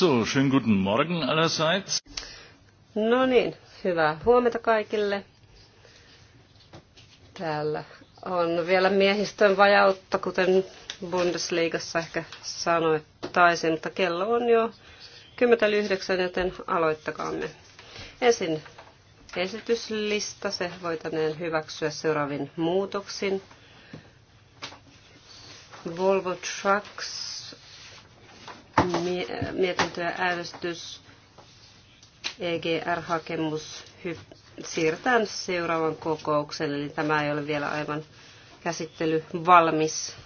So, schönen guten Morgen allerseits. No niin, hyvää huomenta kaikille. Täällä on vielä miehistön vajautta, kuten Bundesliigassa ehkä sanoittaisin, mutta kello on jo 10.09, joten aloittakaamme. Ensin esityslista, se voitaneen hyväksyä seuraavin muutoksin. Volvo Trucks mietintöä äänestys EGR-hakemus siirretään seuraavan kokouksen, eli tämä ei ole vielä aivan käsittely valmis.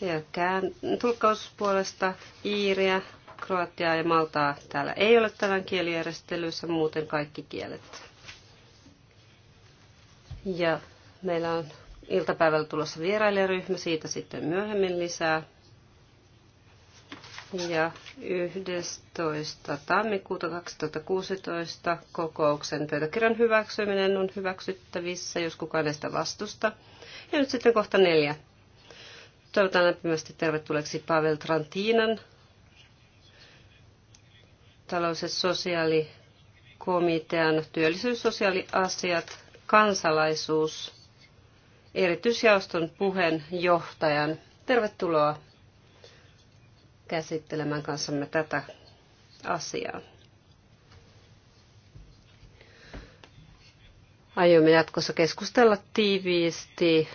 Ja kään, tulkkauspuolesta Iiriä, Kroatiaa ja Maltaa täällä ei ole tämän kielijärjestelyssä, muuten kaikki kielet. Ja meillä on iltapäivällä tulossa vierailijaryhmä, siitä sitten myöhemmin lisää ja 11. tammikuuta 2016 kokouksen pöytäkirjan hyväksyminen on hyväksyttävissä, jos kukaan ei sitä vastusta. Ja nyt sitten kohta neljä. Toivotan lämpimästi tervetulleeksi Pavel Trantinan, talous- ja sosiaalikomitean työllisyys- kansalaisuus, erityisjaoston puheenjohtajan. Tervetuloa käsittelemään kanssamme tätä asiaa. Aiomme jatkossa keskustella tiiviisti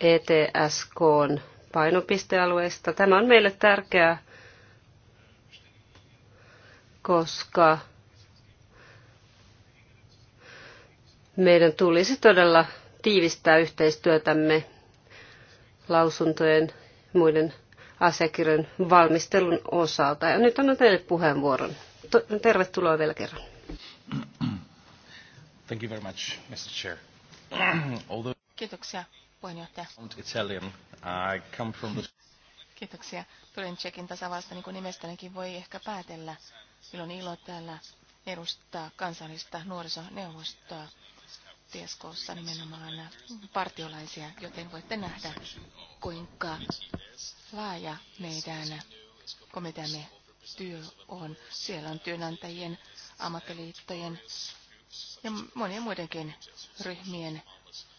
ETSKn painopistealueista. Tämä on meille tärkeää, koska meidän tulisi todella tiivistää yhteistyötämme lausuntojen muiden asiakirjan valmistelun osalta. Ja nyt annan teille puheenvuoron. Tervetuloa vielä kerran. Thank you very much, Mr. Chair. Although... Kiitoksia, puheenjohtaja. Italian. I come from the... Kiitoksia. Tulin Tsekin tasavallasta, niin kuin nimestänikin voi ehkä päätellä. Milloin ilo täällä edustaa kansallista nuorisoneuvostoa Tieskossa nimenomaan partiolaisia, joten voitte nähdä, kuinka laaja meidän komiteamme työ on. Siellä on työnantajien, ammattiliittojen ja monien muidenkin ryhmien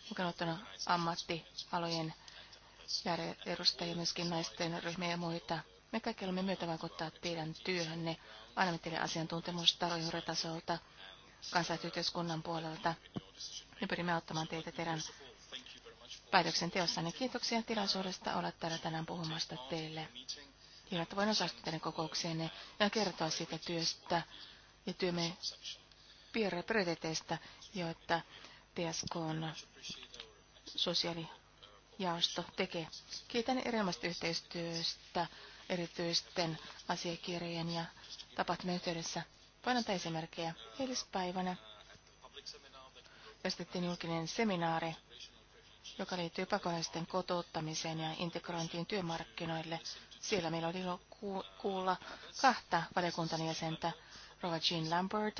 mukaan ottanut ammattialojen edustajia, myöskin naisten ryhmiä ja muita. Me kaikki olemme myötä vaikuttaa teidän työhönne. Annamme teille asiantuntemusta ruohonjuuritasolta, kansalaisyhteiskunnan puolelta. Me pyrimme auttamaan teitä teidän päätöksenteossanne. Kiitoksia tilaisuudesta olla täällä tänään puhumasta teille. Hienoa, että voin osallistua teidän kokoukseenne ja kertoa siitä työstä ja työmme prioriteeteista, joita TSK on sosiaalijaosto tekee. Kiitän erilaisesta yhteistyöstä erityisten asiakirjojen ja tapahtumien yhteydessä. Voin antaa esimerkkejä. Eilispäivänä järjestettiin julkinen seminaari joka liittyy pakolaisten kotouttamiseen ja integrointiin työmarkkinoille. Siellä meillä oli ilo kuulla kahta valiokuntan jäsentä, Rova Jean Lambert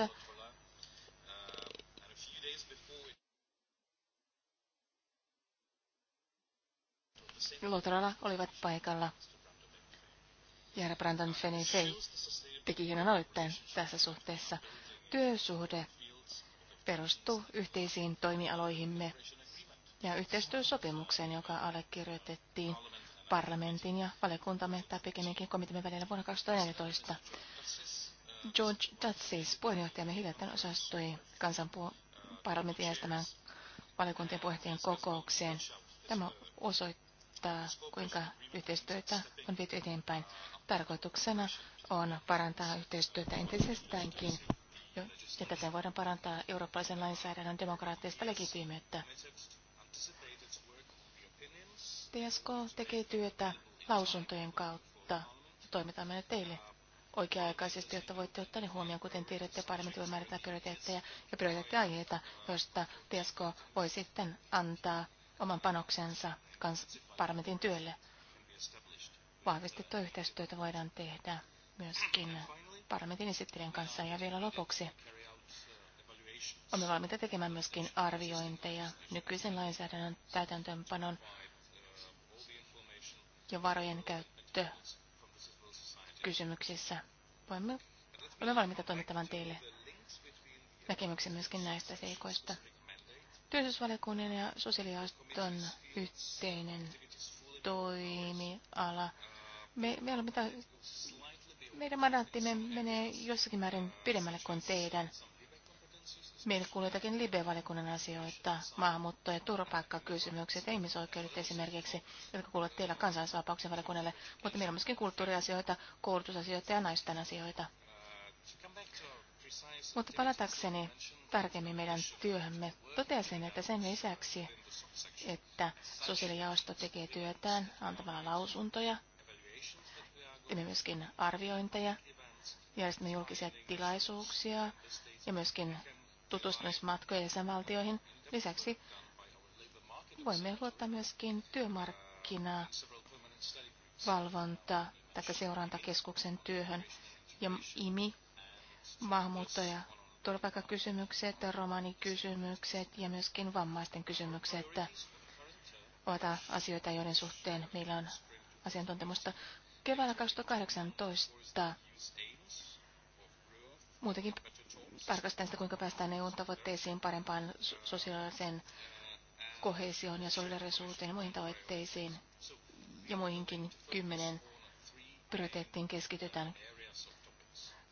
Lotralla olivat paikalla. Jara Brandon Fenny Fay teki hienon aloitteen tässä suhteessa. Työsuhde perustuu yhteisiin toimialoihimme ja yhteistyösopimukseen, joka allekirjoitettiin parlamentin ja valiokuntamme tai pikemminkin komiteamme välillä vuonna 2014. George Dutsis, puheenjohtajamme hiljattain osastui kansanparlamentin jäästämään valiokuntien puheenjohtajien kokoukseen. Tämä osoittaa, kuinka yhteistyötä on viety eteenpäin. Tarkoituksena on parantaa yhteistyötä entisestäänkin ja täten voidaan parantaa eurooppalaisen lainsäädännön demokraattista legitiimiyttä. STSK tekee työtä lausuntojen kautta. Toimitamme ne teille oikea-aikaisesti, jotta voitte ottaa ne huomioon, kuten tiedätte, paremmin voi määrittää prioriteetteja ja prioriteettiaiheita, joista TSK voi sitten antaa oman panoksensa kans parlamentin työlle. Vahvistettua yhteistyötä voidaan tehdä myöskin parlamentin esittelijän kanssa. Ja vielä lopuksi olemme valmiita tekemään myöskin arviointeja nykyisen lainsäädännön täytäntöönpanon ja varojen käyttö kysymyksissä. Voimme, olemme valmiita toimittamaan teille näkemyksen myöskin näistä seikoista. Työllisyysvaliokunnan ja sosiaaliaston yhteinen toimiala. Me, me olemme meidän mandaattimme menee jossakin määrin pidemmälle kuin teidän. Meille kuuluu jotakin Libe-valikunnan asioita, maahanmuutto- ja turvapaikkakysymykset ja ihmisoikeudet esimerkiksi, jotka kuuluvat teillä kansallisvapauksen valikunnalle, mutta meillä on myöskin kulttuuriasioita, koulutusasioita ja naisten asioita. Mutta palatakseni tarkemmin meidän työhömme, toteaisin, että sen lisäksi, että sosiaalijaosto tekee työtään antamalla lausuntoja, teemme myöskin arviointeja, järjestämme julkisia tilaisuuksia ja myöskin tutustumismatkoja jäsenvaltioihin. Lisäksi voimme luottaa myöskin työmarkkinaa valvontaa tätä seurantakeskuksen työhön ja IMI, maahanmuutto- ja turvapaikkakysymykset, romanikysymykset ja myöskin vammaisten kysymykset ovat asioita, joiden suhteen meillä on asiantuntemusta. Keväällä 2018 muutenkin tarkastan sitä, kuinka päästään EUn tavoitteisiin parempaan sosiaaliseen kohesioon ja solidarisuuteen ja muihin tavoitteisiin ja muihinkin kymmenen prioriteettiin keskitytään.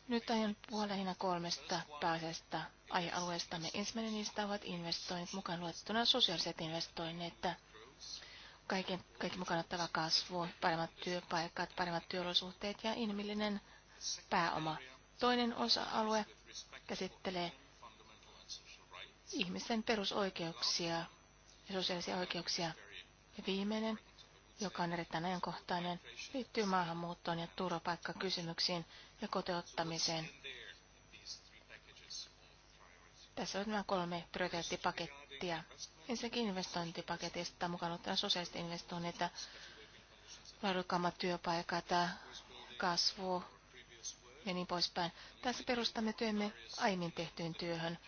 Nyt aion puhua lähinnä kolmesta pääasiasta aihealueestamme. Ensimmäinen niistä ovat investoinnit, mukaan luettuna sosiaaliset investoinnit, että kaiken, kaikki mukaan ottava kasvu, paremmat työpaikat, paremmat työolosuhteet ja inhimillinen pääoma. Toinen osa-alue käsittelee ihmisten perusoikeuksia ja sosiaalisia oikeuksia. Ja viimeinen, joka on erittäin ajankohtainen, liittyy maahanmuuttoon ja turvapaikkakysymyksiin ja koteuttamiseen. Tässä on nämä kolme prioriteettipakettia. Ensinnäkin investointipaketista mukaan ottaa sosiaaliset investoinnit, laadukkaammat työpaikat, kasvu, ja niin poispäin. Tässä perustamme työmme aiemmin tehtyyn työhön.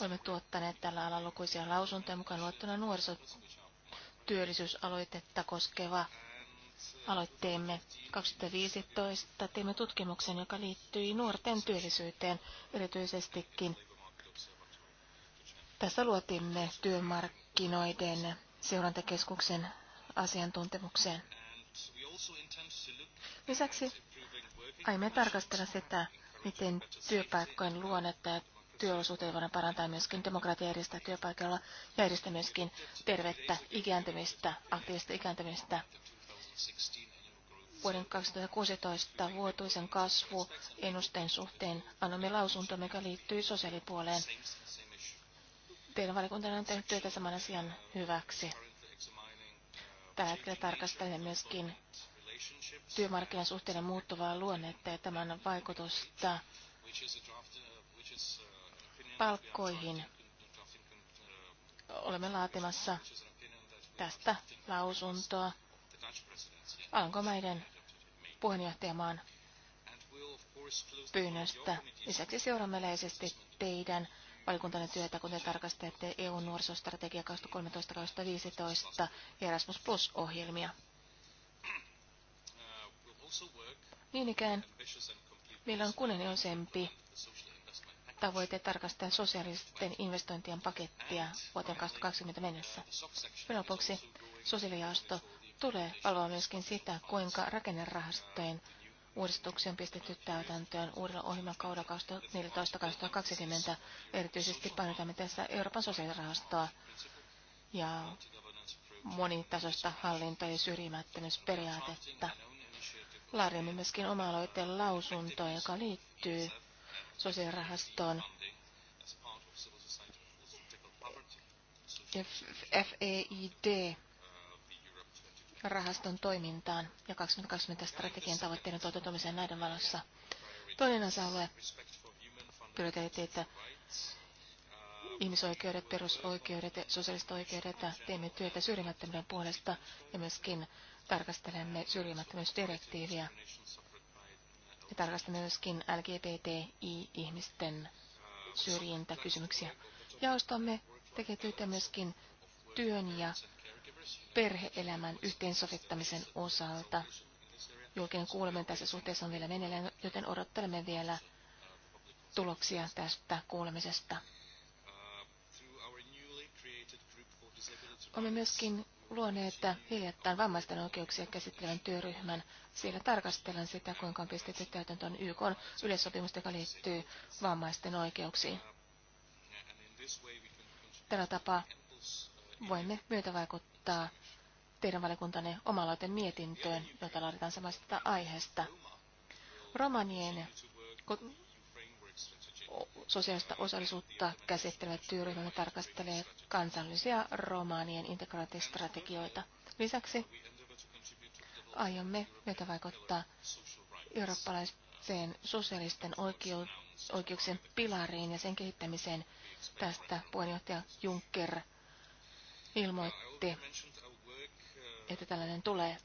Olemme tuottaneet tällä alalla lukuisia lausuntoja mukaan luettuna nuorisotyöllisyysaloitetta koskeva aloitteemme 2015. Teimme tutkimuksen, joka liittyi nuorten työllisyyteen erityisestikin. Tässä luotimme työmarkkinoiden seurantakeskuksen asiantuntemukseen. Lisäksi Aiemme tarkastella sitä, miten työpaikkojen luonnetta ja työolosuhteita voidaan parantaa myöskin demokratia edistää työpaikalla ja edistää myöskin tervettä ikääntymistä, aktiivista ikääntymistä. Vuoden 2016 vuotuisen kasvu ennusteen suhteen annamme lausunto, mikä liittyy sosiaalipuoleen. Teidän valikuntana on tehnyt työtä saman asian hyväksi. Tällä hetkellä tarkastelemme myöskin työmarkkinasuhteiden muuttuvaa luonnetta ja tämän vaikutusta palkkoihin. Olemme laatimassa tästä lausuntoa Alankomaiden puheenjohtajamaan pyynnöstä. Lisäksi seuraamme läheisesti teidän valikuntanne työtä, kun te tarkastatte EU-nuorisostrategia 2013-2015 ja Erasmus Plus-ohjelmia. Niin ikään meillä on kunnianhimoisempi tavoite tarkastaa sosiaalisten investointien pakettia vuoteen 2020 mennessä. Lopuksi sosiaalijaosto tulee valvoa myöskin sitä, kuinka rakennerahastojen uudistuksen pistetty täytäntöön uudella ohjelmakaudella 2014-2020. Erityisesti painotamme tässä Euroopan sosiaalirahastoa ja monitasoista hallinto- ja syrjimättömyysperiaatetta laadimme myöskin oma-aloitteen lausuntoa, joka liittyy sosiaalirahastoon FEID-rahaston toimintaan ja 2020 strategian tavoitteiden toteutumiseen näiden valossa. Toinen osa-alue prioriteetit, ihmisoikeudet, perusoikeudet ja sosiaaliset oikeudet. Teemme työtä syrjimättömyyden puolesta ja myöskin tarkastelemme syrjimättömyysdirektiiviä ja tarkastamme myöskin LGBTI-ihmisten syrjintäkysymyksiä. Jaostomme tekee työtä myöskin työn ja perheelämän yhteensovittamisen osalta. Julkinen kuuleminen tässä suhteessa on vielä meneillään, joten odottelemme vielä tuloksia tästä kuulemisesta. Olemme myöskin luoneet hiljattain vammaisten oikeuksia käsittelevän työryhmän. Siellä tarkastellaan sitä, kuinka on pistetty täytäntöön YK yleissopimus, joka liittyy vammaisten oikeuksiin. Tällä tapaa voimme myötävaikuttaa teidän valikuntanne omalaiten mietintöön, jota laaditaan samasta aiheesta. Romanien sosiaalista osallisuutta käsittelevä työryhmä tarkastelee kansallisia romaanien integraatistrategioita. Lisäksi aiomme myötä vaikuttaa eurooppalaiseen sosiaalisten oikeuksien pilariin ja sen kehittämiseen. Tästä puheenjohtaja Juncker ilmoitti, että tällainen tulee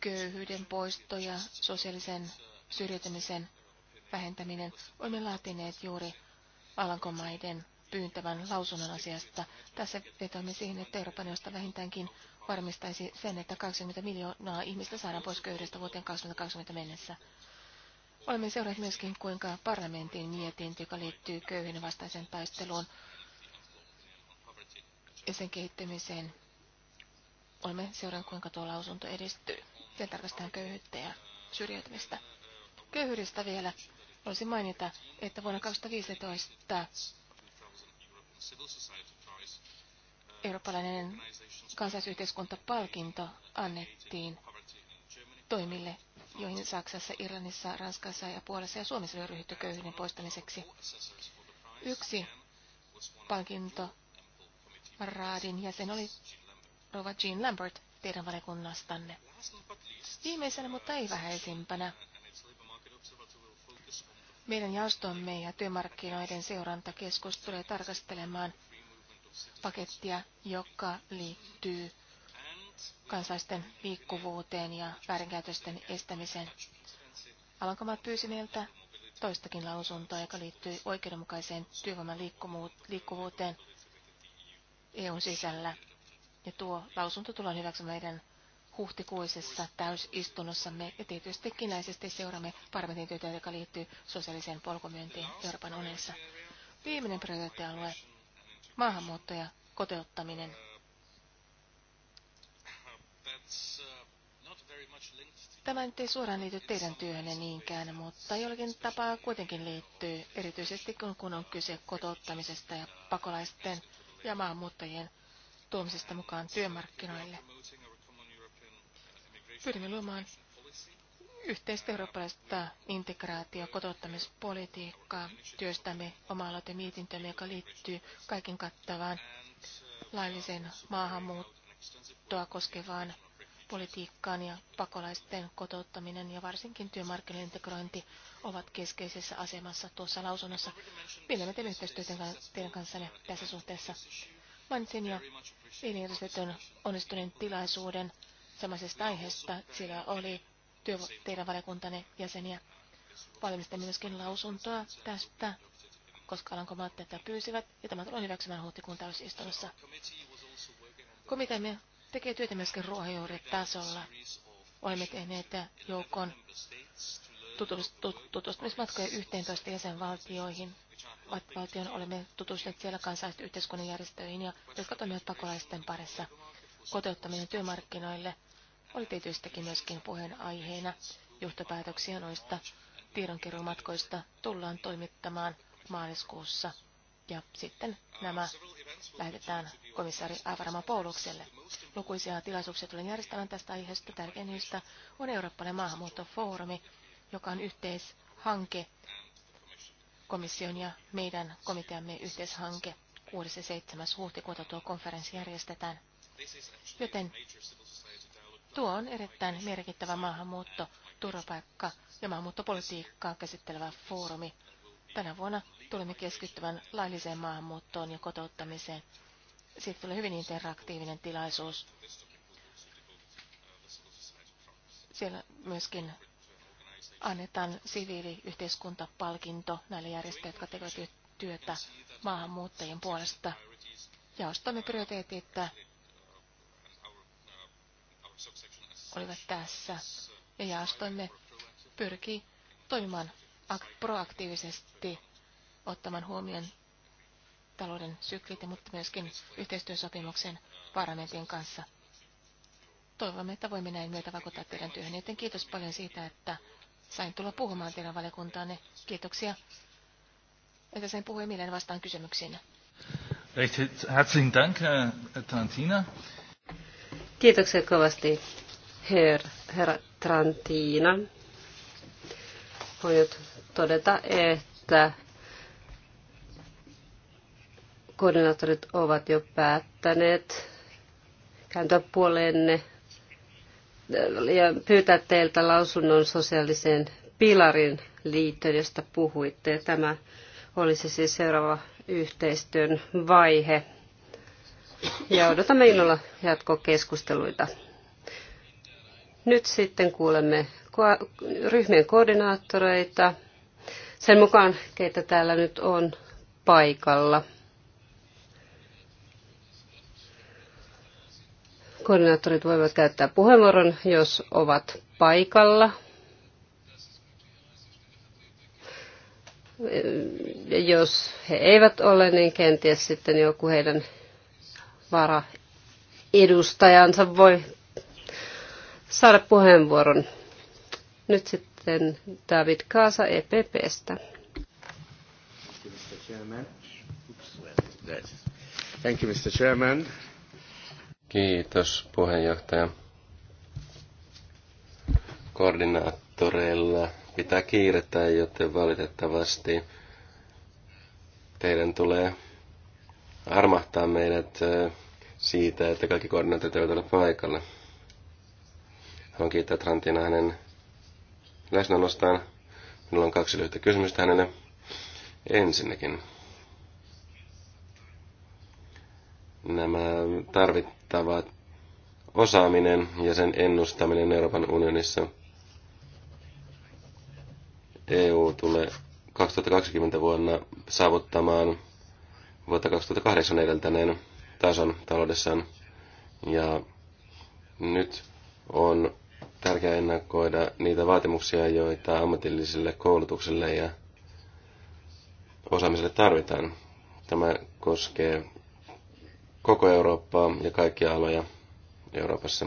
köyhyyden poisto ja sosiaalisen syrjäytymisen vähentäminen. Olemme laatineet juuri Alankomaiden pyyntävän lausunnon asiasta. Tässä vetoamme siihen, että Euroopan neuvosto vähintäänkin varmistaisi sen, että 20 miljoonaa ihmistä saadaan pois köyhdestä vuoteen 2020 mennessä. Olemme seuranneet myöskin, kuinka parlamentin mietintö, joka liittyy köyhyyden vastaiseen taisteluun ja sen kehittämiseen, olemme seuranneet, kuinka tuo lausunto edistyy. Sen tarkastetaan köyhyyttä ja syrjäytymistä. Köyhyydestä vielä. Voisin mainita, että vuonna 2015 eurooppalainen kansalaisyhteiskuntapalkinto annettiin toimille, joihin Saksassa, Irlannissa, Ranskassa ja Puolassa ja Suomessa oli ryhdytty köyhyyden poistamiseksi. Yksi palkinto raadin jäsen oli Rova Jean Lambert teidän valiokunnastanne. Viimeisenä, mutta ei vähäisimpänä, meidän jaostomme ja työmarkkinoiden seurantakeskus tulee tarkastelemaan pakettia, joka liittyy kansalaisten liikkuvuuteen ja väärinkäytösten estämiseen. Alankomaat pyysi meiltä toistakin lausuntoa, joka liittyy oikeudenmukaiseen työvoiman liikkuvuuteen EUn sisällä. Ja tuo lausunto tullaan hyväksymään meidän huhtikuisessa täysistunnossamme ja tietysti näisesti seuraamme parlamentin työtä, joka liittyy sosiaaliseen polkumyyntiin Euroopan unionissa. Viimeinen prioriteettialue, maahanmuutto ja koteuttaminen. Tämä nyt ei suoraan liity teidän työhönne niinkään, mutta jollakin tapaa kuitenkin liittyy, erityisesti kun on kyse kotouttamisesta ja pakolaisten ja maahanmuuttajien tuomisesta mukaan työmarkkinoille. Pyrimme luomaan yhteistä eurooppalaista integraatio- kotouttamispolitiikkaa. Työstämme oma-aloite joka liittyy kaiken kattavaan laillisen maahanmuuttoa koskevaan politiikkaan ja pakolaisten kotouttaminen ja varsinkin työmarkkinoiden integrointi ovat keskeisessä asemassa tuossa lausunnossa. Millä me teemme yhteistyötä teidän kanssanne tässä suhteessa? Mainitsin jo eilen onnistuneen tilaisuuden samaisesta aiheesta. Siellä oli työ, teidän valiokuntanne jäseniä valmisteli myöskin lausuntoa tästä, koska Alankomaat tätä pyysivät, ja tämä tulee hyväksymään huhtikuun täysistunnossa. Komiteamme tekee työtä myöskin ruohonjuuritasolla. Olemme tehneet joukon tutustumismatkoja 11 jäsenvaltioihin. Valtion olemme tutustuneet siellä kansainvälisten yhteiskunnan järjestöihin ja jotka toimivat pakolaisten parissa. Kotouttaminen työmarkkinoille oli tietystikin myöskin puheenaiheena. Johtopäätöksiä noista tiedonkeruumatkoista tullaan toimittamaan maaliskuussa. Ja sitten nämä lähetetään komissaari Avarama Poulukselle. Lukuisia tilaisuuksia tulee järjestämään tästä aiheesta. Tärkein niistä on Eurooppalainen maahanmuuttofoorumi, joka on yhteishanke, komission ja meidän komiteamme yhteishanke. 6. ja 7. huhtikuuta tuo konferenssi järjestetään. Joten Tuo on erittäin merkittävä maahanmuutto, turvapaikka ja maahanmuuttopolitiikkaa käsittelevä foorumi. Tänä vuonna tulemme keskittyvän lailliseen maahanmuuttoon ja kotouttamiseen. Siitä tulee hyvin interaktiivinen tilaisuus. Siellä myöskin annetaan siviiliyhteiskuntapalkinto näille järjestöille, jotka tekevät työtä maahanmuuttajien puolesta. Jaostamme prioriteetit olivat tässä. Ja jaastoimme pyrkii toimimaan proaktiivisesti ottamaan huomioon talouden syklit, mutta myöskin yhteistyösopimuksen parlamentin kanssa. Toivomme, että voimme näin myötä vaikuttaa teidän työhön. Joten kiitos paljon siitä, että sain tulla puhumaan teidän valiokuntaanne. Kiitoksia, että sain puhua mieleen vastaan kysymyksiin. Herzlichen Dank, Tarantina. Kiitoksia kovasti her, herra Trantina. Voin todeta, että koordinaattorit ovat jo päättäneet kääntyä puoleenne ja pyytää teiltä lausunnon sosiaaliseen pilarin liittyen, josta puhuitte. Tämä olisi siis seuraava yhteistyön vaihe. Ja odotamme innolla jatkokeskusteluita. Nyt sitten kuulemme ryhmien koordinaattoreita sen mukaan, keitä täällä nyt on paikalla. Koordinaattorit voivat käyttää puheenvuoron, jos ovat paikalla. Jos he eivät ole, niin kenties sitten joku heidän edustajansa voi saada puheenvuoron. Nyt sitten David Kaasa EPPstä. Thank you, Mr. Chairman. Kiitos puheenjohtaja. Koordinaattoreilla pitää kiirettää, joten valitettavasti teidän tulee armahtaa meidät eh, siitä, että kaikki koordinaattorit eivät ole paikalla. Haluan kiittää Trantina hänen läsnäolostaan. Minulla on kaksi lyhyttä kysymystä hänelle. Ensinnäkin nämä tarvittavat osaaminen ja sen ennustaminen Euroopan unionissa. EU tulee 2020 vuonna saavuttamaan vuotta 2008 edeltäneen tason taloudessaan. Ja nyt on tärkeää ennakoida niitä vaatimuksia, joita ammatilliselle koulutukselle ja osaamiselle tarvitaan. Tämä koskee koko Eurooppaa ja kaikkia aloja Euroopassa.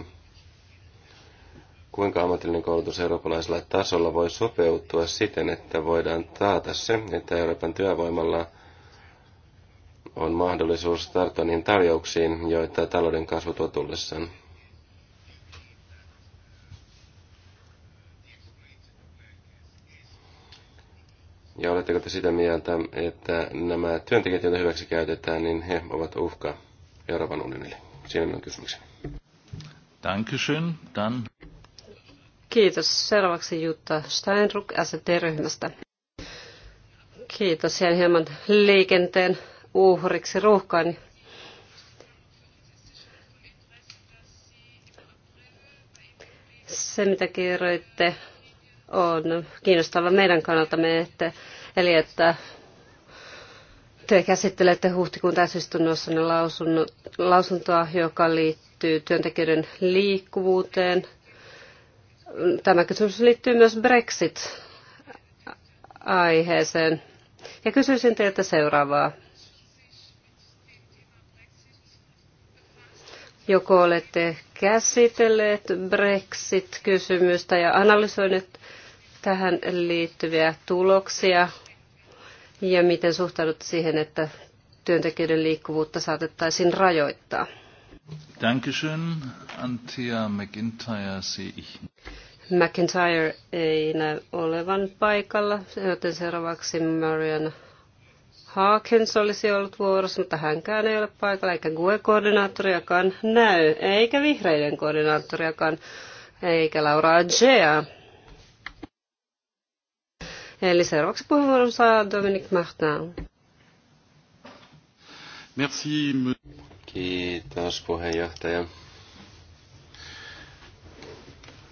Kuinka ammatillinen koulutus eurooppalaisella tasolla voi sopeutua siten, että voidaan taata se, että Euroopan työvoimalla on mahdollisuus tarttua niihin tarjouksiin, joita talouden kasvu tuo tullessaan. Ja oletteko te sitä mieltä, että nämä työntekijät, joita hyväksi käytetään, niin he ovat uhka Euroopan unionille? Siinä on kysymykseni. Dankeschön. Dan. Kiitos. Seuraavaksi Jutta Steinruck ST-ryhmästä. Kiitos. Jäin hieman liikenteen uhriksi ruuhkaan. Se, mitä kerroitte on kiinnostava meidän kannaltamme, että, eli että te käsittelette huhtikuun täysistunnossa lausuntoa, joka liittyy työntekijöiden liikkuvuuteen. Tämä kysymys liittyy myös Brexit-aiheeseen. Ja kysyisin teiltä seuraavaa. Joko olette käsitelleet Brexit-kysymystä ja analysoineet tähän liittyviä tuloksia ja miten suhtaudut siihen, että työntekijöiden liikkuvuutta saatettaisiin rajoittaa? Dankeschön. Antia McIntyre sehe ich. McIntyre ei näy olevan paikalla, joten seuraavaksi Marian Hawkins olisi ollut vuorossa, mutta hänkään ei ole paikalla, eikä GUE-koordinaattoriakaan näy, eikä vihreiden koordinaattoriakaan, eikä Laura Agea Eli seuraavaksi puheenvuoron saa Dominic Martin. Merci. Kiitos puheenjohtaja.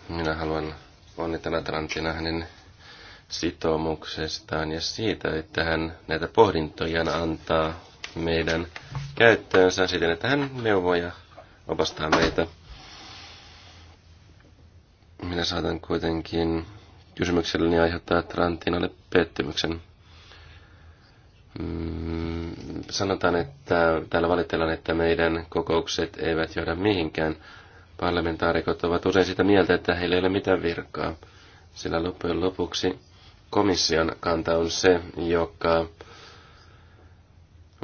Minä haluan onnitella Trantina hänen sitoumuksestaan ja siitä, että hän näitä pohdintoja antaa meidän käyttöönsä siten, että hän neuvoo ja opastaa meitä. Minä saatan kuitenkin kysymykselleni aiheuttaa Trantinalle pettymyksen. Mm, sanotaan, että täällä valitellaan, että meidän kokoukset eivät johda mihinkään. Parlamentaarikot ovat usein sitä mieltä, että heillä ei ole mitään virkaa, sillä loppujen lopuksi komission kanta on se, joka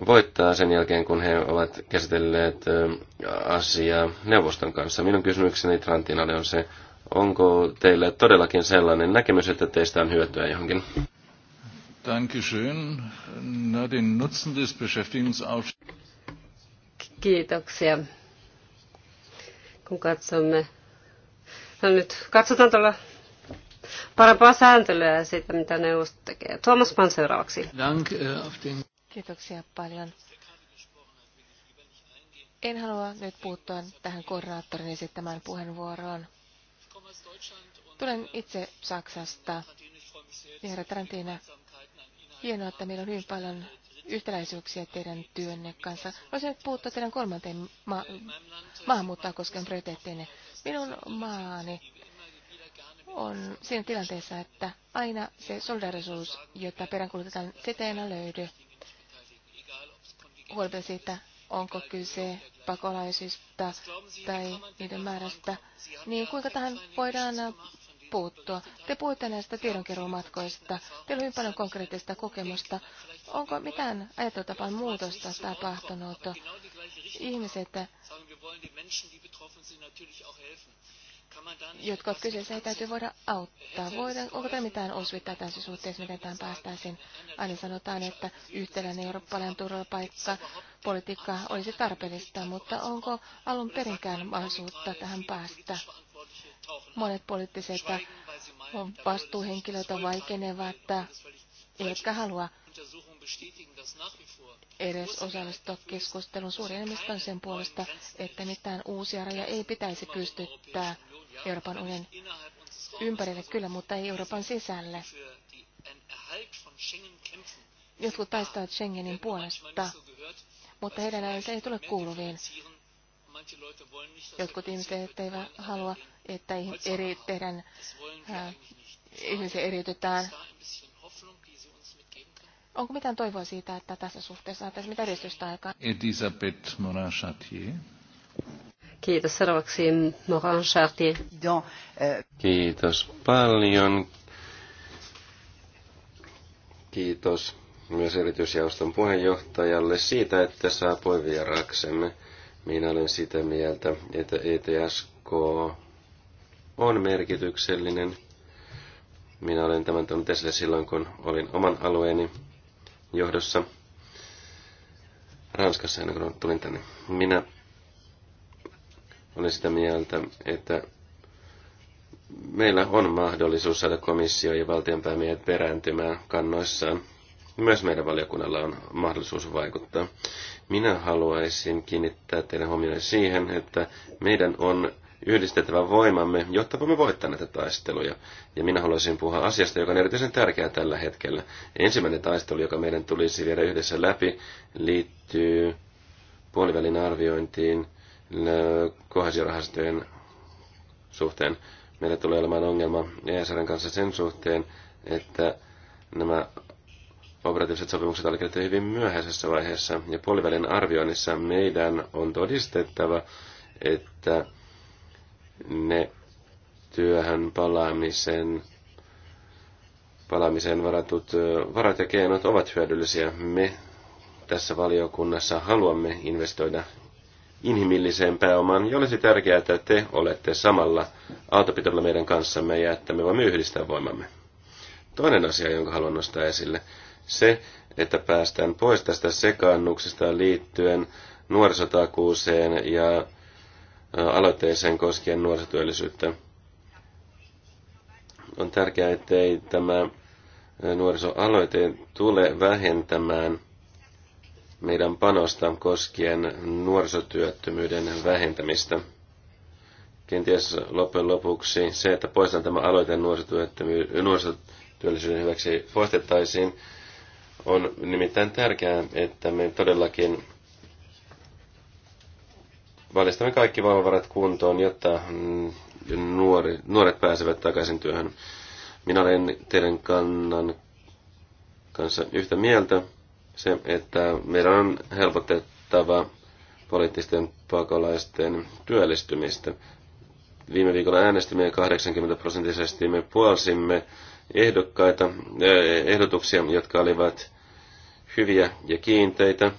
voittaa sen jälkeen, kun he ovat käsitelleet asiaa neuvoston kanssa. Minun kysymykseni Trantinalle on se, Onko teillä todellakin sellainen näkemys, että teistä on hyötyä johonkin? Kiitoksia. Kun katsomme, no nyt katsotaan tuolla parempaa sääntelyä ja sitä, mitä neuvosto tekee. Tuomas Pan seuraavaksi. Äh, kiitoksia paljon. En halua nyt puuttua tähän koordinaattorin esittämään puheenvuoroon. Tulen itse Saksasta ja herra Tarantina, Hienoa, että meillä on hyvin paljon yhtäläisyyksiä teidän työnne kanssa. Voisin nyt puuttua teidän kolmanteen ma- maahanmuuttaa koskevan prioriteetteenne. Minun maani on siinä tilanteessa, että aina se solidarisuus, jota peräänkuulutetaan, sitä ei enää löydy. Huolta siitä, onko kyse pakolaisista tai niiden määrästä, niin kuinka tähän voidaan puuttua. Te puhutte näistä tiedonkeruumatkoista. Teillä on hyvin paljon konkreettista kokemusta. Onko mitään ajattelutapan muutosta tapahtunut? Ihmiset jotka ovat kyseessä, he täytyy voida auttaa. Voidaan, onko tämä mitään osvittaa tässä suhteessa, miten tämän päästäisiin? Aina sanotaan, että yhtenäinen eurooppalainen turvapaikka, politiikka olisi tarpeellista, mutta onko alun perinkään mahdollisuutta tähän päästä? Monet poliittiset vastuuhenkilöt vaikenevat, eivätkä halua edes osallistua keskusteluun. Suuri enemmistö on sen puolesta, että mitään uusia rajoja ei pitäisi pystyttää Euroopan unionin ympärille kyllä, mutta ei Euroopan sisälle. Jotkut taistavat Schengenin puolesta, mutta heidän äänensä ei tule kuuluviin. Jotkut ihmiset eivät halua, että eri tehdään, äh, ihmisiä eriytetään. Onko mitään toivoa siitä, että tässä suhteessa saataisiin mitä edistystä aikaan? Elisabeth morin Kiitos. Seuraavaksi Moran Chartier. Euh, Kiitos paljon. Kiitos myös erityisjaoston puheenjohtajalle siitä, että saapui vieraaksemme. Minä olen sitä mieltä, että ETSK on merkityksellinen. Minä olen tämän tuonut esille silloin, kun olin oman alueeni johdossa Ranskassa, ennen kuin tulin tänne. Minä olen sitä mieltä, että meillä on mahdollisuus saada komissio ja valtionpäämiehet perääntymään kannoissaan. Myös meidän valiokunnalla on mahdollisuus vaikuttaa. Minä haluaisin kiinnittää teidän huomioon siihen, että meidän on yhdistettävä voimamme, jotta voimme voittaa näitä taisteluja. Ja minä haluaisin puhua asiasta, joka on erityisen tärkeää tällä hetkellä. Ensimmäinen taistelu, joka meidän tulisi viedä yhdessä läpi, liittyy puolivälin arviointiin – kohesiorahastojen suhteen. Meillä tulee olemaan ongelma ESRn kanssa sen suhteen, että nämä operatiiviset sopimukset allekirjoitettiin hyvin myöhäisessä vaiheessa, ja puolivälin arvioinnissa meidän on todistettava, että ne työhön palaamisen, palaamiseen varatut varat ja keinot ovat hyödyllisiä. Me tässä valiokunnassa haluamme investoida inhimilliseen pääomaan, ja olisi tärkeää, että te olette samalla aaltopitolla meidän kanssamme ja että me voimme yhdistää voimamme. Toinen asia, jonka haluan nostaa esille, se, että päästään pois tästä sekaannuksesta liittyen nuorisotakuuseen ja aloitteeseen koskien nuorisotyöllisyyttä. On tärkeää, ettei tämä nuorisoaloite tule vähentämään – meidän panosta koskien nuorisotyöttömyyden vähentämistä. Kenties loppujen lopuksi se, että poistetaan tämä aloite nuorisotyöllisyyden hyväksi poistettaisiin, on nimittäin tärkeää, että me todellakin valistamme kaikki valvarat kuntoon, jotta nuori, nuoret pääsevät takaisin työhön. Minä olen teidän kannan kanssa yhtä mieltä se, että meidän on helpotettava poliittisten pakolaisten työllistymistä. Viime viikolla äänestimme 80 prosenttisesti me puolsimme ehdokkaita, eh, ehdotuksia, jotka olivat hyviä ja kiinteitä.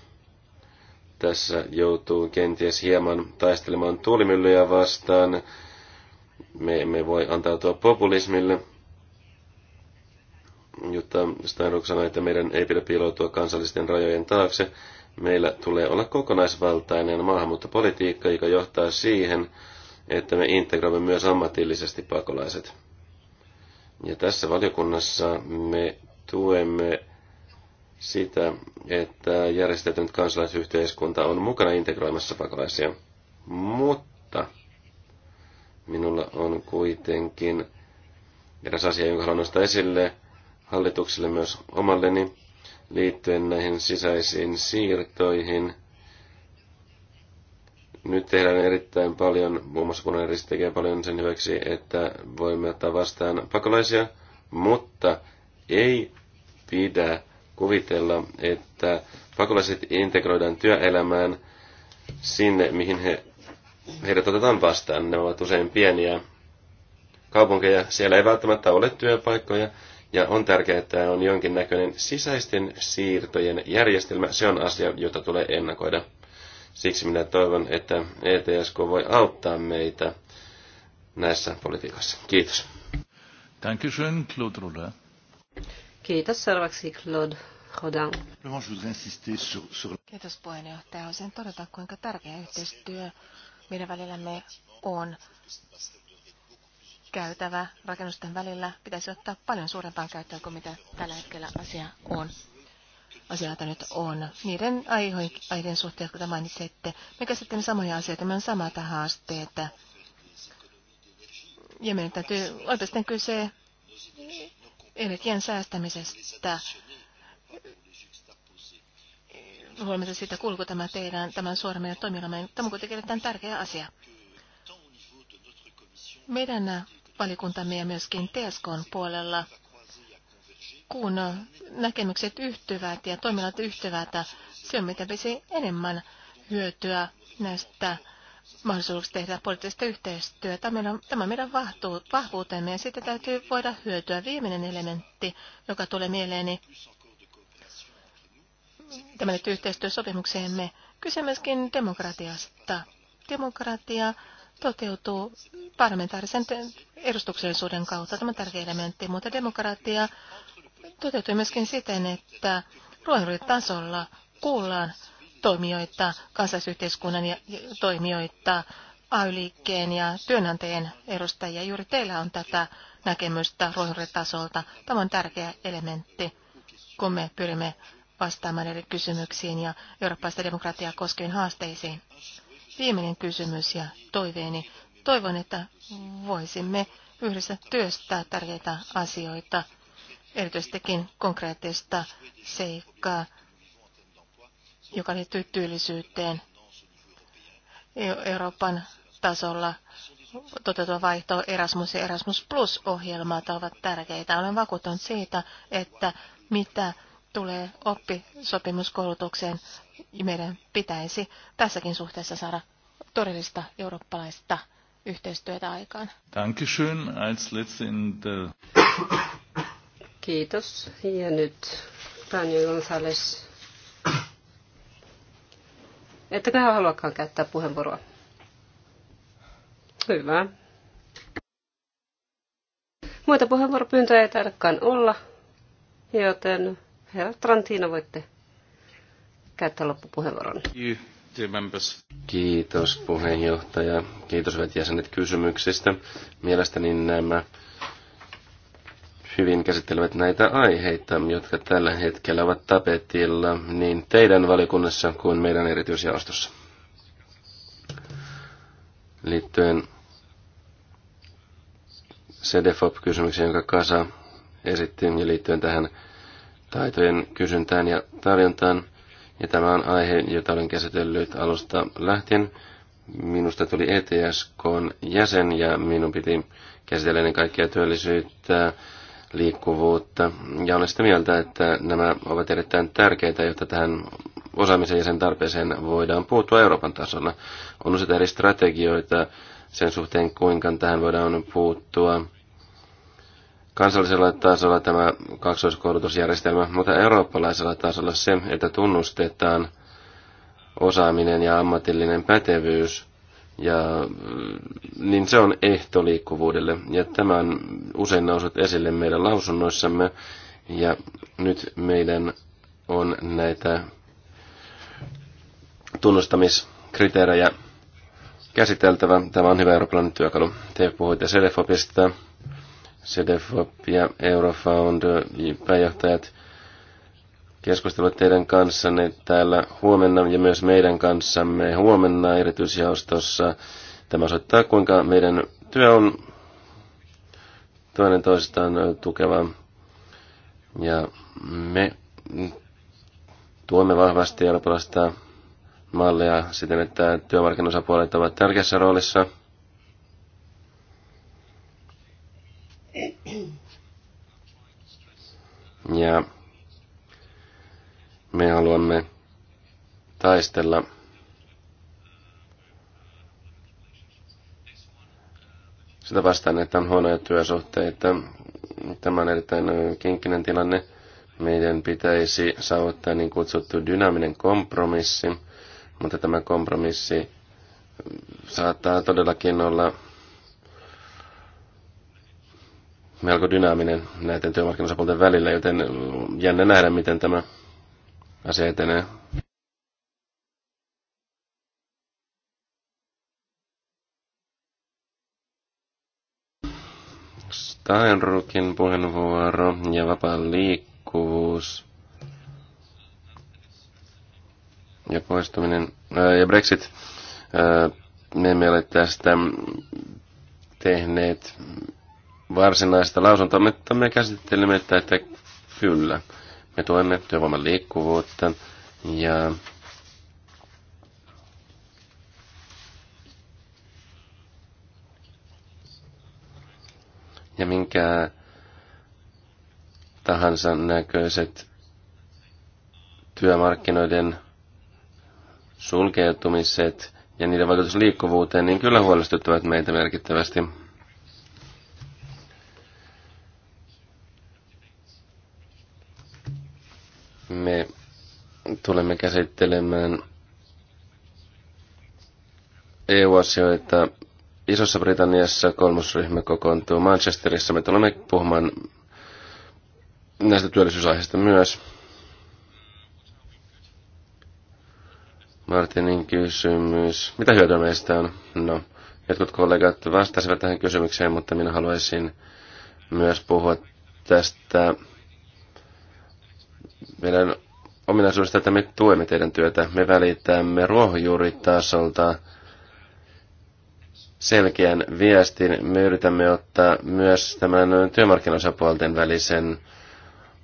Tässä joutuu kenties hieman taistelemaan tuulimyllyjä vastaan. Me emme voi antautua populismille, jotta Steinruck sanoi, että meidän ei pidä piiloutua kansallisten rajojen taakse. Meillä tulee olla kokonaisvaltainen maahanmuuttopolitiikka, joka johtaa siihen, että me integroimme myös ammatillisesti pakolaiset. Ja tässä valiokunnassa me tuemme sitä, että järjestetynyt kansalaisyhteiskunta on mukana integroimassa pakolaisia. Mutta minulla on kuitenkin eräs asia, jonka haluan nostaa esille, hallitukselle myös omalleni liittyen näihin sisäisiin siirtoihin. Nyt tehdään erittäin paljon, muun muassa punainen tekee paljon sen hyväksi, että voimme ottaa vastaan pakolaisia, mutta ei pidä kuvitella, että pakolaiset integroidaan työelämään sinne, mihin he, heidät otetaan vastaan. Ne ovat usein pieniä kaupunkeja, siellä ei välttämättä ole työpaikkoja, ja on tärkeää, että on jonkinnäköinen sisäisten siirtojen järjestelmä. Se on asia, jota tulee ennakoida. Siksi minä toivon, että ETSK voi auttaa meitä näissä politiikassa. Kiitos. you, Claude Rodin. Kiitos. Seuraavaksi Claude Rodin. Kiitos puheenjohtaja. Haluaisin todeta, kuinka tärkeä yhteistyö meidän välillämme on käytävä rakennusten välillä pitäisi ottaa paljon suurempaa käyttöä, kuin mitä tällä hetkellä asia on. Asioita nyt on. Niiden aiheiden suhteen, jotka mainitsette, me käsittelemme samoja asioita, me on samat haasteet. Ja meidän täytyy oikeastaan kyse energian säästämisestä huomenta siitä, kuuluuko tämä teidän tämän suoraan meidän toimialamme. Tämä on kuitenkin erittäin tärkeä asia. Meidän valiokuntamme ja myöskin TSKn puolella, kun näkemykset yhtyvät ja toiminnat yhtyvät, se on mitä pesi enemmän hyötyä näistä mahdollisuuksista tehdä poliittista yhteistyötä. Tämä meidän, meidän vahvuutemme ja siitä täytyy voida hyötyä. Viimeinen elementti, joka tulee mieleeni, tämä liittyy yhteistyösopimukseemme, kyse myöskin demokratiasta. Demokratia toteutuu parlamentaarisen edustuksellisuuden kautta. Tämä on tärkeä elementti, mutta demokratia toteutuu myöskin siten, että tasolla kuullaan toimijoita, kansalaisyhteiskunnan ja toimijoita, AY-liikkeen ja työnantajien edustajia. Juuri teillä on tätä näkemystä tasolta. Tämä on tärkeä elementti, kun me pyrimme vastaamaan eri kysymyksiin ja eurooppalaista demokratiaa koskeviin haasteisiin. Viimeinen kysymys ja toiveeni Toivon, että voisimme yhdessä työstää tärkeitä asioita, erityisestikin konkreettista seikkaa, joka liittyy työllisyyteen e- Euroopan tasolla toteutuva vaihto Erasmus ja Erasmus Plus-ohjelmat ovat tärkeitä. Olen vakuuttunut siitä, että mitä tulee oppisopimuskoulutukseen, niin meidän pitäisi tässäkin suhteessa saada todellista eurooppalaista yhteistyötä aikaan. Dankeschön, als letzte in the... Kiitos. Ja nyt Tanja Gonzales. Ettekö hän haluakaan käyttää puheenvuoroa? Hyvä. Muita puheenvuoropyyntöjä ei taidakaan olla, joten herra Trantino voitte käyttää loppupuheenvuoron. Kiitos. Kiitos puheenjohtaja. Kiitos hyvät jäsenet kysymyksistä. Mielestäni nämä hyvin käsittelevät näitä aiheita, jotka tällä hetkellä ovat tapetilla niin teidän valikunnassa kuin meidän erityisjaostossa. Liittyen CDFOP-kysymykseen, jonka Kasa esitti, ja liittyen tähän taitojen kysyntään ja tarjontaan, ja tämä on aihe, jota olen käsitellyt alusta lähtien. Minusta tuli ETSK jäsen ja minun piti käsitellä ennen kaikkea työllisyyttä, liikkuvuutta. Ja olen sitä mieltä, että nämä ovat erittäin tärkeitä, jotta tähän osaamisen ja sen tarpeeseen voidaan puuttua Euroopan tasolla. On useita eri strategioita sen suhteen, kuinka tähän voidaan puuttua kansallisella tasolla tämä kaksoiskoulutusjärjestelmä, mutta eurooppalaisella tasolla se, että tunnustetaan osaaminen ja ammatillinen pätevyys, ja, niin se on ehto liikkuvuudelle. Ja tämä on usein noussut esille meidän lausunnoissamme, ja nyt meidän on näitä tunnustamiskriteerejä käsiteltävä. Tämä on hyvä eurooppalainen työkalu. Te puhuitte Selefopista, Sedefop ja Eurofound pääjohtajat keskustelevat teidän kanssanne täällä huomenna ja myös meidän kanssamme huomenna erityisjaostossa. Tämä osoittaa, kuinka meidän työ on toinen toistaan tukeva. Ja me tuomme vahvasti eurooppalaista mallia siten, että työmarkkinosapuolet ovat tärkeässä roolissa – Ja me haluamme taistella sitä vastaan, että on huonoja työsuhteita. Tämä on erittäin kinkkinen tilanne. Meidän pitäisi saavuttaa niin kutsuttu dynaaminen kompromissi, mutta tämä kompromissi saattaa todellakin olla melko dynaaminen näiden työmarkkinosapuolten välillä, joten jännä nähdä, miten tämä asia etenee. Steinrukin puheenvuoro ja vapaa liikkuvuus ja poistuminen ää, äh, ja Brexit. Ää, äh, me emme ole tästä tehneet varsinaista lausuntoa, mutta me käsittelimme, että, että kyllä, me tuemme työvoiman liikkuvuutta ja ja minkä tahansa näköiset työmarkkinoiden sulkeutumiset ja niiden vaikutus liikkuvuuteen, niin kyllä huolestuttavat meitä merkittävästi. Me tulemme käsittelemään EU-asioita Isossa Britanniassa kolmosryhmä kokoontuu Manchesterissa. Me tulemme puhumaan näistä työllisyysaiheista myös. Martinin kysymys. Mitä hyötyä meistä on? No, jotkut kollegat vastasivat tähän kysymykseen, mutta minä haluaisin myös puhua tästä meidän ominaisuudesta, että me tuemme teidän työtä. Me välitämme ruohonjuuritasolta selkeän viestin. Me yritämme ottaa myös tämän työmarkkinosapuolten välisen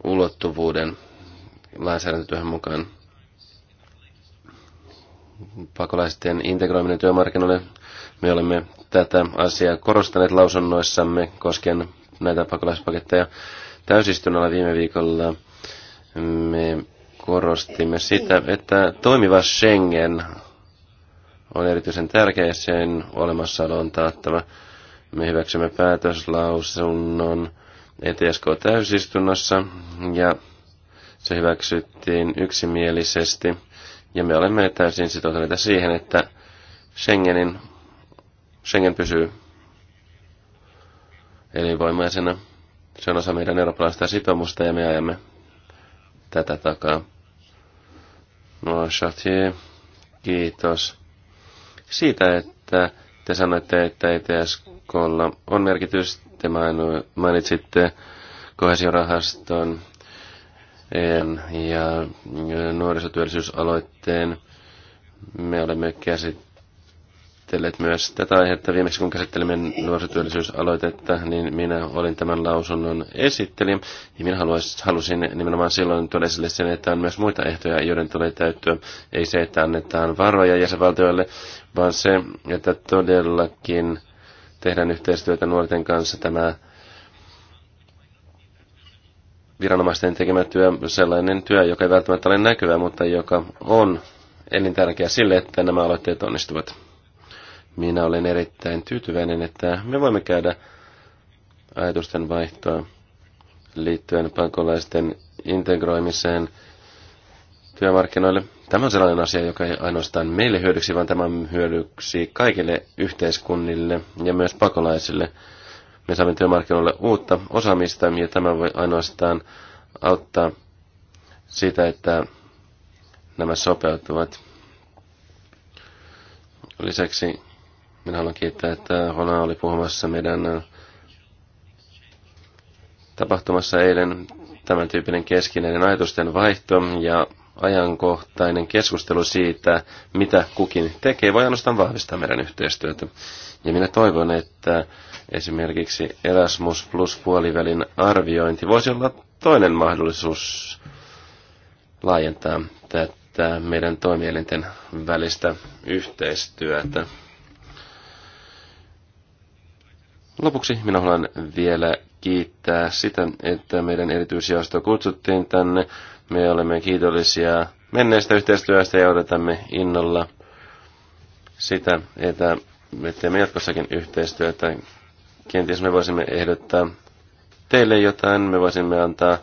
ulottuvuuden lainsäädäntötyöhön mukaan. Pakolaisten integroiminen työmarkkinoille. Me olemme tätä asiaa korostaneet lausunnoissamme koskien näitä pakolaispaketteja täysistunnolla viime viikolla – me korostimme sitä, että toimiva Schengen on erityisen tärkeä sen olemassaolo taattava. Me hyväksymme päätöslausunnon ETSK-täysistunnossa ja se hyväksyttiin yksimielisesti. Ja me olemme täysin sitoutuneita siihen, että Schengenin, Schengen pysyy elinvoimaisena. Se on osa meidän eurooppalaista sitoumusta ja me ajamme tätä takaa. No, Chartier, kiitos siitä, että te sanoitte, että e kolla on merkitys. Te mainitsitte kohesiorahaston ja nuorisotyöllisyysaloitteen. Me olemme käsit käsitelleet myös tätä aihetta. Viimeksi kun käsittelimme nuorisotyöllisyysaloitetta, niin minä olin tämän lausunnon esittelijä. Ja minä haluais, halusin nimenomaan silloin tuoda esille sen, että on myös muita ehtoja, joiden tulee täyttyä. Ei se, että annetaan varoja jäsenvaltioille, vaan se, että todellakin tehdään yhteistyötä nuorten kanssa tämä viranomaisten tekemä työ, sellainen työ, joka ei välttämättä ole näkyvä, mutta joka on elintärkeä sille, että nämä aloitteet onnistuvat. Minä olen erittäin tyytyväinen, että me voimme käydä ajatusten vaihtoa liittyen pakolaisten integroimiseen työmarkkinoille. Tämä on sellainen asia, joka ei ainoastaan meille hyödyksi, vaan tämä on hyödyksi kaikille yhteiskunnille ja myös pakolaisille. Me saamme työmarkkinoille uutta osaamista ja tämä voi ainoastaan auttaa sitä, että nämä sopeutuvat. Lisäksi minä haluan kiittää, että Rona oli puhumassa meidän äh, tapahtumassa eilen tämän tyyppinen keskinäinen ajatusten vaihto ja ajankohtainen keskustelu siitä, mitä kukin tekee, voi ainoastaan vahvistaa meidän yhteistyötä. Ja minä toivon, että esimerkiksi Erasmus plus puolivälin arviointi voisi olla toinen mahdollisuus laajentaa tätä meidän toimielinten välistä yhteistyötä. Lopuksi minä haluan vielä kiittää sitä, että meidän erityisjaosto kutsuttiin tänne. Me olemme kiitollisia menneestä yhteistyöstä ja odotamme innolla sitä, että me teemme jatkossakin yhteistyötä. Kenties me voisimme ehdottaa teille jotain, me voisimme antaa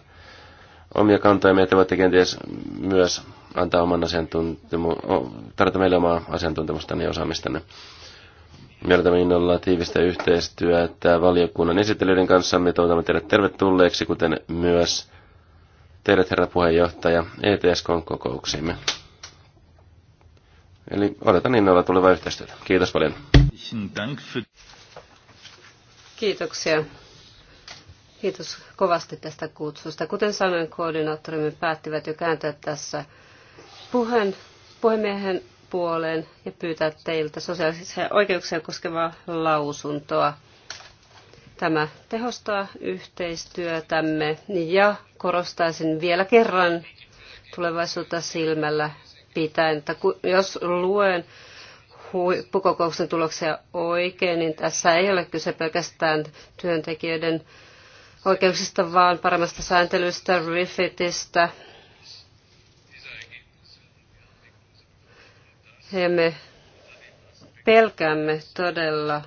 omia kantoja, ja te voitte kenties myös antaa oman asiantuntemu- tarjota meille omaa asiantuntemustanne ja osaamistanne. Mieltämme innolla tiivistä yhteistyötä valiokunnan esittelyiden kanssa. Me toivotamme teidät tervetulleeksi, kuten myös teidät, herra puheenjohtaja, ETSK-kokouksiimme. Eli odotan innolla tulevaa yhteistyötä. Kiitos paljon. Kiitoksia. Kiitos kovasti tästä kutsusta. Kuten sanoin, koordinaattorimme päättivät jo kääntää tässä puheen, puhemiehen puoleen ja pyytää teiltä sosiaalisia oikeuksia koskevaa lausuntoa. Tämä tehostaa yhteistyötämme ja korostaisin vielä kerran tulevaisuutta silmällä pitäen, että jos luen huippukokouksen tuloksia oikein, niin tässä ei ole kyse pelkästään työntekijöiden oikeuksista, vaan paremmasta sääntelystä, refitistä, Ja me pelkäämme todella,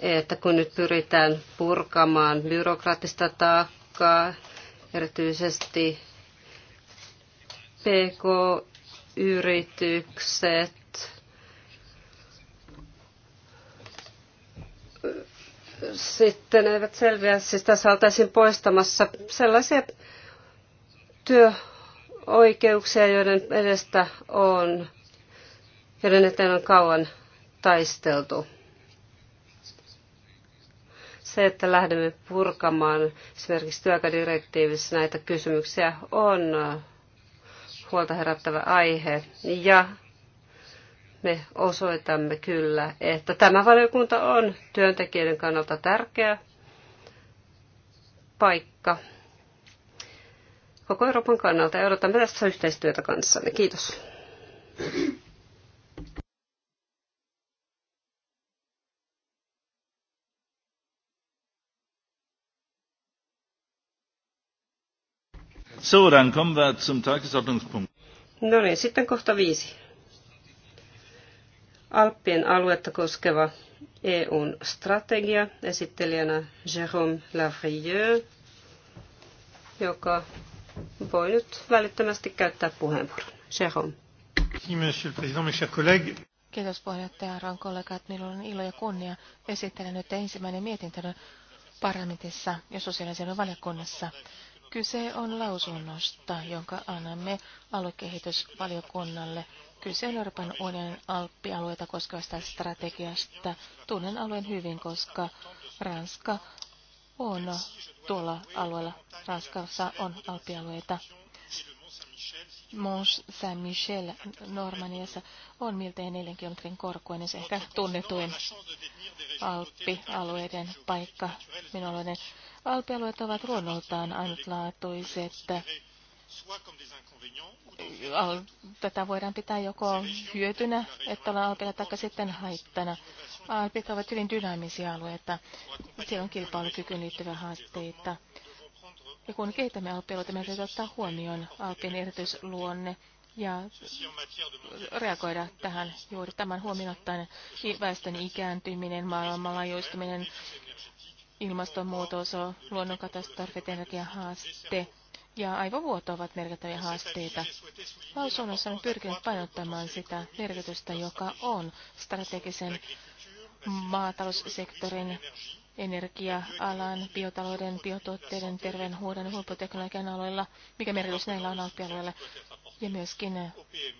että kun nyt pyritään purkamaan byrokraattista taakkaa, erityisesti PK-yritykset, sitten eivät selviä, siis tässä oltaisiin poistamassa sellaisia työoikeuksia, joiden edestä on joiden eteen on kauan taisteltu. Se, että lähdemme purkamaan esimerkiksi työaikadirektiivissä näitä kysymyksiä, on huolta herättävä aihe. Ja me osoitamme kyllä, että tämä valiokunta on työntekijöiden kannalta tärkeä paikka koko Euroopan kannalta. Ja odotamme tässä yhteistyötä kanssanne. Kiitos. So, dann kommen wir zum Tagesordnungspunkt. No niin, sitten kohta viisi. Alppien aluetta koskeva EUn strategia, esittelijänä Jérôme Lavrieux, joka voi nyt välittömästi käyttää puheenvuoron. Jérôme. Monsieur le Président, mes chers collègues. Kiitos puheenjohtaja, arvon kollegat. Minulla on ilo ja kunnia esittelen nyt ensimmäinen mietintö parlamentissa ja sosiaalisen valiokunnassa. Kyse on lausunnosta, jonka annamme aluekehitysvaliokunnalle. Kyse on Euroopan unionin alppialueita koskevasta strategiasta. Tunnen alueen hyvin, koska Ranska on tuolla alueella. Ranskassa on alppialueita. Mont Saint-Michel Normaniassa on miltei 4 kilometrin korkuinen, se ehkä tunnetuin alppialueiden paikka minulle. Alppialueet ovat luonnoltaan ainutlaatuiset. Tätä voidaan pitää joko hyötynä, että ollaan alpilla, tai sitten haittana. Alpit ovat hyvin dynaamisia alueita. Siellä on kilpailukykyyn liittyviä haasteita. Ja kun kehitämme alppialueita, meidän täytyy ottaa huomioon alppien erityisluonne ja reagoida tähän juuri tämän huomioon ottaen väestön ikääntyminen, maailmanlaajuistuminen, ilmastonmuutos, luonnonkatastrofit, energiahaaste ja aivovuoto ovat merkittäviä haasteita. Lausunnossa on pyrkinyt painottamaan sitä merkitystä, joka on strategisen maataloussektorin energia-alan, biotalouden, biotuotteiden, terveydenhuollon ja huipputeknologian aloilla, mikä merkitys näillä on alppialueella. Ja myöskin eh,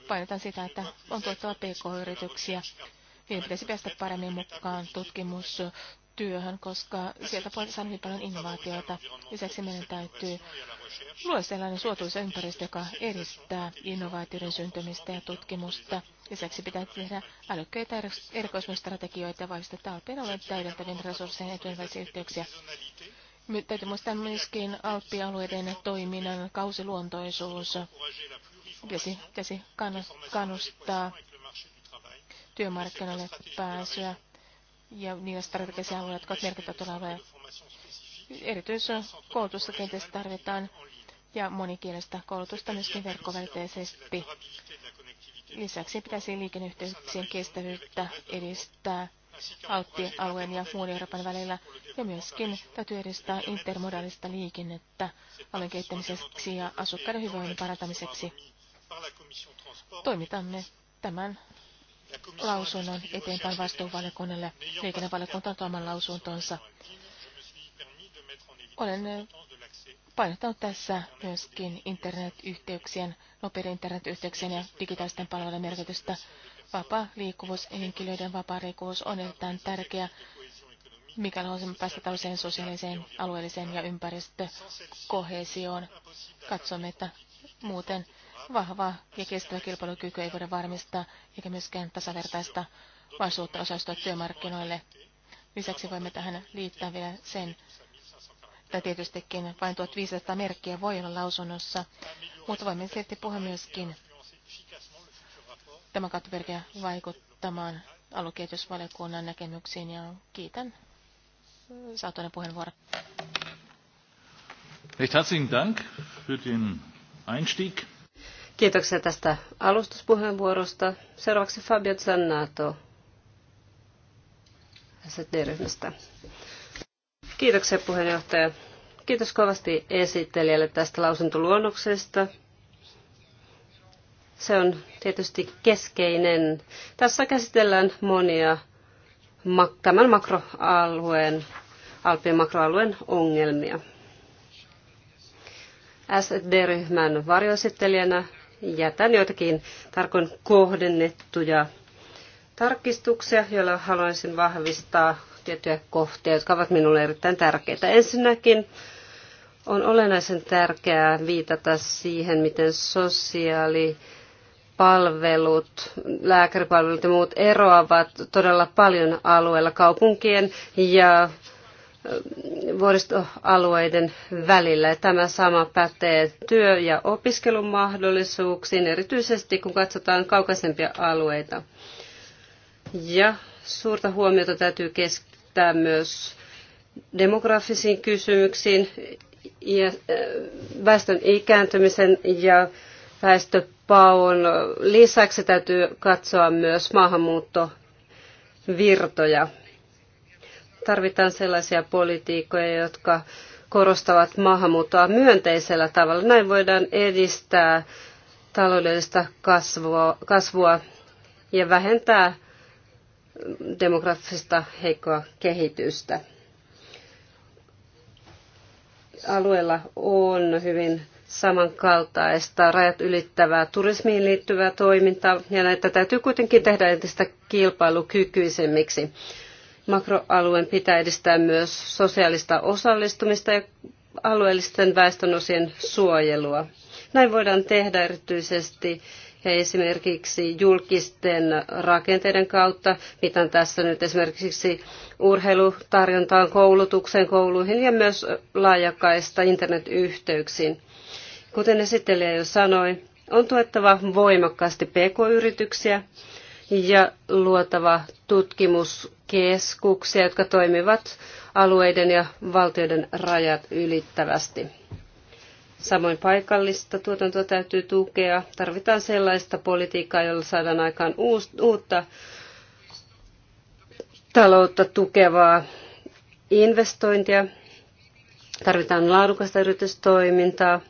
painetaan sitä, että on tuottava pk-yrityksiä. Niiden pitäisi päästä paremmin mukaan tutkimustyöhön, koska sieltä saada hyvin paljon innovaatioita. Lisäksi meidän täytyy luoda sellainen suotuisa ympäristö, joka edistää innovaatioiden syntymistä ja tutkimusta. Lisäksi pitää tehdä älykkäitä erikoismustrategioita ja vahvistaa tarpeen ollen täydentävien resurssien etujen välisiä yhteyksiä. Täytyy muistaa myöskin alppialueiden toiminnan kausiluontoisuus. Pitäisi, pitäisi kannustaa työmarkkinoille pääsyä ja niillä strategisia alueilla, jotka ovat merkittävät alueella. Erityiskoulutusta kenties tarvitaan ja monikielistä koulutusta myöskin verkkovälteisesti. Lisäksi pitäisi liikenneyhteyksien kestävyyttä edistää Altti-alueen ja muun Euroopan välillä, ja myöskin täytyy edistää intermodaalista liikennettä alueen kehittämiseksi ja asukkaiden hyvinvoinnin parantamiseksi. Toimitamme tämän lausunnon eteenpäin vastuuvaliokunnalle. Liikennevaliokunta on oman lausuntonsa. Olen painottanut tässä myöskin internetyhteyksien, nopeiden internetyhteyksien ja digitaalisten palveluiden merkitystä. Vapaa liikkuvuus, henkilöiden vapaa liikkuvuus on erittäin tärkeä, mikä haluaisimme päästä tällaiseen sosiaaliseen, alueelliseen ja ympäristökohesioon. Katsomme, että muuten vahva ja kestävä kilpailukyky ei voida varmistaa, eikä myöskään tasavertaista vaisuutta osallistua työmarkkinoille. Lisäksi voimme tähän liittää vielä sen, tai tietystikin vain 1500 merkkiä voi olla lausunnossa, mutta voimme silti puhua myöskin tämän kautta pyrkiä vaikuttamaan aluketjusvaliokunnan näkemyksiin ja kiitän saatuinen puheenvuoro. Recht herzlichen Dank für den Einstieg. Kiitoksia tästä alustuspuheenvuorosta. Seuraavaksi Fabio Zannato SD-ryhmästä. Kiitoksia puheenjohtaja. Kiitos kovasti esittelijälle tästä lausuntoluonnoksesta. Se on tietysti keskeinen. Tässä käsitellään monia tämän makroalueen, Alpien makroalueen ongelmia. SD-ryhmän varjoesittelijänä jätän joitakin tarkoin kohdennettuja tarkistuksia, joilla haluaisin vahvistaa tiettyjä kohtia, jotka ovat minulle erittäin tärkeitä. Ensinnäkin on olennaisen tärkeää viitata siihen, miten sosiaali palvelut, lääkäripalvelut ja muut eroavat todella paljon alueella kaupunkien ja vuoristoalueiden välillä. Tämä sama pätee työ- ja opiskelumahdollisuuksiin, erityisesti kun katsotaan kaukaisempia alueita. Ja suurta huomiota täytyy keskittää myös demografisiin kysymyksiin, väestön ikääntymisen ja väestöpaon lisäksi täytyy katsoa myös maahanmuuttovirtoja. Tarvitaan sellaisia politiikkoja, jotka korostavat maahanmuuttoa myönteisellä tavalla. Näin voidaan edistää taloudellista kasvua, kasvua ja vähentää demografista heikkoa kehitystä alueella on hyvin samankaltaista rajat ylittävää turismiin liittyvää toimintaa ja näitä täytyy kuitenkin tehdä entistä kilpailukykyisemmiksi. Makroalueen pitää edistää myös sosiaalista osallistumista ja alueellisten väestönosien suojelua. Näin voidaan tehdä erityisesti ja esimerkiksi julkisten rakenteiden kautta, mitä tässä nyt esimerkiksi urheilutarjontaan, koulutukseen, kouluihin ja myös laajakaista internetyhteyksiin. Kuten esittelijä jo sanoi, on tuettava voimakkaasti pk-yrityksiä ja luotava tutkimuskeskuksia, jotka toimivat alueiden ja valtioiden rajat ylittävästi. Samoin paikallista tuotantoa täytyy tukea. Tarvitaan sellaista politiikkaa, jolla saadaan aikaan uutta taloutta tukevaa investointia. Tarvitaan laadukasta yritystoimintaa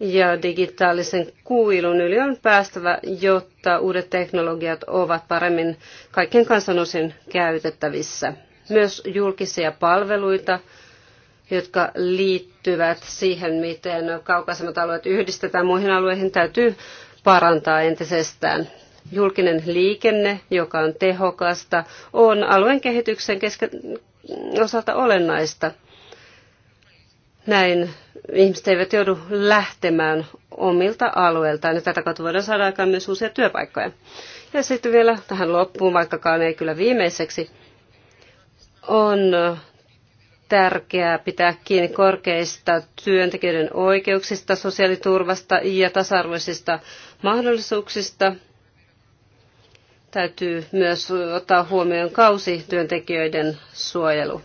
ja digitaalisen kuilun yli on päästävä, jotta uudet teknologiat ovat paremmin kaikkien kansanosien käytettävissä. Myös julkisia palveluita jotka liittyvät siihen, miten kaukaisemmat alueet yhdistetään muihin alueihin, täytyy parantaa entisestään. Julkinen liikenne, joka on tehokasta, on alueen kehityksen kesken osalta olennaista. Näin ihmiset eivät joudu lähtemään omilta alueiltaan ja tätä kautta voidaan saada aikaan myös uusia työpaikkoja. Ja sitten vielä tähän loppuun, vaikkakaan ei kyllä viimeiseksi, on tärkeää pitää kiinni korkeista työntekijöiden oikeuksista, sosiaaliturvasta ja tasa-arvoisista mahdollisuuksista. Täytyy myös ottaa huomioon kausityöntekijöiden suojelu.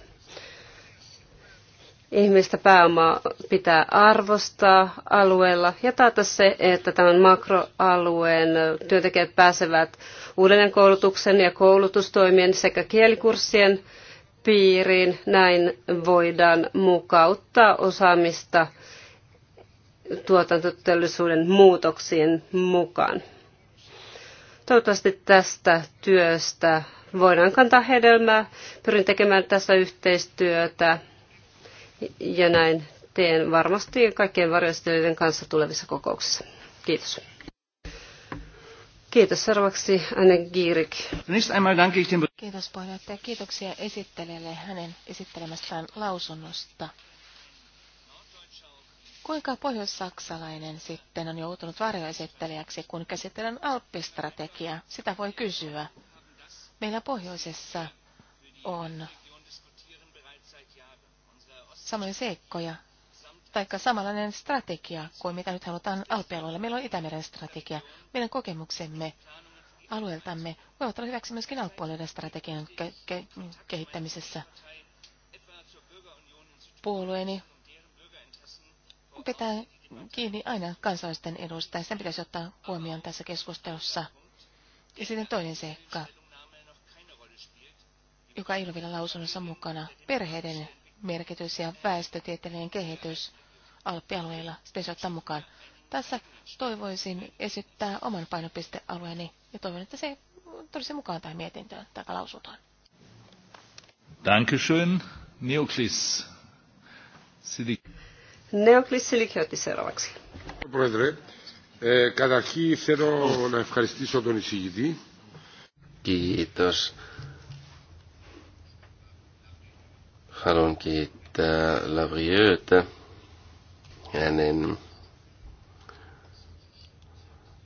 Ihmistä pääomaa pitää arvostaa alueella ja taata se, että tämän makroalueen työntekijät pääsevät uudelleenkoulutuksen ja koulutustoimien sekä kielikurssien piiriin. Näin voidaan mukauttaa osaamista tuotantoteollisuuden muutoksien mukaan. Toivottavasti tästä työstä voidaan kantaa hedelmää. Pyrin tekemään tässä yhteistyötä ja näin teen varmasti kaikkien varjostelijoiden kanssa tulevissa kokouksissa. Kiitos. Kiitos seuraavaksi Anne Giirik. Kiitos puheenjohtaja. Kiitoksia esittelijälle hänen esittelemästään lausunnosta. Kuinka pohjoissaksalainen sitten on joutunut varjoesittelijäksi, kun käsitellään alppistrategiaa? Sitä voi kysyä. Meillä pohjoisessa on samoja seikkoja tai samanlainen strategia kuin mitä nyt halutaan alpealueella. Meillä on Itämeren strategia. Meidän kokemuksemme alueeltamme voivat olla hyväksi myöskin alppualueiden strategian ke- ke- kehittämisessä. Puolueeni pitää kiinni aina kansalaisten edusta, ja sen pitäisi ottaa huomioon tässä keskustelussa. Ja sitten toinen seikka, joka ei ole vielä lausunnossa mukana, perheiden merkitys ja väestötieteellinen kehitys – alppialueilla sitten mukaan. Tässä toivoisin esittää oman painopistealueeni ja toivon, että se tulisi mukaan tähän mietintöön tai lausuntoon. Dankeschön, Neoklis. Silik. Neoklis Silikiotti seuraavaksi. Kiitos. Haluan kiittää Lavriötä hänen niin,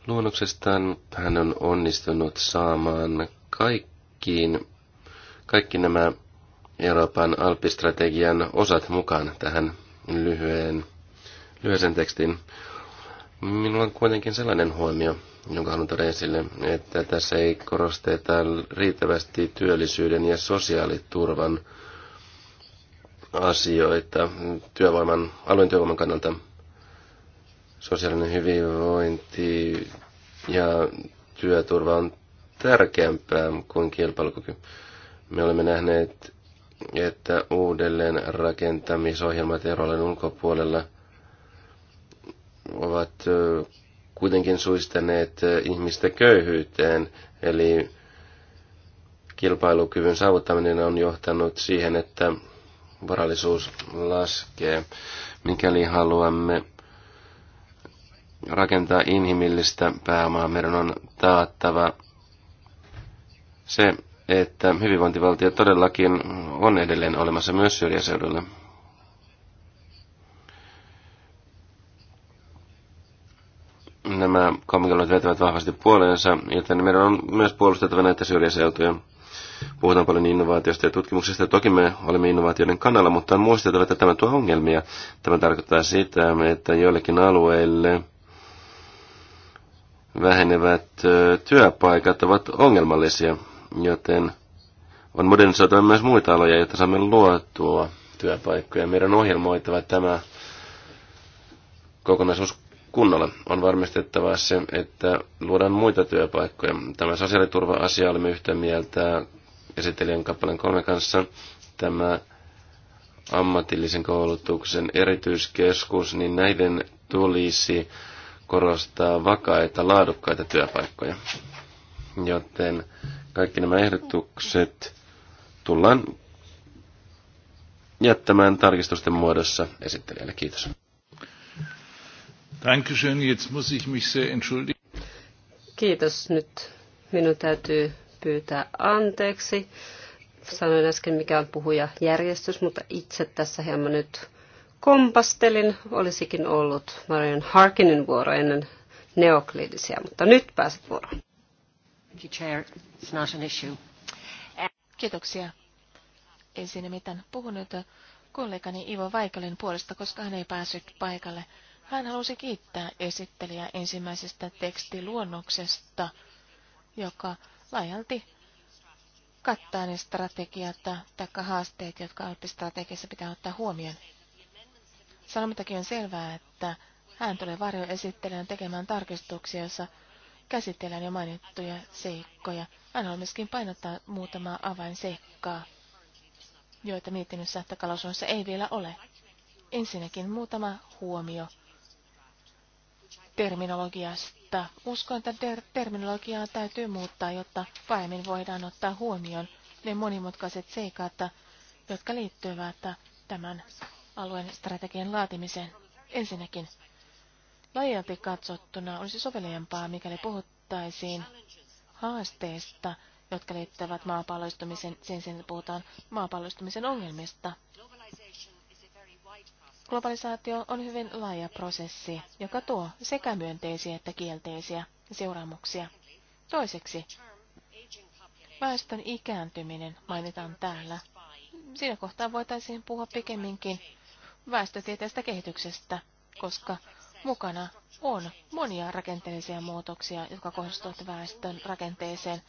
luonnoksestaan hän on onnistunut saamaan kaikkiin, kaikki nämä Euroopan alppistrategian osat mukaan tähän lyhyen, lyhyen tekstin. Minulla on kuitenkin sellainen huomio, jonka haluan tuoda esille, että tässä ei korosteta riittävästi työllisyyden ja sosiaaliturvan asioita työvoiman, alueen työvoiman kannalta. Sosiaalinen hyvinvointi ja työturva on tärkeämpää kuin kilpailukyky. Me olemme nähneet, että uudelleen rakentamisohjelmat eroalan ulkopuolella ovat kuitenkin suistaneet ihmistä köyhyyteen, eli kilpailukyvyn saavuttaminen on johtanut siihen, että varallisuus laskee, mikäli haluamme rakentaa inhimillistä pääomaa, meidän on taattava se, että hyvinvointivaltio todellakin on edelleen olemassa myös syrjäseudulla. Nämä kaupunkialueet vetävät vahvasti puoleensa, joten meidän on myös puolustettava näitä syrjäseutuja. Puhutaan paljon innovaatiosta ja tutkimuksesta. Toki me olemme innovaatioiden kannalla, mutta on muistettava, että tämä tuo ongelmia. Tämä tarkoittaa sitä, että joillekin alueille vähenevät työpaikat ovat ongelmallisia, joten on modernisoitava myös muita aloja, jotta saamme luotua työpaikkoja. Meidän ohjelmoitava tämä kokonaisuus kunnolla. On varmistettava se, että luodaan muita työpaikkoja. Tämä sosiaaliturva-asia olemme yhtä mieltä esittelijän kappaleen kolme kanssa. Tämä ammatillisen koulutuksen erityiskeskus, niin näiden tulisi korostaa vakaita, laadukkaita työpaikkoja. Joten kaikki nämä ehdotukset tullaan jättämään tarkistusten muodossa esittelijälle. Kiitos. Dankeschön, jetzt muss ich mich sehr entschuldigen. Kiitos. Nyt minun täytyy pyytää anteeksi. Sanoin äsken, mikä on puhujajärjestys, mutta itse tässä hieman nyt kompastelin. Olisikin ollut Marion Harkinin vuoro ennen neokliidisia, mutta nyt pääset vuoroon. Kiitoksia. Ei siinä mitään puhunut kollegani Ivo Vaikalin puolesta, koska hän ei päässyt paikalle. Hän halusi kiittää esittelijää ensimmäisestä tekstiluonnoksesta, joka laajalti kattaa ne strategiat tai haasteet, jotka Alppi-strategiassa pitää ottaa huomioon. Sanomattakin on selvää, että hän tulee esittelemään tekemään tarkistuksia, joissa käsitellään jo mainittuja seikkoja. Hän on myöskin painottaa muutamaa avainseikkaa, joita mietinnössä että kalosuunnassa ei vielä ole. Ensinnäkin muutama huomio terminologiasta. Uskon, että ter- terminologiaa täytyy muuttaa, jotta paremmin voidaan ottaa huomioon ne monimutkaiset seikat, jotka liittyvät tämän alueen strategian laatimiseen. Ensinnäkin, laajalti katsottuna olisi sovellempaa, mikäli puhuttaisiin haasteista, jotka liittyvät maapalloistumisen, sen sen puhutaan maapalloistumisen ongelmista. Globalisaatio on hyvin laaja prosessi, joka tuo sekä myönteisiä että kielteisiä seuraamuksia. Toiseksi, väestön ikääntyminen mainitaan täällä. Siinä kohtaa voitaisiin puhua pikemminkin väestötieteestä kehityksestä, koska mukana on monia rakenteellisia muutoksia, jotka kohdistuvat väestön rakenteeseen.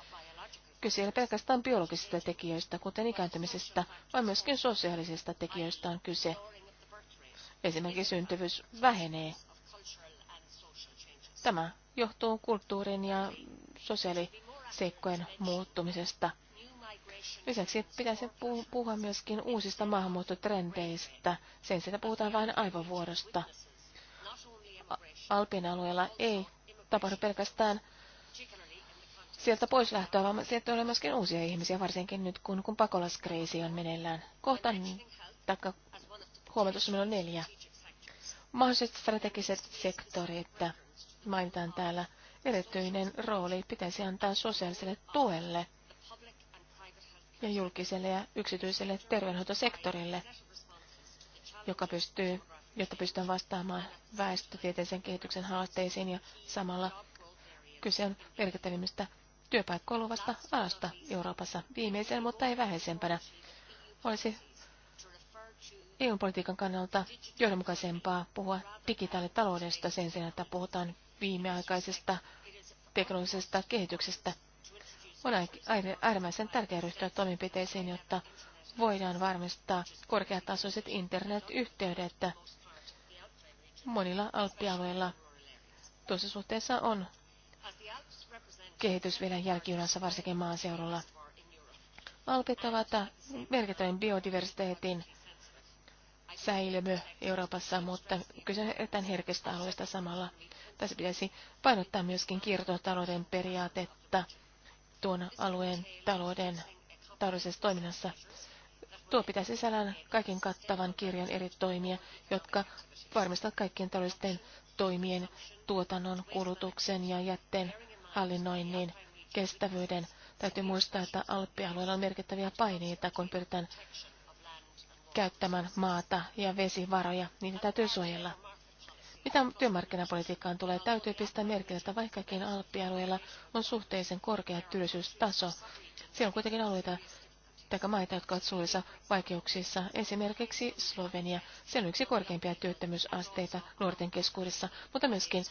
Kyse ei ole pelkästään biologisista tekijöistä, kuten ikääntymisestä, vaan myöskin sosiaalisista tekijöistä on kyse esimerkiksi syntyvyys vähenee. Tämä johtuu kulttuurin ja sosiaaliseikkojen muuttumisesta. Lisäksi pitäisi puhua myöskin uusista maahanmuuttotrendeistä. Sen sijaan puhutaan vain aivovuorosta. Alpin alueella ei tapahdu pelkästään sieltä pois lähtöä, vaan sieltä tulee myöskin uusia ihmisiä, varsinkin nyt kun, kun pakolaskriisi on meneillään. Kohta, taikka huomenta numero on neljä. Mahdolliset strategiset sektorit mainitaan täällä. Erityinen rooli pitäisi antaa sosiaaliselle tuelle ja julkiselle ja yksityiselle terveydenhoitosektorille, joka pystyy, jotta pystytään vastaamaan väestötieteisen kehityksen haasteisiin ja samalla kyse on merkittävimmistä työpaikkoiluvasta alasta Euroopassa viimeisen, mutta ei vähäisempänä. Olisi EU-politiikan kannalta johdonmukaisempaa puhua digitaalitaloudesta sen sijaan, että puhutaan viimeaikaisesta teknologisesta kehityksestä. On äärimmäisen tärkeää ryhtyä toimenpiteisiin, jotta voidaan varmistaa korkeatasoiset internetyhteydet. Monilla alppialueilla tuossa suhteessa on kehitys vielä jälkijunassa, varsinkin maaseudulla. Alpit ovat merkittävän biodiversiteetin säilymy Euroopassa, mutta kyse tämän herkistä alueesta samalla. Tässä pitäisi painottaa myöskin kiertotalouden periaatetta tuon alueen talouden taloudellisessa toiminnassa. Tuo pitää sisällään kaiken kattavan kirjan eri toimia, jotka varmistavat kaikkien taloudellisten toimien tuotannon, kulutuksen ja jätteen hallinnoinnin kestävyyden. Täytyy muistaa, että alppialueella on merkittäviä paineita, kun pyritään käyttämään maata ja vesivaroja, niitä täytyy suojella. Mitä työmarkkinapolitiikkaan tulee, täytyy pistää merkille, että vaikkakin alppialueella on suhteellisen korkea työllisyystaso, siellä on kuitenkin alueita tai maita, jotka ovat suurissa vaikeuksissa. Esimerkiksi Slovenia. Se on yksi korkeimpia työttömyysasteita nuorten keskuudessa, mutta myöskin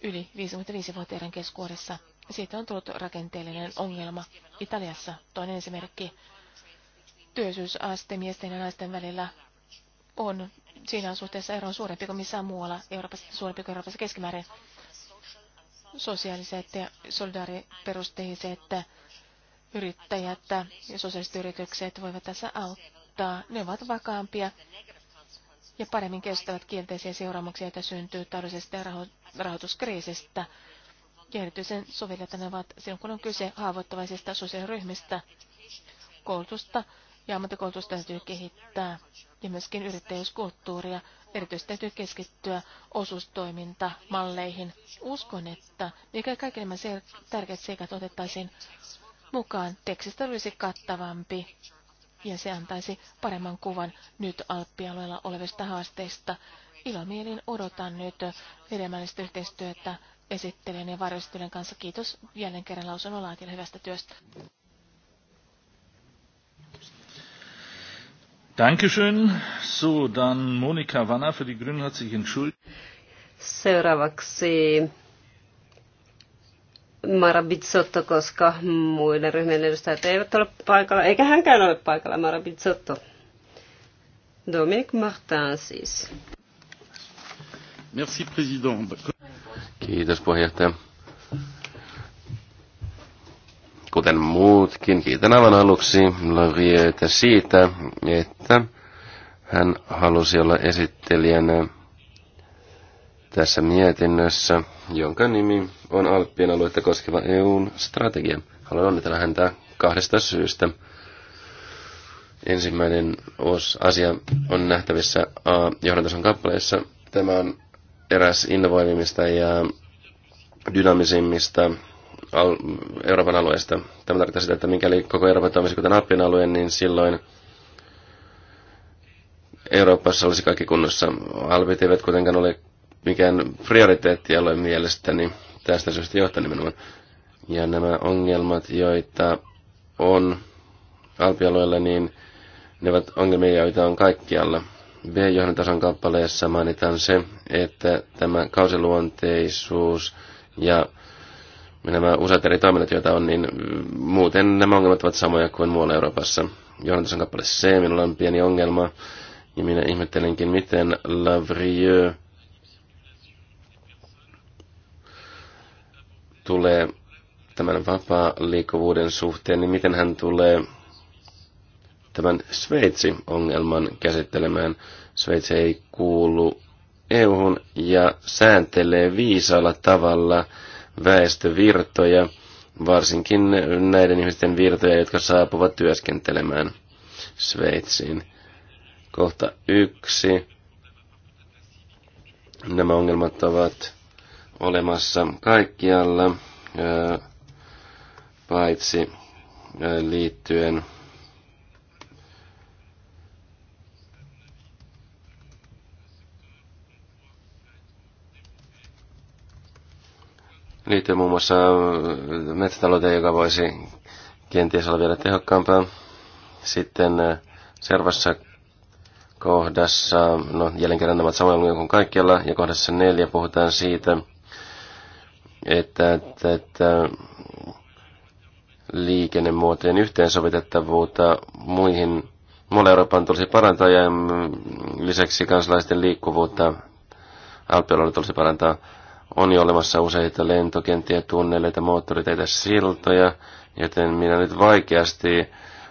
yli 55-vuotiaiden keskuudessa. Siitä on tullut rakenteellinen ongelma. Italiassa toinen esimerkki työllisyysaste miesten ja naisten välillä on siinä suhteessa ero on suurempi kuin missään muualla Euroopassa, suurempi kuin Euroopassa keskimäärin. Sosiaaliset ja solidaariperusteiset yrittäjät ja sosiaaliset yritykset voivat tässä auttaa. Ne ovat vakaampia ja paremmin kestävät kielteisiä seuraamuksia, joita syntyy taloudellisesta ja rahoituskriisistä. Ja erityisen ne ovat silloin, kun on kyse haavoittuvaisista sosiaaliryhmistä. Koulutusta ja ammattikoulutus täytyy kehittää ja myöskin yrittäjyyskulttuuria. Erityisesti täytyy keskittyä osuustoimintamalleihin. Uskon, että mikä kaikki nämä tärkeät seikat otettaisiin mukaan, tekstistä olisi kattavampi ja se antaisi paremman kuvan nyt alppialueella olevista haasteista. Ilomielin odotan nyt hedelmällistä yhteistyötä esittelijän ja varjostelijan kanssa. Kiitos jälleen kerran lausunnonlaatijalle hyvästä työstä. Dankeschön. So, dann Monika Wanner für die Grünen hat sich entschuldigt. Seuraavaksi Mara Bizzotto, koska muiden ryhmien edustajat eivät ole paikalla, eikä hänkään ole paikalla, Mara Bizzotto. Dominic Martin siis. Merci, Kiitos puheenjohtaja kuten muutkin, kiitän aivan aluksi Lavietä siitä, että hän halusi olla esittelijänä tässä mietinnössä, jonka nimi on Alppien aluetta koskeva EUn strategia. Haluan onnitella häntä kahdesta syystä. Ensimmäinen os asia on nähtävissä A-johdantason kappaleissa. Tämä on eräs innovoivimmista ja dynaamisimmista Euroopan alueesta. Tämä tarkoittaa sitä, että mikäli koko Eurooppa toimisi kuten Alppien alue, niin silloin Euroopassa olisi kaikki kunnossa. Alpit eivät kuitenkaan ole mikään prioriteettialue mielestäni tästä syystä johtaa nimenomaan. Ja nämä ongelmat, joita on alpialueella, niin ne ovat ongelmia, joita on kaikkialla. B-johdon tason kappaleessa mainitaan se, että tämä kausiluonteisuus ja nämä useat eri toiminnot, joita on, niin mm, muuten nämä ongelmat ovat samoja kuin muualla Euroopassa. Johdantason kappale C, minulla on pieni ongelma, ja minä ihmettelenkin, miten Lavrieux tulee tämän vapaa-liikkuvuuden suhteen, niin miten hän tulee tämän Sveitsi-ongelman käsittelemään. Sveitsi ei kuulu EU-hun ja sääntelee viisaalla tavalla – väestövirtoja, varsinkin näiden ihmisten virtoja, jotka saapuvat työskentelemään Sveitsiin. Kohta yksi. Nämä ongelmat ovat olemassa kaikkialla, paitsi liittyen liittyy muun muassa äh, metsätalouteen, joka voisi kenties olla vielä tehokkaampaa. Sitten äh, seuraavassa kohdassa, no jälleen kerran nämä samoja ongelmia kuin kaikkialla, ja kohdassa neljä puhutaan siitä, että, että, että liikennemuotojen yhteensovitettavuutta muihin muille Euroopan tulisi parantaa ja mm, lisäksi kansalaisten liikkuvuutta Alppialueella tulisi parantaa on jo olemassa useita lentokenttiä, tunneleita, moottoriteitä, siltoja, joten minä nyt vaikeasti,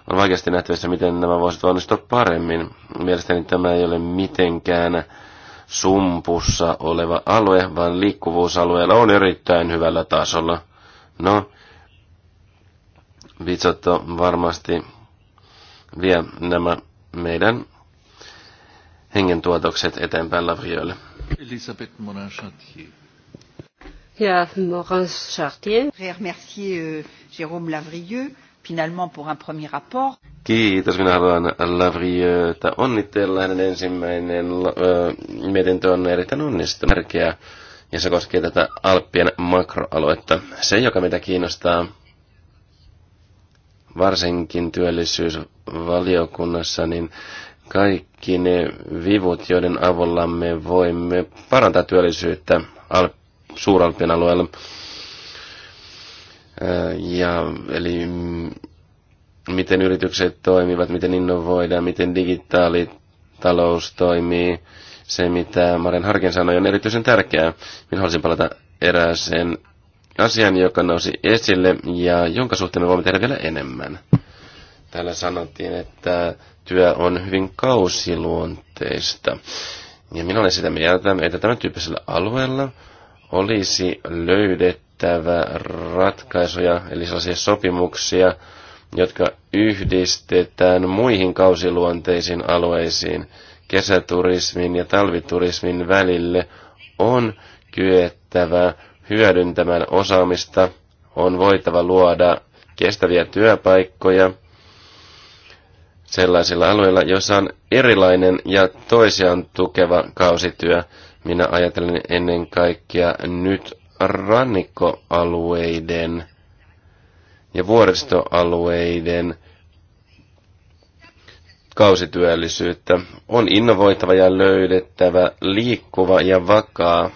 on vaikeasti nähtävissä, miten nämä voisivat onnistua paremmin. Mielestäni tämä ei ole mitenkään sumpussa oleva alue, vaan liikkuvuusalueella on erittäin hyvällä tasolla. No, Vitsotto varmasti vie nämä meidän tuotokset eteenpäin Lavrioille. Elisabeth Monachantier ja Morin-Chartier. Remercier euh, Jérôme Lavrieux finalement rapport. Kiitos, minä haluan Lavrieuta onnitella. Hänen ensimmäinen öö, mietintö on erittäin onnistunut. Tärkeä, ja se koskee tätä Alppien makroaluetta. Se, joka mitä kiinnostaa varsinkin työllisyysvaliokunnassa, niin kaikki ne vivut, joiden avulla me voimme parantaa työllisyyttä alppien. Suuralpien alueella. Äh, ja, eli mm, miten yritykset toimivat, miten innovoidaan, miten digitaalitalous toimii. Se, mitä Maren Harkin sanoi, on erityisen tärkeää. Minä haluaisin palata erääseen asian, joka nousi esille ja jonka suhteen me voimme tehdä vielä enemmän. Täällä sanottiin, että työ on hyvin kausiluonteista. Ja minä olen sitä mieltä, että tämän tyyppisellä alueella olisi löydettävä ratkaisuja, eli sellaisia sopimuksia, jotka yhdistetään muihin kausiluonteisiin alueisiin. Kesäturismin ja talviturismin välille on kyettävä hyödyntämään osaamista, on voitava luoda kestäviä työpaikkoja sellaisilla alueilla, joissa on erilainen ja toisiaan tukeva kausityö. Minä ajattelen ennen kaikkea nyt rannikkoalueiden ja vuoristoalueiden kausityöllisyyttä. On innovoitava ja löydettävä liikkuva ja vakaa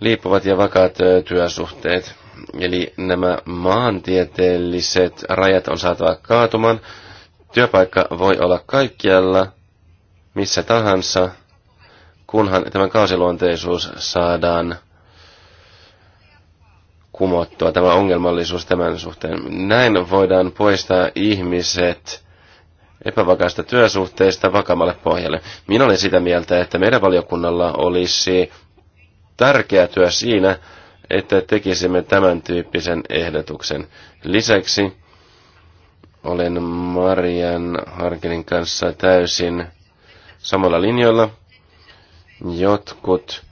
liippuvat ja vakaat työsuhteet. Eli nämä maantieteelliset rajat on saatava kaatumaan. Työpaikka voi olla kaikkialla – missä tahansa, kunhan tämä kaasiluonteisuus saadaan kumottua, tämä ongelmallisuus tämän suhteen. Näin voidaan poistaa ihmiset epävakaista työsuhteista vakamalle pohjalle. Minä olen sitä mieltä, että meidän valiokunnalla olisi tärkeä työ siinä, että tekisimme tämän tyyppisen ehdotuksen. Lisäksi olen Marian Harkinin kanssa täysin Samalla linjoilla. Jotkut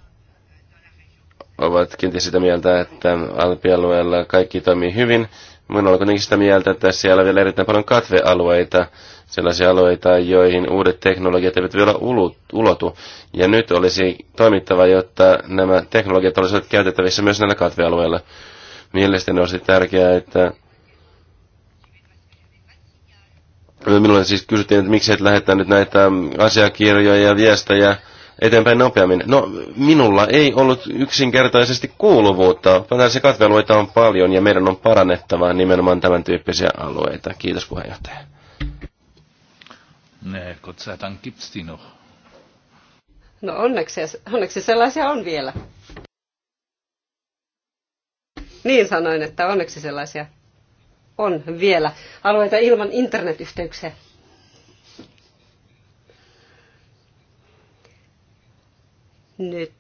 ovat kenties sitä mieltä, että alpialueella kaikki toimii hyvin. Minä on kuitenkin sitä mieltä, että siellä on vielä erittäin paljon katvealueita, sellaisia alueita, joihin uudet teknologiat eivät vielä ulotu. Ja nyt olisi toimittava, jotta nämä teknologiat olisivat käytettävissä myös näillä katvealueilla. Mielestäni olisi tärkeää, että Minulle siis kysyttiin, että miksi et lähettää nyt näitä asiakirjoja ja viestejä eteenpäin nopeammin. No, minulla ei ollut yksinkertaisesti kuuluvuutta. Tällaisia katvealueita on paljon ja meidän on parannettava nimenomaan tämän tyyppisiä alueita. Kiitos puheenjohtaja. Ne, Gott sei No onneksi, onneksi sellaisia on vielä. Niin sanoin, että onneksi sellaisia on vielä alueita ilman internetyhteyksiä. Nyt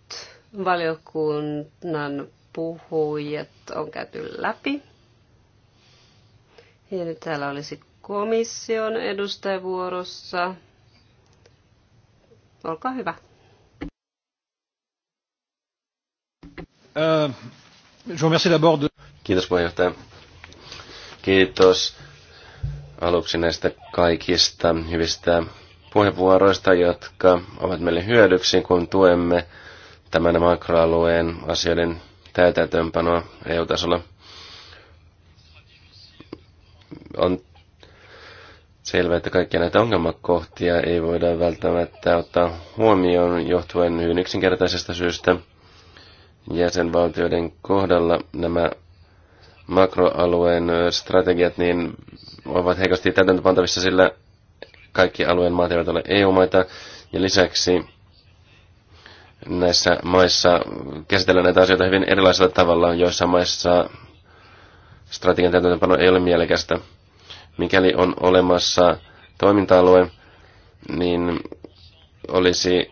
valiokunnan puhujat on käyty läpi. Ja nyt täällä olisi komission edustajavuorossa. Olkaa hyvä. Euh, Kiitos puheenjohtaja. Kiitos aluksi näistä kaikista hyvistä puheenvuoroista, jotka ovat meille hyödyksi, kun tuemme tämän makroalueen asioiden täytäntöönpanoa EU-tasolla. On selvää, että kaikkia näitä ongelmakohtia ei voida välttämättä ottaa huomioon johtuen hyvin yksinkertaisesta syystä. Jäsenvaltioiden kohdalla nämä makroalueen strategiat niin ovat heikosti täytäntöpantavissa, sillä kaikki alueen maat eivät ole EU-maita. Ja lisäksi näissä maissa käsitellään näitä asioita hyvin erilaisella tavalla. Joissa maissa strategian täytäntöpano ei ole mielekästä. Mikäli on olemassa toiminta-alue, niin olisi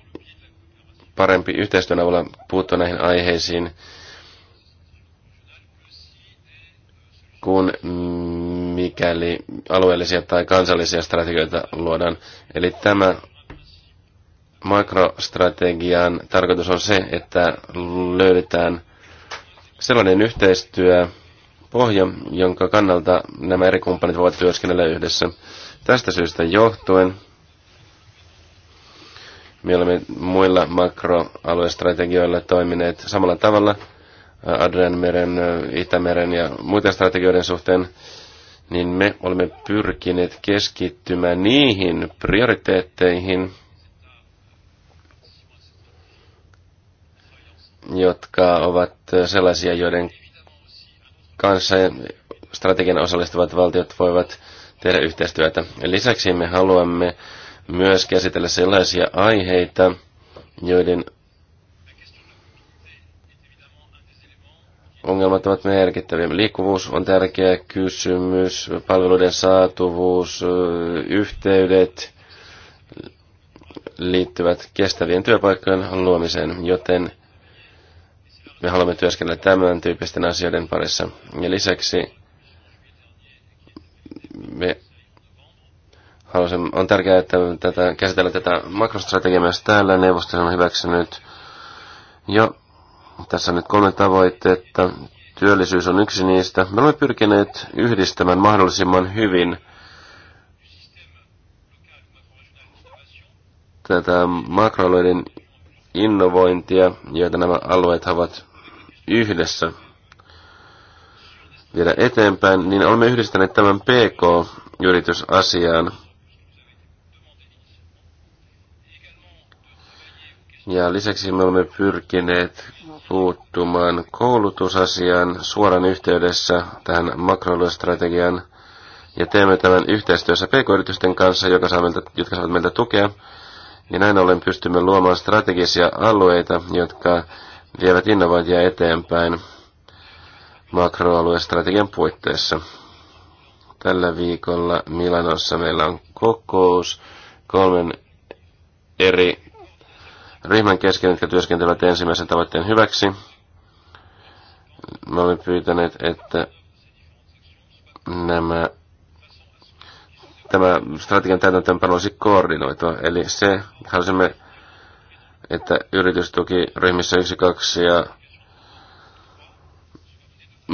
parempi yhteistyön avulla puuttua näihin aiheisiin kuin mikäli alueellisia tai kansallisia strategioita luodaan. Eli tämä makrostrategian tarkoitus on se, että löydetään sellainen yhteistyö, pohja, jonka kannalta nämä eri kumppanit voivat työskennellä yhdessä. Tästä syystä johtuen me olemme muilla makroaluestrategioilla toimineet samalla tavalla – Adrenmeren, Itämeren ja muiden strategioiden suhteen, niin me olemme pyrkineet keskittymään niihin prioriteetteihin, jotka ovat sellaisia, joiden kanssa strategian osallistuvat valtiot voivat tehdä yhteistyötä. Lisäksi me haluamme myös käsitellä sellaisia aiheita, joiden ongelmat ovat merkittäviä. Liikkuvuus on tärkeä kysymys, palveluiden saatuvuus, yhteydet liittyvät kestävien työpaikkojen luomiseen, joten me haluamme työskennellä tämän tyyppisten asioiden parissa. Ja lisäksi me halusin, on tärkeää, että tätä, käsitellä tätä makrostrategiaa myös täällä. Neuvosto on hyväksynyt jo tässä on nyt kolme tavoitetta. Työllisyys on yksi niistä. Me olemme pyrkineet yhdistämään mahdollisimman hyvin tätä makroalueiden innovointia, joita nämä alueet ovat yhdessä viedä eteenpäin, niin olemme yhdistäneet tämän PK-yritysasiaan. Ja lisäksi me olemme pyrkineet puuttumaan koulutusasiaan suoran yhteydessä tähän makroaluestrategiaan ja teemme tämän yhteistyössä pk-yritysten kanssa, joka saa meiltä, jotka saavat meiltä tukea. Ja näin ollen pystymme luomaan strategisia alueita, jotka vievät innovointia eteenpäin makroaluestrategian puitteissa. Tällä viikolla Milanossa meillä on kokous kolmen eri ryhmän kesken, jotka työskentelevät ensimmäisen tavoitteen hyväksi. Me olemme pyytäneet, että nämä, tämä strategian täytäntöönpano olisi koordinoitua. Eli se, halusimme, että yritystuki ryhmissä 1, 2 ja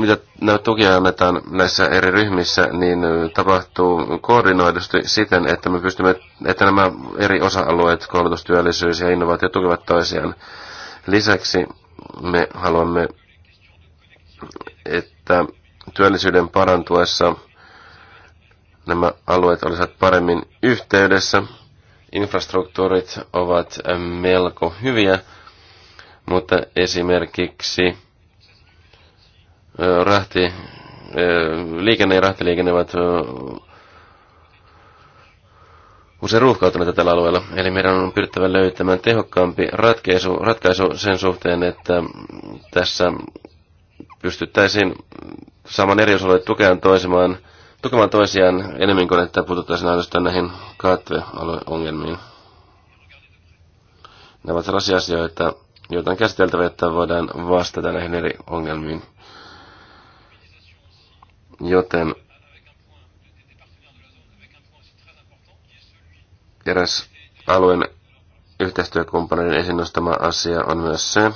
mitä nämä tukia annetaan näissä eri ryhmissä, niin tapahtuu koordinoidusti siten, että me pystymme, että nämä eri osa-alueet, koulutustyöllisyys ja innovaatio tukevat toisiaan. Lisäksi me haluamme, että työllisyyden parantuessa nämä alueet olisivat paremmin yhteydessä. Infrastruktuurit ovat melko hyviä, mutta esimerkiksi rahti, eh, liikenne ja rahtiliikenne ovat eh, usein ruuhkautuneita tällä alueella. Eli meidän on pyrittävä löytämään tehokkaampi ratkaisu, ratkaisu sen suhteen, että tässä pystyttäisiin saamaan eri osalle tukemaan toisemaan, tukemaan toisiaan enemmän kuin että puututtaisiin ainoastaan näihin katveongelmiin. Nämä ovat sellaisia asioita, joita on käsiteltävä, että voidaan vastata näihin eri ongelmiin. Joten eräs alueen yhteistyökumppanin esiin nostama asia on myös se,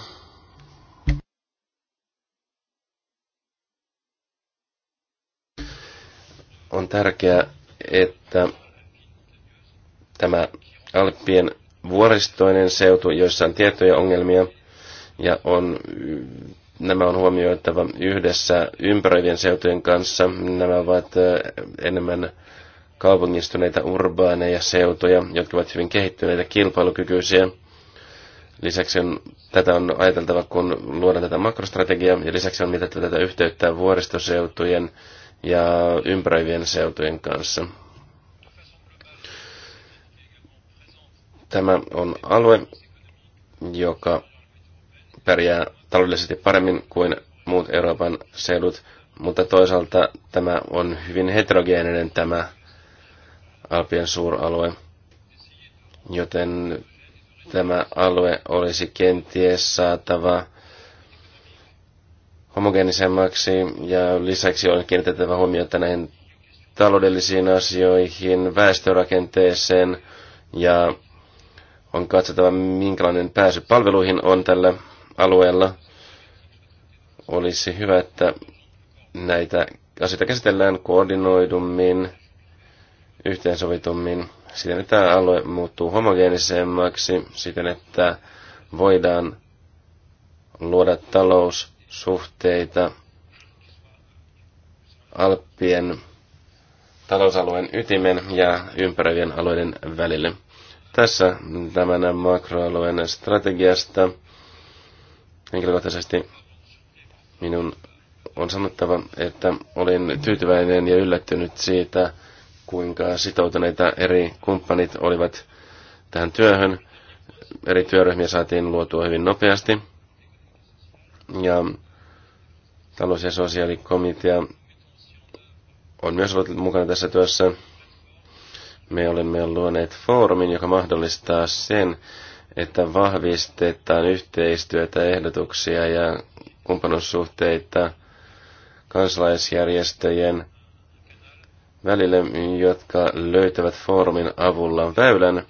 on tärkeää, että tämä Alppien vuoristoinen seutu, joissa on tiettyjä ongelmia ja on Nämä on huomioitava yhdessä ympäröivien seutujen kanssa. Nämä ovat enemmän kaupungistuneita urbaaneja seutuja, jotka ovat hyvin kehittyneitä, kilpailukykyisiä. Lisäksi on, tätä on ajateltava, kun luodaan tätä makrostrategiaa, ja lisäksi on mitattu tätä yhteyttä vuoristoseutujen ja ympäröivien seutujen kanssa. Tämä on alue, joka pärjää taloudellisesti paremmin kuin muut Euroopan seudut, mutta toisaalta tämä on hyvin heterogeeninen tämä Alpien suuralue, joten tämä alue olisi kenties saatava homogeenisemmaksi ja lisäksi on kiinnitettävä huomiota näihin taloudellisiin asioihin, väestörakenteeseen ja on katsottava minkälainen pääsy palveluihin on tällä alueella. Olisi hyvä, että näitä asioita käsitellään koordinoidummin, yhteensovitummin, siten että alue muuttuu homogeenisemmaksi, siten että voidaan luoda taloussuhteita Alppien talousalueen ytimen ja ympäröivien alueiden välille. Tässä tämän makroalueen strategiasta. Henkilökohtaisesti minun on sanottava, että olin tyytyväinen ja yllättynyt siitä, kuinka sitoutuneita eri kumppanit olivat tähän työhön. Eri työryhmiä saatiin luotua hyvin nopeasti. Ja talous- ja sosiaalikomitea on myös ollut mukana tässä työssä. Me olemme luoneet foorumin, joka mahdollistaa sen, että vahvistetaan yhteistyötä, ehdotuksia ja kumppanuussuhteita kansalaisjärjestöjen välille, jotka löytävät foorumin avulla väylän,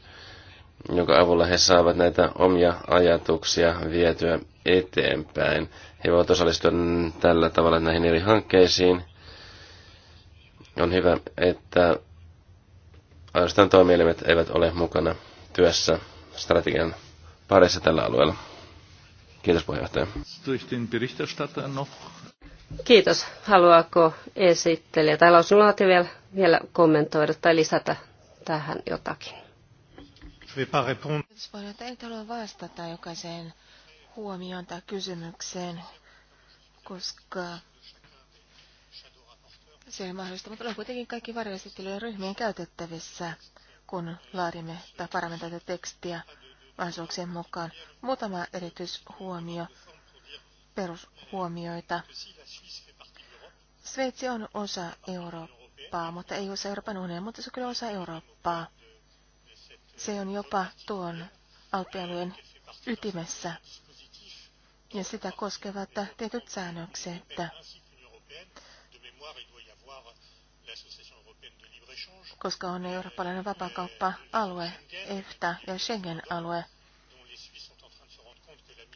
jonka avulla he saavat näitä omia ajatuksia vietyä eteenpäin. He voivat osallistua tällä tavalla näihin eri hankkeisiin. On hyvä, että ainoastaan toimielimet eivät ole mukana työssä strategian parissa tällä alueella. Kiitos puheenjohtaja. Kiitos. Haluaako esittelijä tai lausunnonantaja vielä, vielä kommentoida tai lisätä tähän jotakin? Jos voin, että en halua vastata jokaiseen huomioon tai kysymykseen, koska se ei mahdollista, mutta on kuitenkin kaikki varjoesittelyjen ryhmien käytettävissä kun laadimme tai paramme tätä tekstiä mahdollisuuksien mukaan. Muutama erityishuomio, perushuomioita. Sveitsi on osa Eurooppaa, mutta ei osa Euroopan unionia, mutta se on kyllä osa Eurooppaa. Se on jopa tuon alppialueen ytimessä ja sitä koskevat tietyt säännökset koska on eurooppalainen vapakauppa alue EFTA ja Schengen-alue.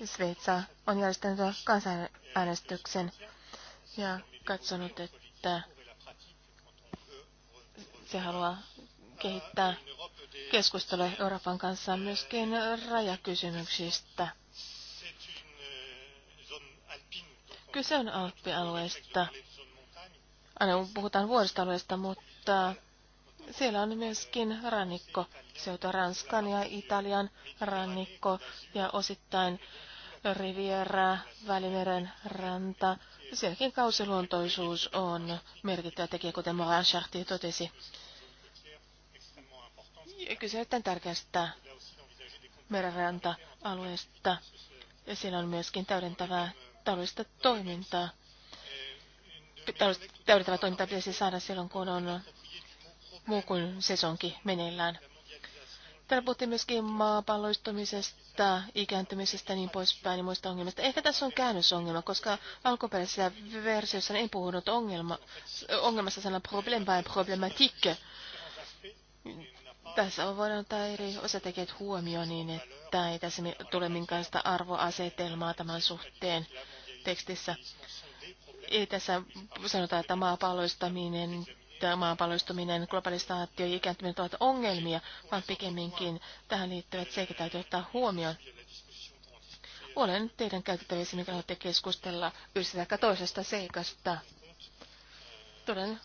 Sveitsa on järjestänyt kansanäänestyksen ja katsonut, että se haluaa kehittää keskustelua Euroopan kanssa myöskin rajakysymyksistä. Kyse on alppialueesta. Aina puhutaan vuoristoalueesta, mutta siellä on myöskin rannikko, seuta Ranskan ja Italian rannikko ja osittain Riviera, Välimeren ranta. Sielläkin kausiluontoisuus on merkittävä tekijä, kuten Moran Chartier totesi. Ja kyse on tärkeästä merenranta-alueesta. Ja siellä on myöskin täydentävää taloudellista toimintaa. Täydentävää toimintaa pitäisi saada silloin, kun on muu kuin sesonki meneillään. Täällä puhuttiin myöskin maapalloistumisesta, ikääntymisestä ja niin poispäin ja muista ongelmista. Ehkä tässä on käännösongelma, koska alkuperäisessä versiossa en puhunut ongelma, ongelmasta sanan problem vai problematiikka. Tässä voinut ottaa eri osatekijät huomioon niin, että ei tässä tule minkäänlaista arvoasetelmaa tämän suhteen tekstissä. Ei tässä sanota, että maapalloistaminen että maapalloistuminen, globalisaatio ja ikääntyminen ovat ongelmia, vaan pikemminkin tähän liittyvät seikat täytyy ottaa huomioon. Olen teidän käytettävissä, mikä haluatte keskustella yhdestä tai toisesta seikasta. Tulen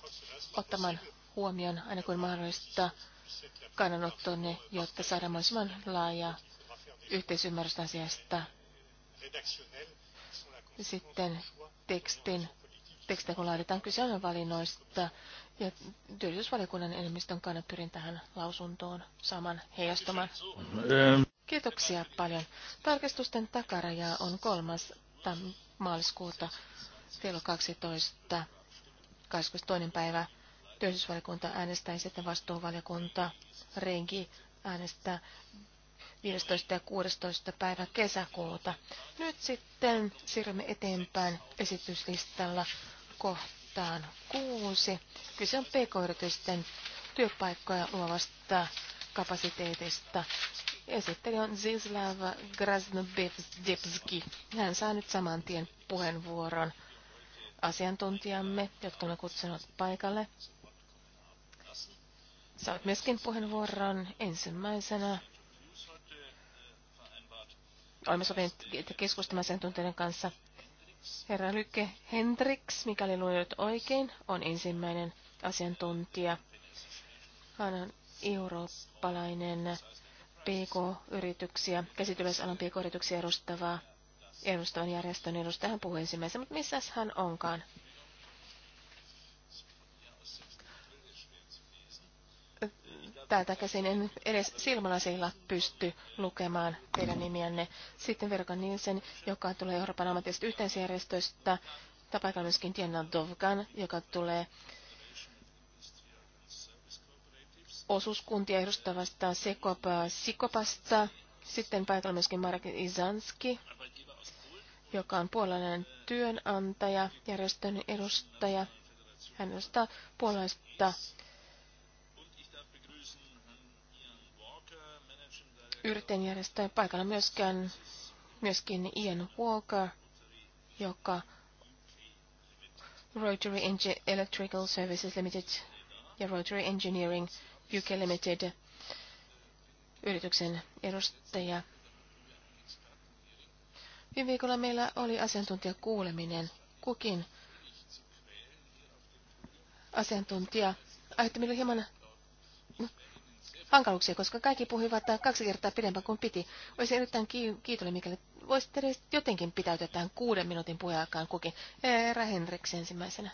ottamaan huomioon aina kuin mahdollista kannanottoni, jotta saadaan mahdollisimman laaja yhteisymmärrys asiasta. Sitten tekstin tekstejä kun laaditaan, kyse on valinnoista, ja työllisyysvaliokunnan enemmistön kannat pyrin tähän lausuntoon saman heijastamaan. Ähm. Kiitoksia paljon. Tarkistusten takaraja on kolmas maaliskuuta kello 12. 22. päivä työllisyysvaliokunta äänestää ja sitten vastuuvaliokunta Renki äänestää 15. ja 16. päivä kesäkuuta. Nyt sitten siirrymme eteenpäin esityslistalla kohta. Kuusi Kyse on pk-yritysten työpaikkoja luovasta kapasiteetista. Esitteli on Zislav Grasnodebski. Hän saa nyt saman tien puheenvuoron asiantuntijamme, jotka olemme kutsunut paikalle. Saat myöskin puheenvuoron ensimmäisenä. Olemme sopineet keskustelemaan asiantuntijoiden kanssa Herra Lykke Hendriks, mikäli luin nyt oikein, on ensimmäinen asiantuntija. Hän on eurooppalainen PK-yrityksiä, käsityläisalan PK-yrityksiä edustavaa edustavan järjestön edustaja. Hän ensimmäisenä, mutta missä hän onkaan? täältä käsin en edes silmälasilla pysty lukemaan teidän nimiänne. Sitten Verka Nielsen, joka tulee Euroopan ammatillisesta yhteisjärjestöstä, Tapaikalla myöskin Tienna Dovgan, joka tulee osuuskuntia edustavasta Sekopa Sikopasta. Sitten paikalla myöskin Marek Izanski, joka on puolalainen työnantaja, järjestön edustaja. Hän edustaa puolalaista yrittäjän järjestää paikalla myöskään, myöskin Ian Walker, joka Rotary Engi- Electrical Services Limited ja Rotary Engineering UK Limited yrityksen edustaja. Viime viikolla meillä oli asiantuntijakuuleminen. Kukin asiantuntija aiheutti meille hieman hankaluuksia, koska kaikki puhuivat kaksi kertaa pidempään kuin piti. Olisi erittäin kiitollinen, mikäli voisitte edes jotenkin pitäytyä tämän kuuden minuutin puheaikaan kukin. Eera Henriks ensimmäisenä.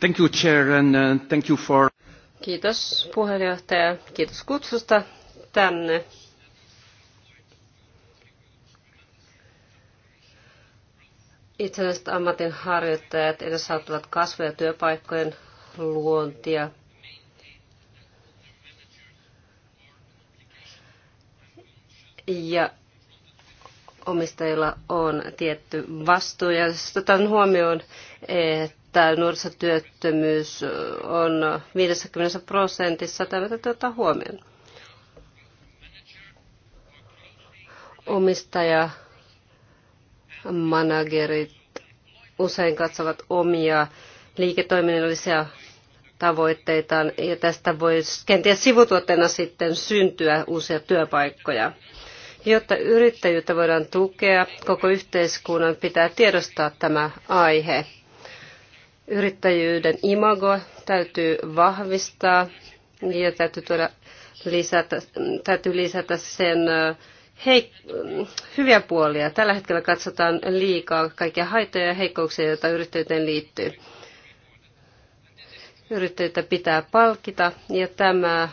Thank you, Chair, and uh, thank you for... Kiitos puheenjohtaja. Kiitos kutsusta tänne. Itsenäiset ammatinharjoittajat edesauttavat kasvu- ja työpaikkojen luontia – ja omistajilla on tietty vastuu. Ja otan huomioon, että nuorisotyöttömyys on 50 prosentissa, tämä täytyy ottaa huomioon. Omistaja, managerit usein katsovat omia liiketoiminnallisia tavoitteitaan ja tästä voi kenties sivutuotteena sitten syntyä uusia työpaikkoja. Jotta yrittäjyyttä voidaan tukea, koko yhteiskunnan pitää tiedostaa tämä aihe. Yrittäjyyden imago täytyy vahvistaa ja täytyy, tuoda lisätä, täytyy lisätä sen hei, hyviä puolia. Tällä hetkellä katsotaan liikaa kaikkia haitoja ja heikkouksia, joita yrittäjyyteen liittyy. Yrittäjyyttä pitää palkita ja tämä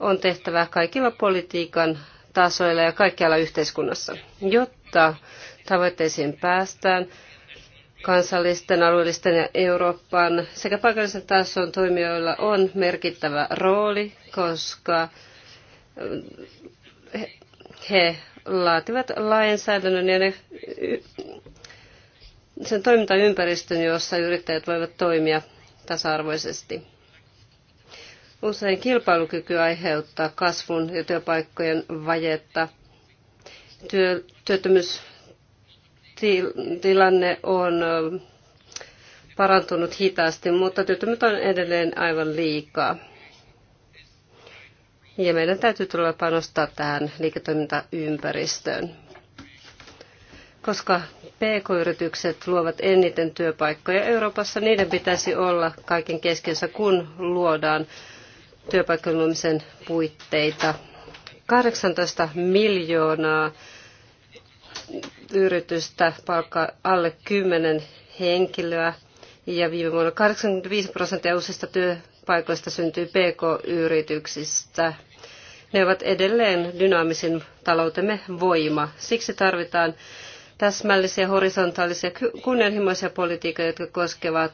on tehtävä kaikilla politiikan tasoilla ja kaikkialla yhteiskunnassa. Jotta tavoitteisiin päästään, kansallisten, alueellisten ja Euroopan sekä paikallisen tason toimijoilla on merkittävä rooli, koska eh, he laativat lainsäädännön ja ne, sen toimintaympäristön, jossa yrittäjät voivat toimia tasa-arvoisesti. Usein kilpailukyky aiheuttaa kasvun ja työpaikkojen vajetta. Työ, työttömyystilanne on parantunut hitaasti, mutta työttömyyttä on edelleen aivan liikaa. Ja meidän täytyy tulla panostaa tähän liiketoimintaympäristöön. Koska PK-yritykset luovat eniten työpaikkoja Euroopassa, niiden pitäisi olla kaiken keskiössä, kun luodaan työpaikkojen luomisen puitteita. 18 miljoonaa yritystä palkkaa alle 10 henkilöä ja viime vuonna 85 prosenttia uusista työpaikoista syntyy PK-yrityksistä. Ne ovat edelleen dynaamisin taloutemme voima. Siksi tarvitaan täsmällisiä horisontaalisia kunnianhimoisia politiikkoja, jotka koskevat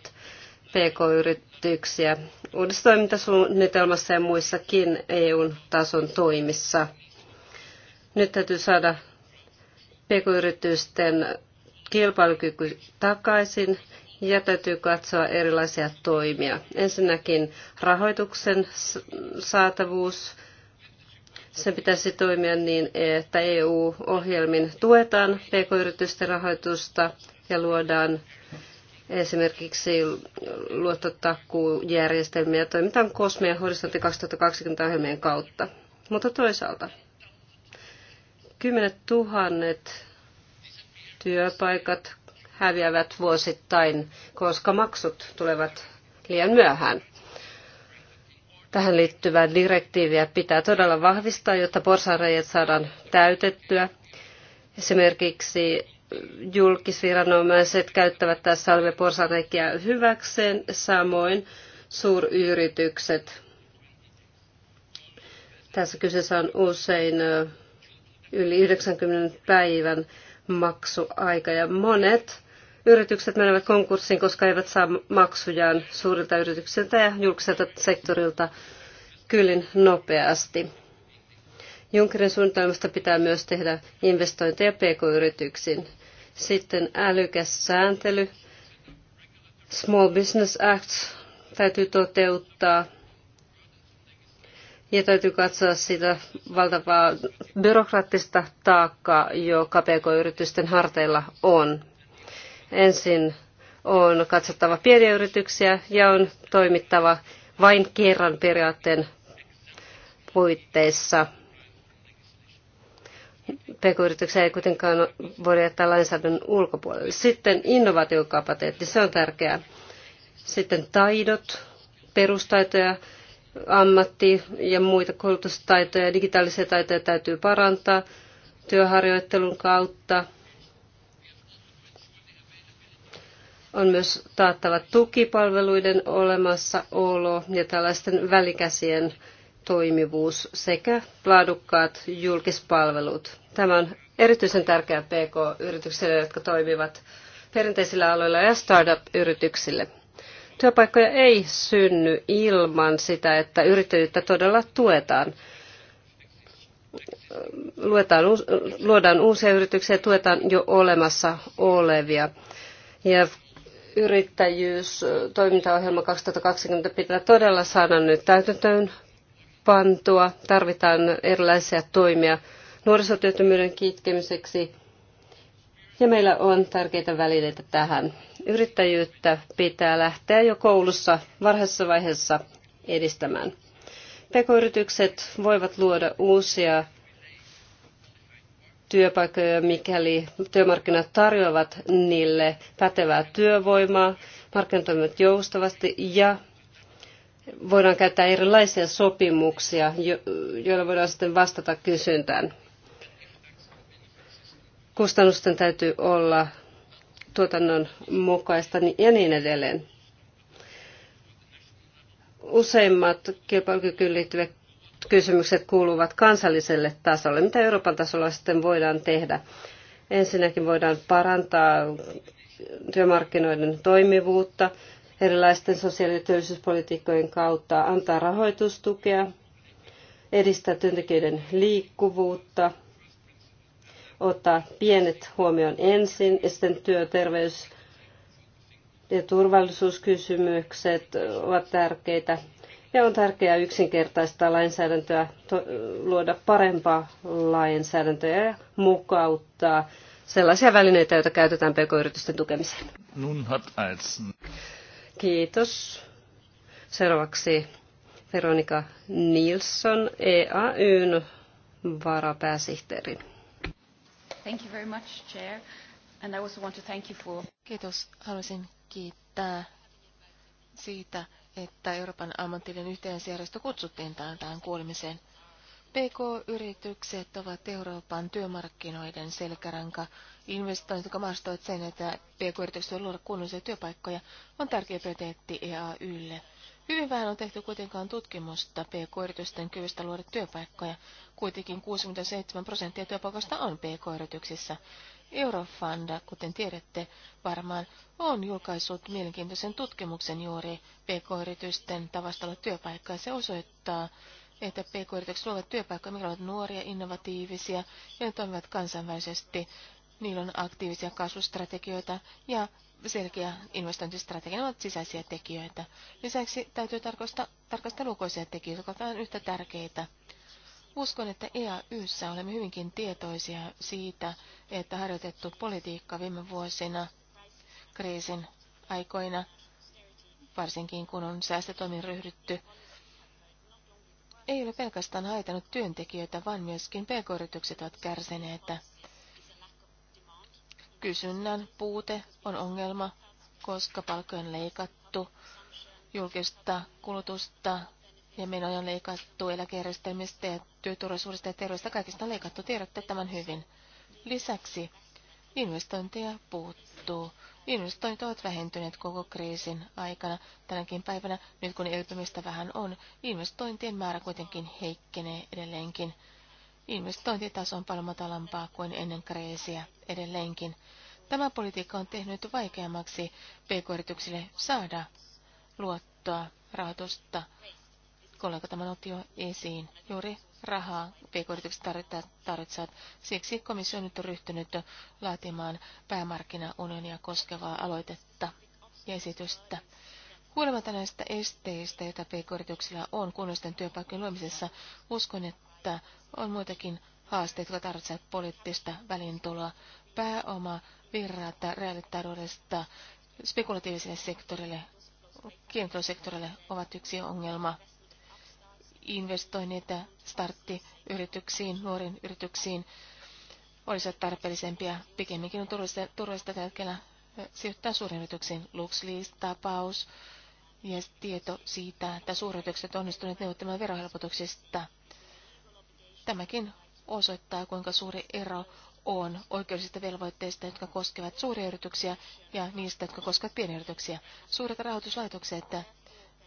pk-yrityksiä uudessa toimintasuunnitelmassa ja muissakin eu tason toimissa. Nyt täytyy saada pk-yritysten kilpailukyky takaisin ja täytyy katsoa erilaisia toimia. Ensinnäkin rahoituksen saatavuus. Sen pitäisi toimia niin, että EU-ohjelmin tuetaan pk-yritysten rahoitusta ja luodaan esimerkiksi ja toimitaan Kosme ja Horisontti 2020 ohjelmien kautta. Mutta toisaalta kymmenet tuhannet työpaikat häviävät vuosittain, koska maksut tulevat liian myöhään. Tähän liittyvää direktiiviä pitää todella vahvistaa, jotta porsareijat saadaan täytettyä. Esimerkiksi julkisviranomaiset käyttävät tässä olevia hyväkseen, samoin suuryritykset. Tässä kyseessä on usein yli 90 päivän maksuaika ja monet yritykset menevät konkurssiin, koska eivät saa maksujaan suurilta yrityksiltä ja julkiselta sektorilta kyllin nopeasti. Junckerin suunnitelmasta pitää myös tehdä investointeja pk-yrityksiin. Sitten älykäs sääntely. Small Business Act täytyy toteuttaa. Ja täytyy katsoa sitä valtavaa byrokraattista taakkaa, joka pk-yritysten harteilla on. Ensin on katsottava pieniä yrityksiä ja on toimittava vain kerran periaatteen puitteissa – PK-yrityksiä ei kuitenkaan voida jättää lainsäädännön ulkopuolelle. Sitten innovaatiokapateetti, se on tärkeää. Sitten taidot, perustaitoja, ammatti ja muita koulutustaitoja, digitaalisia taitoja täytyy parantaa työharjoittelun kautta. On myös taattava tukipalveluiden olemassaolo ja tällaisten välikäsien toimivuus sekä laadukkaat julkispalvelut. Tämä on erityisen tärkeää PK-yrityksille, jotka toimivat perinteisillä aloilla ja startup-yrityksille. Työpaikkoja ei synny ilman sitä, että yrittäjyyttä todella tuetaan. Luetaan, luodaan uusia yrityksiä ja tuetaan jo olemassa olevia. Ja yrittäjyys, toimintaohjelma 2020 pitää todella saada nyt täytäntöön pantua. Tarvitaan erilaisia toimia nuorisotyöttömyyden kitkemiseksi. Ja meillä on tärkeitä välineitä tähän. Yrittäjyyttä pitää lähteä jo koulussa varhaisessa vaiheessa edistämään. Pekoyritykset voivat luoda uusia työpaikkoja, mikäli työmarkkinat tarjoavat niille pätevää työvoimaa, markkinat toimivat joustavasti ja voidaan käyttää erilaisia sopimuksia, joilla voidaan sitten vastata kysyntään. Kustannusten täytyy olla tuotannon mukaista ja niin edelleen. Useimmat kilpailukykyyn liittyvät kysymykset kuuluvat kansalliselle tasolle. Mitä Euroopan tasolla sitten voidaan tehdä? Ensinnäkin voidaan parantaa työmarkkinoiden toimivuutta, erilaisten sosiaali- ja työllisyyspolitiikkojen kautta antaa rahoitustukea, edistää työntekijöiden liikkuvuutta, ottaa pienet huomioon ensin ja sitten työterveys- ja turvallisuuskysymykset ovat tärkeitä. Ja on tärkeää yksinkertaistaa lainsäädäntöä, luoda parempaa lainsäädäntöä ja mukauttaa sellaisia välineitä, joita käytetään pk-yritysten tukemiseen. Nun hat Kiitos. Seuraavaksi Veronika Nilsson, EAYn varapääsihteeri. Thank you very much, Chair. And I also want to thank you for... Kiitos. Haluaisin kiittää siitä, että Euroopan ammatillinen yhteisjärjestö kutsuttiin tähän, tähän kuulemiseen. PK-yritykset ovat Euroopan työmarkkinoiden selkäranka. Investoinnit, mahdollistavat sen, että PK-yritykset voivat luoda kunnollisia työpaikkoja, on tärkeä prioriteetti EAYlle. Hyvin vähän on tehty kuitenkaan tutkimusta PK-yritysten kyvystä luoda työpaikkoja. Kuitenkin 67 prosenttia työpaikoista on PK-yrityksissä. Eurofund, kuten tiedätte varmaan, on julkaissut mielenkiintoisen tutkimuksen juuri PK-yritysten tavasta työpaikkoja työpaikkaa. Se osoittaa, että pk-yritykset luovat työpaikkoja, mikä ovat nuoria, innovatiivisia ja ne toimivat kansainvälisesti. Niillä on aktiivisia kasvustrategioita ja selkeä investointistrategia. Ne ovat sisäisiä tekijöitä. Lisäksi täytyy tarkastaa, lukoisia lukuisia tekijöitä, jotka ovat yhtä tärkeitä. Uskon, että EAYssä olemme hyvinkin tietoisia siitä, että harjoitettu politiikka viime vuosina kriisin aikoina, varsinkin kun on säästötoimin ryhdytty, ei ole pelkästään haitanut työntekijöitä, vaan myöskin pk-yritykset ovat kärsineet. Kysynnän puute on ongelma, koska palkkoja on leikattu, julkista kulutusta ja menoja on leikattu eläkejärjestelmistä ja työturvallisuudesta ja terveydestä. Kaikista on leikattu. Tiedätte tämän hyvin. Lisäksi investointeja puuttuu. Investoinnit ovat vähentyneet koko kriisin aikana. Tänäkin päivänä, nyt kun elpymistä vähän on, investointien määrä kuitenkin heikkenee edelleenkin. Investointitaso on paljon matalampaa kuin ennen kriisiä edelleenkin. Tämä politiikka on tehnyt vaikeammaksi pk-yrityksille saada luottoa, rahoitusta. Kollega tämän otti jo esiin. Juuri rahaa pk-yritykset tarvitsevat. Siksi komissio on nyt ryhtynyt laatimaan päämarkkinaunionia koskevaa aloitetta ja esitystä. Huolimatta näistä esteistä, joita pk-yrityksillä on kunnollisten työpaikkojen luomisessa, uskon, että on muitakin haasteita, jotka tarvitsevat poliittista välintuloa. Pääoma virrat reaalitaloudesta spekulatiiviselle sektorille, kiintosektorille ovat yksi ongelma investoinnit starttiyrityksiin, nuoriin yrityksiin olisivat tarpeellisempia. Pikemminkin on turvallista hetkellä sijoittaa yrityksiin LuxLease-tapaus ja tieto siitä, että suuryritykset onnistuneet neuvottelemaan verohelpotuksista. Tämäkin osoittaa, kuinka suuri ero on oikeudellisista velvoitteista, jotka koskevat suuria yrityksiä ja niistä, jotka koskevat pieniä yrityksiä. Suuret rahoituslaitokset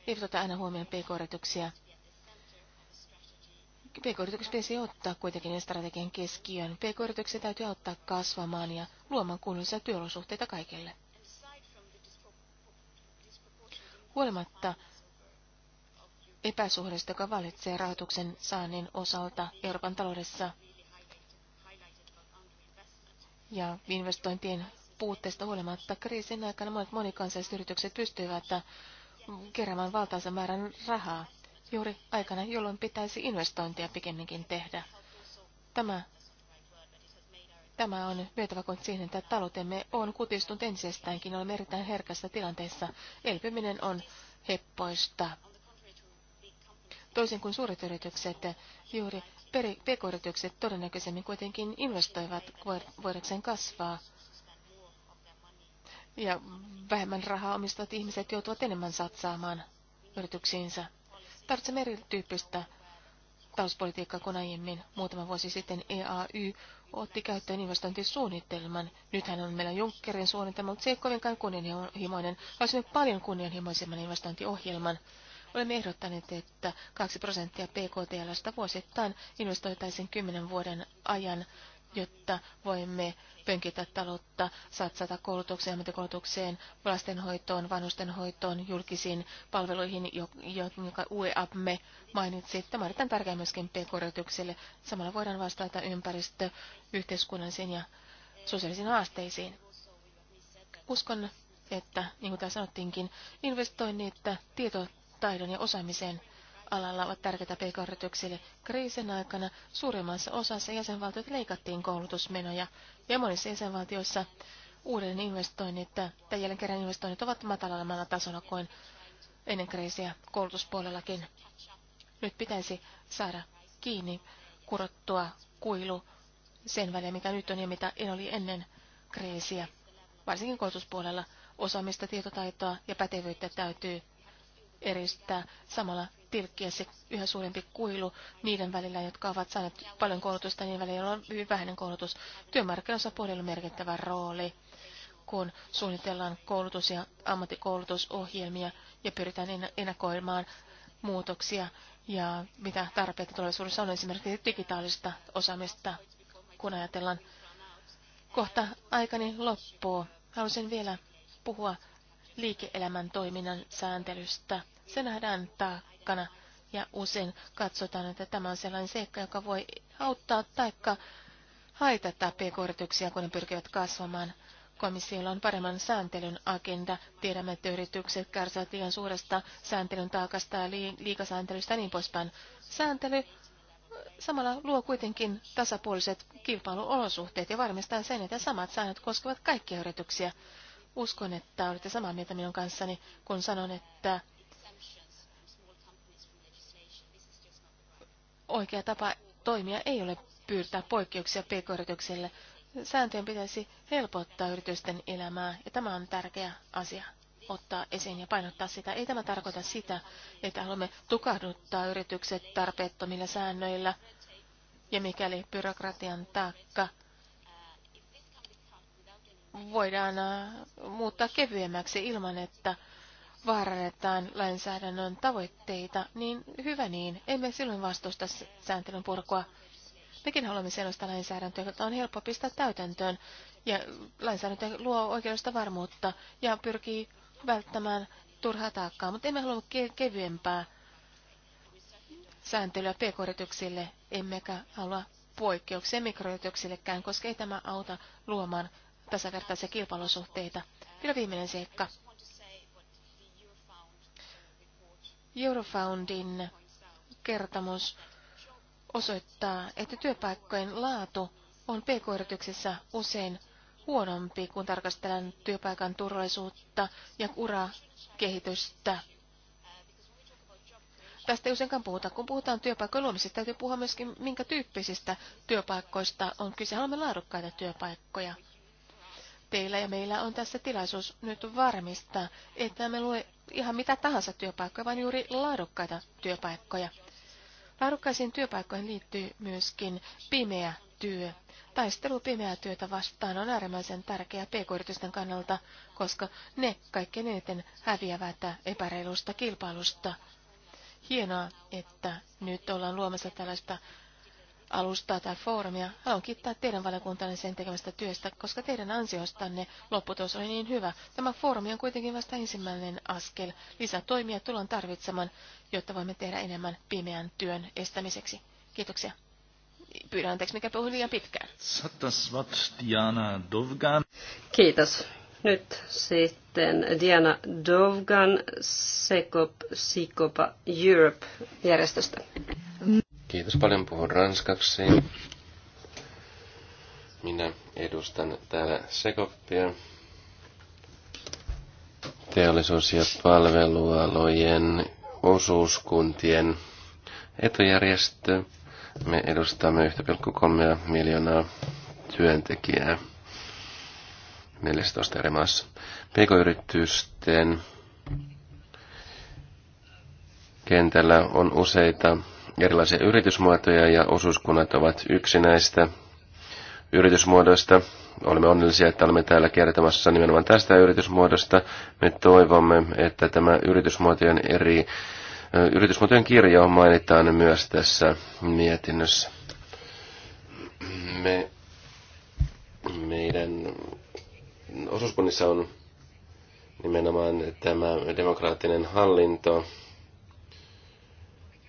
eivät ota aina huomioon pk-yrityksiä PK-yritykset pitäisi ottaa kuitenkin strategian keskiön. PK-yritykset täytyy auttaa kasvamaan ja luomaan kunnollisia työolosuhteita kaikille. Huolimatta epäsuhdasta, joka valitsee rahoituksen saannin osalta Euroopan taloudessa ja investointien puutteesta huolimatta kriisin aikana monet monikansalliset yritykset pystyivät keräämään valtaisen määrän rahaa juuri aikana, jolloin pitäisi investointia pikemminkin tehdä. Tämä, tämä on kuin siihen, että taloutemme on kutistunut ensiestäänkin Olemme erittäin herkässä tilanteessa. Elpyminen on heppoista. Toisin kuin suuret yritykset, juuri pk-yritykset todennäköisemmin kuitenkin investoivat voidakseen kasvaa. Ja vähemmän rahaa omistavat ihmiset joutuvat enemmän satsaamaan yrityksiinsä. Tarvitsemme erityyppistä talouspolitiikkaa kuin aiemmin. Muutama vuosi sitten EAY otti käyttöön investointisuunnitelman. Nythän on meillä Junckerin suunnitelma, mutta se ei kovinkaan kunnianhimoinen. Olisimme paljon kunnianhimoisemman investointiohjelman. Olemme ehdottaneet, että 2 prosenttia PKTLstä vuosittain investoitaisiin 10 vuoden ajan jotta voimme pönkitä taloutta, satsata koulutukseen, ammattikoulutukseen, lastenhoitoon, vanhustenhoitoon, julkisiin palveluihin, jotka UEAPME mainitsi. Tämä on erittäin tärkeää myöskin pk-yritykselle. Samalla voidaan vastata ympäristö, yhteiskunnallisiin ja sosiaalisiin haasteisiin. Uskon, että niin kuin tässä sanottiinkin, investoinnit tietotaidon ja osaamiseen – alalla ovat tärkeitä pk-yrityksille. Kriisin aikana suurimmassa osassa jäsenvaltiot leikattiin koulutusmenoja ja monissa jäsenvaltioissa uuden investoinnit tai jälleen kerran investoinnit ovat matalammalla tasolla kuin ennen kriisiä koulutuspuolellakin. Nyt pitäisi saada kiinni kurottua kuilu sen väliä mikä nyt on ja mitä en oli ennen kriisiä. Varsinkin koulutuspuolella osaamista, tietotaitoa ja pätevyyttä täytyy eristää. Samalla ja se yhä suurempi kuilu niiden välillä, jotka ovat saaneet paljon koulutusta, niiden välillä, joilla on hyvin vähäinen koulutus. Työmarkkinoissa puolella on merkittävä rooli, kun suunnitellaan koulutus- ja ammattikoulutusohjelmia ja pyritään ennakoimaan muutoksia ja mitä tarpeita tulevaisuudessa on esimerkiksi digitaalista osaamista, kun ajatellaan kohta aikani loppuu. Haluaisin vielä puhua liike-elämän toiminnan sääntelystä. Se nähdään seikkana. Ja usein katsotaan, että tämä on sellainen seikka, joka voi auttaa taikka haitata pk-yrityksiä, kun ne pyrkivät kasvamaan. Komissiolla on paremman sääntelyn agenda. Tiedämme, että yritykset kärsivät liian suuresta sääntelyn taakasta ja liikasääntelystä ja niin poispäin. Sääntely eh, samalla luo kuitenkin tasapuoliset kilpailuolosuhteet ja varmistaa sen, että samat säännöt koskevat kaikkia yrityksiä. Uskon, että olette samaa mieltä minun kanssani, kun sanon, että oikea tapa toimia ei ole pyytää poikkeuksia pk yritykselle Sääntöjen pitäisi helpottaa yritysten elämää, ja tämä on tärkeä asia ottaa esiin ja painottaa sitä. Ei tämä tarkoita sitä, että haluamme tukahduttaa yritykset tarpeettomilla säännöillä, ja mikäli byrokratian taakka voidaan äh, muuttaa kevyemmäksi ilman, että vaarannetaan lainsäädännön tavoitteita, niin hyvä niin. Emme silloin vastusta sääntelyn purkua. Mekin haluamme sellaista lainsäädäntöä, jota on helppo pistää täytäntöön. Ja lainsäädäntö luo oikeudesta varmuutta ja pyrkii välttämään turhaa taakkaa, mutta emme halua ke- kevyempää sääntelyä pk emmekä halua poikkeuksia mikroyrityksillekään, koska ei tämä auta luomaan tasavertaisia kilpailusuhteita. Vielä viimeinen seikka. Eurofoundin kertomus osoittaa, että työpaikkojen laatu on pk-yrityksissä usein huonompi, kun tarkastellaan työpaikan turvallisuutta ja urakehitystä. Tästä ei useinkaan puhuta. Kun puhutaan työpaikkojen luomisesta, täytyy puhua myöskin, minkä tyyppisistä työpaikkoista on kyse. Haluamme laadukkaita työpaikkoja teillä ja meillä on tässä tilaisuus nyt varmistaa, että me lue ihan mitä tahansa työpaikkoja, vaan juuri laadukkaita työpaikkoja. Laadukkaisiin työpaikkoihin liittyy myöskin pimeä työ. Taistelu pimeää työtä vastaan on äärimmäisen tärkeä pk-yritysten kannalta, koska ne kaikkein eniten häviävät epäreilusta kilpailusta. Hienoa, että nyt ollaan luomassa tällaista alustaa tai foorumia. Haluan kiittää teidän valiokuntanne sen tekemästä työstä, koska teidän ansiostanne lopputulos oli niin hyvä. Tämä foorumi on kuitenkin vasta ensimmäinen askel. lisää toimia, tullaan tarvitsemaan, jotta voimme tehdä enemmän pimeän työn estämiseksi. Kiitoksia. Pyydän anteeksi, mikä puhui liian pitkään. Diana Dovgan. Kiitos. Nyt sitten Diana Dovgan Sekop Sikopa Europe-järjestöstä. Kiitos paljon, puhun ranskaksi. Minä edustan täällä Sekoppia teollisuus- ja palvelualojen osuuskuntien etujärjestö. Me edustamme 1,3 miljoonaa työntekijää 14 eri maassa. PK-yritysten kentällä on useita erilaisia yritysmuotoja ja osuuskunnat ovat yksi näistä yritysmuodoista. Olemme onnellisia, että olemme täällä kertomassa nimenomaan tästä yritysmuodosta. Me toivomme, että tämä yritysmuotojen eri yritysmuotojen kirja mainitaan myös tässä mietinnössä. Me, meidän osuuskunnissa on nimenomaan tämä demokraattinen hallinto,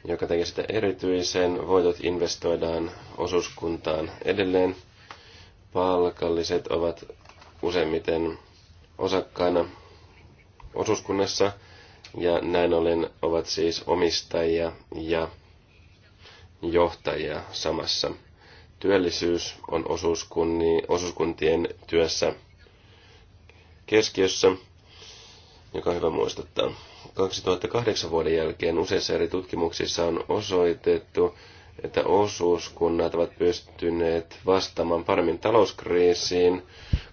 joka tekee sitä erityisen. Voitot investoidaan osuuskuntaan edelleen. Palkalliset ovat useimmiten osakkaina osuuskunnassa ja näin ollen ovat siis omistajia ja johtajia samassa. Työllisyys on osuuskuntien työssä keskiössä, joka on hyvä muistuttaa. 2008 vuoden jälkeen useissa eri tutkimuksissa on osoitettu, että osuuskunnat ovat pystyneet vastaamaan paremmin talouskriisiin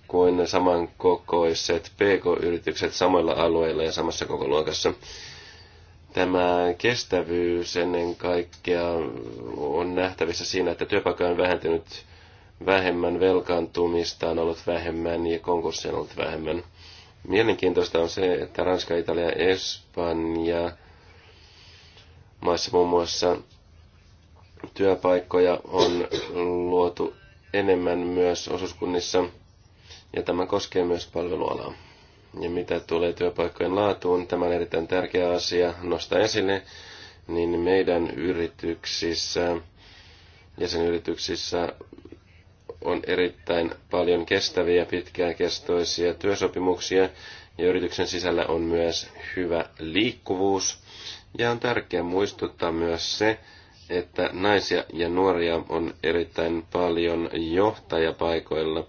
kuin samankokoiset pk-yritykset samoilla alueilla ja samassa kokoluokassa. Tämä kestävyys ennen kaikkea on nähtävissä siinä, että työpaikka on vähentynyt vähemmän, velkaantumista on ollut vähemmän ja konkursseja on ollut vähemmän. Mielenkiintoista on se, että Ranska, Italia Espanja maissa muun muassa työpaikkoja on luotu enemmän myös osuuskunnissa, ja tämä koskee myös palvelualaa. Ja mitä tulee työpaikkojen laatuun, tämä on erittäin tärkeä asia nostaa esille, niin meidän yrityksissä, jäsenyrityksissä on erittäin paljon kestäviä pitkäkestoisia työsopimuksia ja yrityksen sisällä on myös hyvä liikkuvuus. Ja on tärkeää muistuttaa myös se, että naisia ja nuoria on erittäin paljon johtajapaikoilla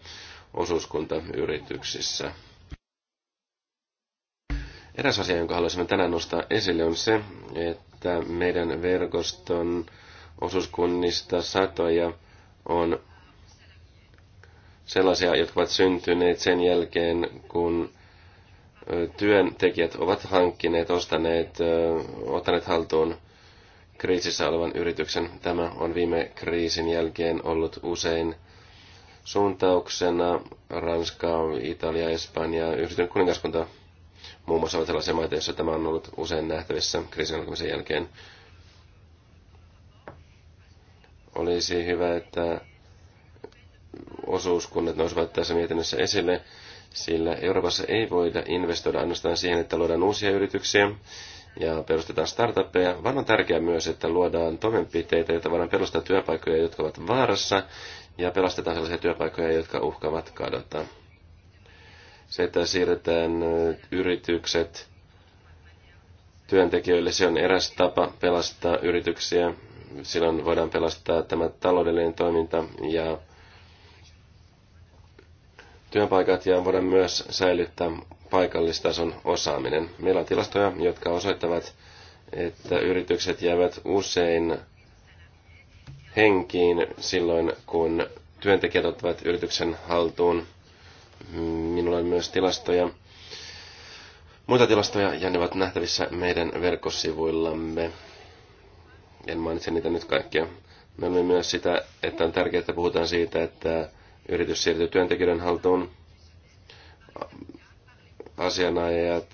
osuuskuntayrityksissä. Eräs asia, jonka haluaisimme tänään nostaa esille, on se, että meidän verkoston osuuskunnista satoja on sellaisia, jotka ovat syntyneet sen jälkeen, kun työntekijät ovat hankkineet, ostaneet, ottaneet haltuun kriisissä olevan yrityksen. Tämä on viime kriisin jälkeen ollut usein suuntauksena. Ranska, Italia, Espanja, Yhdistynyt kuningaskunta muun muassa ovat sellaisia maita, joissa tämä on ollut usein nähtävissä kriisin alkamisen jälkeen. Olisi hyvä, että osuuskunnat nousevat tässä mietinnössä esille, sillä Euroopassa ei voida investoida ainoastaan siihen, että luodaan uusia yrityksiä ja perustetaan startuppeja, vaan on tärkeää myös, että luodaan toimenpiteitä, joita voidaan perustaa työpaikkoja, jotka ovat vaarassa, ja pelastetaan sellaisia työpaikkoja, jotka uhkaavat kadota. Se, että siirretään yritykset työntekijöille, se on eräs tapa pelastaa yrityksiä. Silloin voidaan pelastaa tämä taloudellinen toiminta ja työpaikat ja voidaan myös säilyttää paikallistason osaaminen. Meillä on tilastoja, jotka osoittavat, että yritykset jäävät usein henkiin silloin, kun työntekijät ottavat yrityksen haltuun. Minulla on myös tilastoja, muita tilastoja, ja ne ovat nähtävissä meidän verkkosivuillamme. En mainitse niitä nyt kaikkia. Me myös sitä, että on tärkeää, että puhutaan siitä, että yritys siirtyy työntekijöiden haltuun. Asianajajat,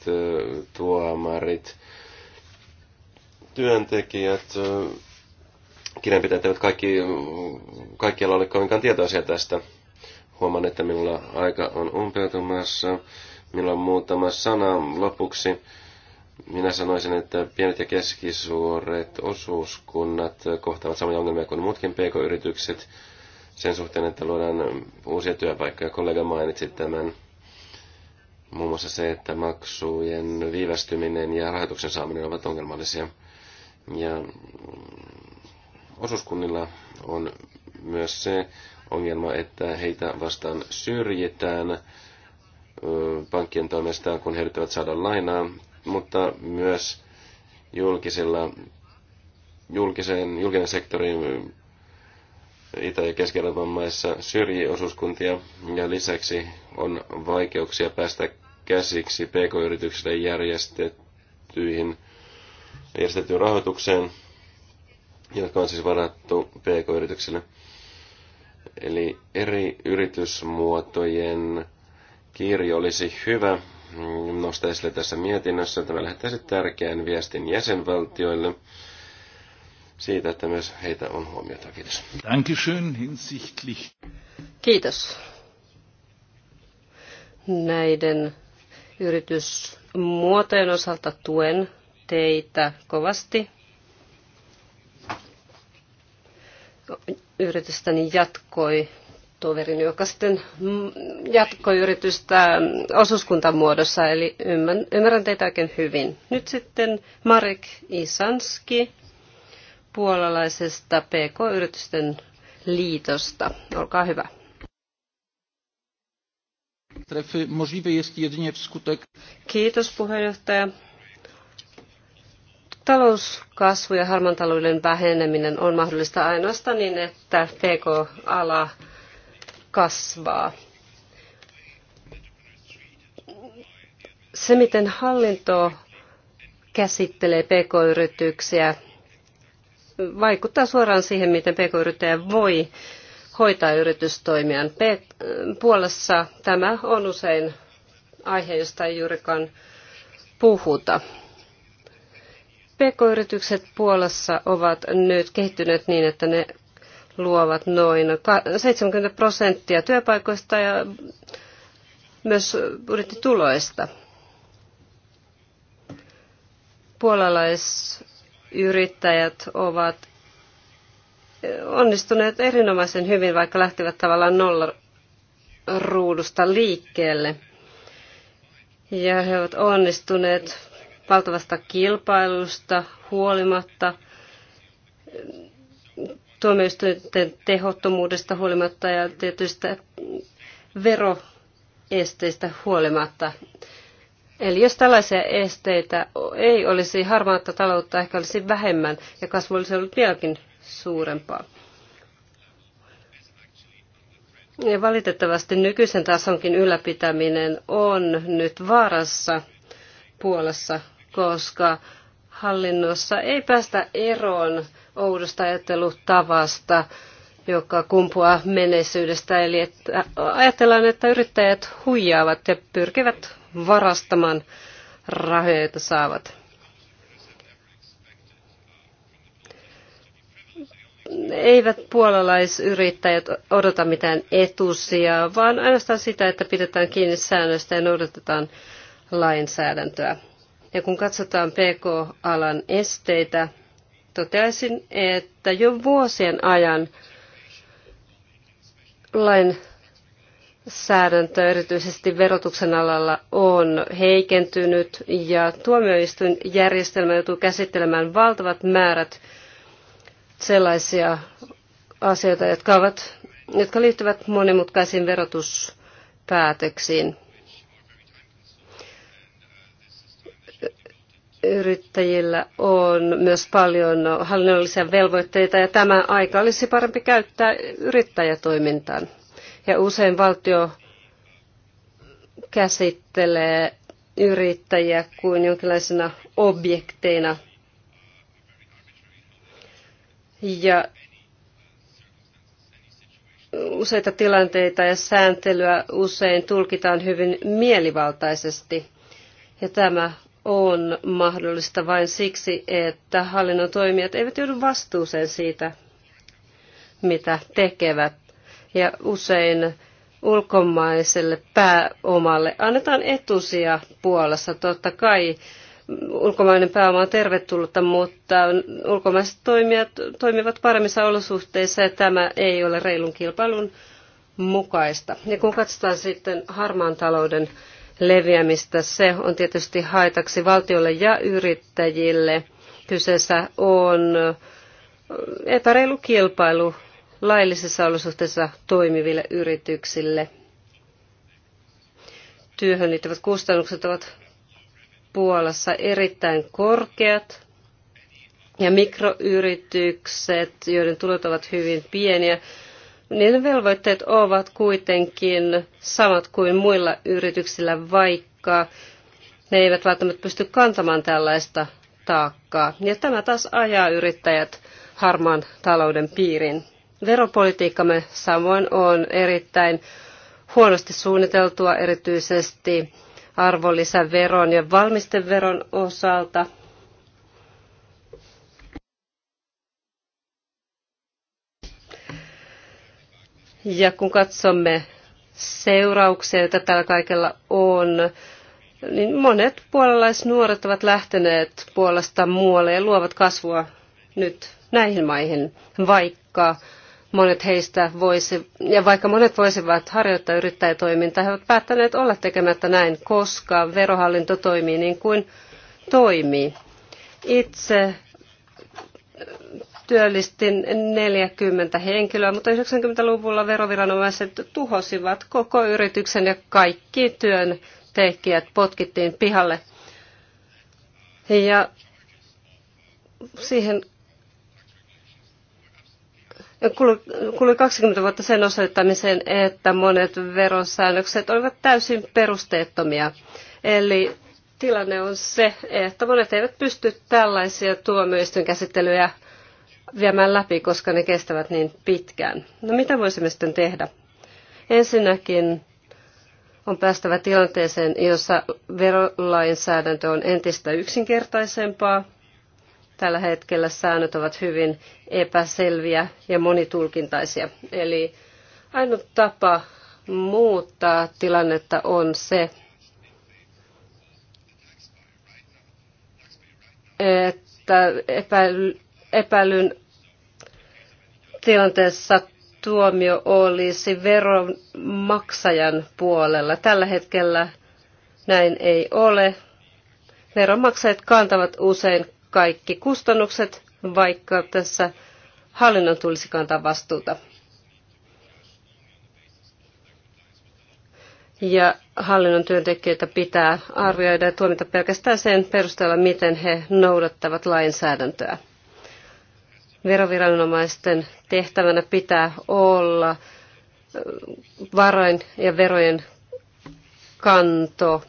tuomarit, työntekijät, kirjanpitäjät eivät kaikki, kaikkialla ole kovinkaan tietoisia tästä. Huomaan, että minulla aika on umpeutumassa. Minulla on muutama sana lopuksi. Minä sanoisin, että pienet ja keskisuuret osuuskunnat kohtaavat samoja ongelmia kuin muutkin pk-yritykset sen suhteen, että luodaan uusia työpaikkoja. Kollega mainitsi tämän muun muassa se, että maksujen viivästyminen ja rahoituksen saaminen ovat ongelmallisia. Ja mm, osuuskunnilla on myös se ongelma, että heitä vastaan syrjitään pankkien toimesta, kun he yrittävät saada lainaa, mutta myös julkisella, julkisen, julkinen sektori Itä- ja keski maissa syrjii osuuskuntia ja lisäksi on vaikeuksia päästä käsiksi pk-yrityksille järjestettyihin järjestettyyn rahoitukseen, jotka on siis varattu pk-yrityksille. Eli eri yritysmuotojen kirjo olisi hyvä nostaa esille tässä mietinnössä. Tämä lähettäisi tärkeän viestin jäsenvaltioille siitä, että myös heitä on huomiota. Kiitos. Dankeschön hinsichtlich. Kiitos. Näiden yritysmuotojen osalta tuen teitä kovasti. Yritystäni jatkoi toverini, joka sitten jatkoi yritystä osuuskuntamuodossa, eli ymmärrän teitä oikein hyvin. Nyt sitten Marek Isanski puolalaisesta PK-yritysten liitosta. Olkaa hyvä. Kiitos puheenjohtaja. Talouskasvu ja harmantalouden talouden väheneminen on mahdollista ainoastaan niin, että PK-ala kasvaa. Se, miten hallinto käsittelee PK-yrityksiä, vaikuttaa suoraan siihen, miten pk-yrittäjä voi hoitaa yritystoimiaan. Puolessa tämä on usein aihe, josta ei juurikaan puhuta. PK-yritykset Puolassa ovat nyt kehittyneet niin, että ne luovat noin 70 prosenttia työpaikoista ja myös budjettituloista. Puolalais yrittäjät ovat onnistuneet erinomaisen hyvin, vaikka lähtivät tavallaan nolla ruudusta liikkeelle. Ja he ovat onnistuneet valtavasta kilpailusta huolimatta, tuomioistuinten tehottomuudesta huolimatta ja tietyistä veroesteistä huolimatta. Eli jos tällaisia esteitä ei olisi, harmaatta taloutta ehkä olisi vähemmän ja kasvu olisi ollut vieläkin suurempaa. Ja valitettavasti nykyisen tasonkin ylläpitäminen on nyt vaarassa puolessa, koska hallinnossa ei päästä eroon oudosta ajattelutavasta, joka kumpuaa menneisyydestä. Eli että ajatellaan, että yrittäjät huijaavat ja pyrkivät varastamaan rahoja, joita saavat. Eivät puolalaisyrittäjät odota mitään etusia, vaan ainoastaan sitä, että pidetään kiinni säännöistä ja noudatetaan lainsäädäntöä. Ja kun katsotaan PK-alan esteitä, toteaisin, että jo vuosien ajan lain säädäntö erityisesti verotuksen alalla on heikentynyt ja tuomioistuinjärjestelmä joutuu käsittelemään valtavat määrät sellaisia asioita, jotka, ovat, jotka liittyvät monimutkaisiin verotuspäätöksiin. Yrittäjillä on myös paljon hallinnollisia velvoitteita ja tämä aika olisi parempi käyttää yrittäjätoimintaan ja usein valtio käsittelee yrittäjiä kuin jonkinlaisena objekteina. Ja useita tilanteita ja sääntelyä usein tulkitaan hyvin mielivaltaisesti. Ja tämä on mahdollista vain siksi, että hallinnon toimijat eivät joudu vastuuseen siitä, mitä tekevät ja usein ulkomaiselle pääomalle annetaan etusia Puolassa. Totta kai ulkomainen pääoma on tervetullutta, mutta ulkomaiset toimijat toimivat paremmissa olosuhteissa ja tämä ei ole reilun kilpailun mukaista. Ja kun katsotaan sitten harmaan talouden leviämistä, se on tietysti haitaksi valtiolle ja yrittäjille. Kyseessä on epäreilu kilpailu laillisissa olosuhteissa toimiville yrityksille. Työhön liittyvät kustannukset ovat Puolassa erittäin korkeat ja mikroyritykset, joiden tulot ovat hyvin pieniä, niiden velvoitteet ovat kuitenkin samat kuin muilla yrityksillä, vaikka ne eivät välttämättä pysty kantamaan tällaista taakkaa. Ja tämä taas ajaa yrittäjät harmaan talouden piiriin. Veropolitiikkamme samoin on erittäin huonosti suunniteltua erityisesti arvonlisäveron ja valmisteveron osalta. Ja kun katsomme seurauksia, joita tällä kaikella on, niin monet puolalaisnuoret ovat lähteneet Puolasta muualle ja luovat kasvua nyt näihin maihin, vaikka monet heistä voisi, ja vaikka monet voisivat harjoittaa yrittäjätoimintaa, he ovat päättäneet olla tekemättä näin, koska verohallinto toimii niin kuin toimii. Itse työllistin 40 henkilöä, mutta 90-luvulla veroviranomaiset tuhosivat koko yrityksen ja kaikki työntekijät potkittiin pihalle. Ja siihen Kului 20 vuotta sen osoittamiseen, että monet verosäännökset olivat täysin perusteettomia. Eli tilanne on se, että monet eivät pysty tällaisia tuomioistuinkäsittelyjä viemään läpi, koska ne kestävät niin pitkään. No mitä voisimme sitten tehdä? Ensinnäkin on päästävä tilanteeseen, jossa verolainsäädäntö on entistä yksinkertaisempaa, Tällä hetkellä säännöt ovat hyvin epäselviä ja monitulkintaisia. Eli ainut tapa muuttaa tilannetta on se, että epäilyn tilanteessa tuomio olisi veronmaksajan puolella. Tällä hetkellä näin ei ole. Veronmaksajat kantavat usein kaikki kustannukset, vaikka tässä hallinnon tulisi kantaa vastuuta. Ja hallinnon työntekijöitä pitää arvioida ja tuomita pelkästään sen perusteella, miten he noudattavat lainsäädäntöä. Veroviranomaisten tehtävänä pitää olla varoin ja verojen kanto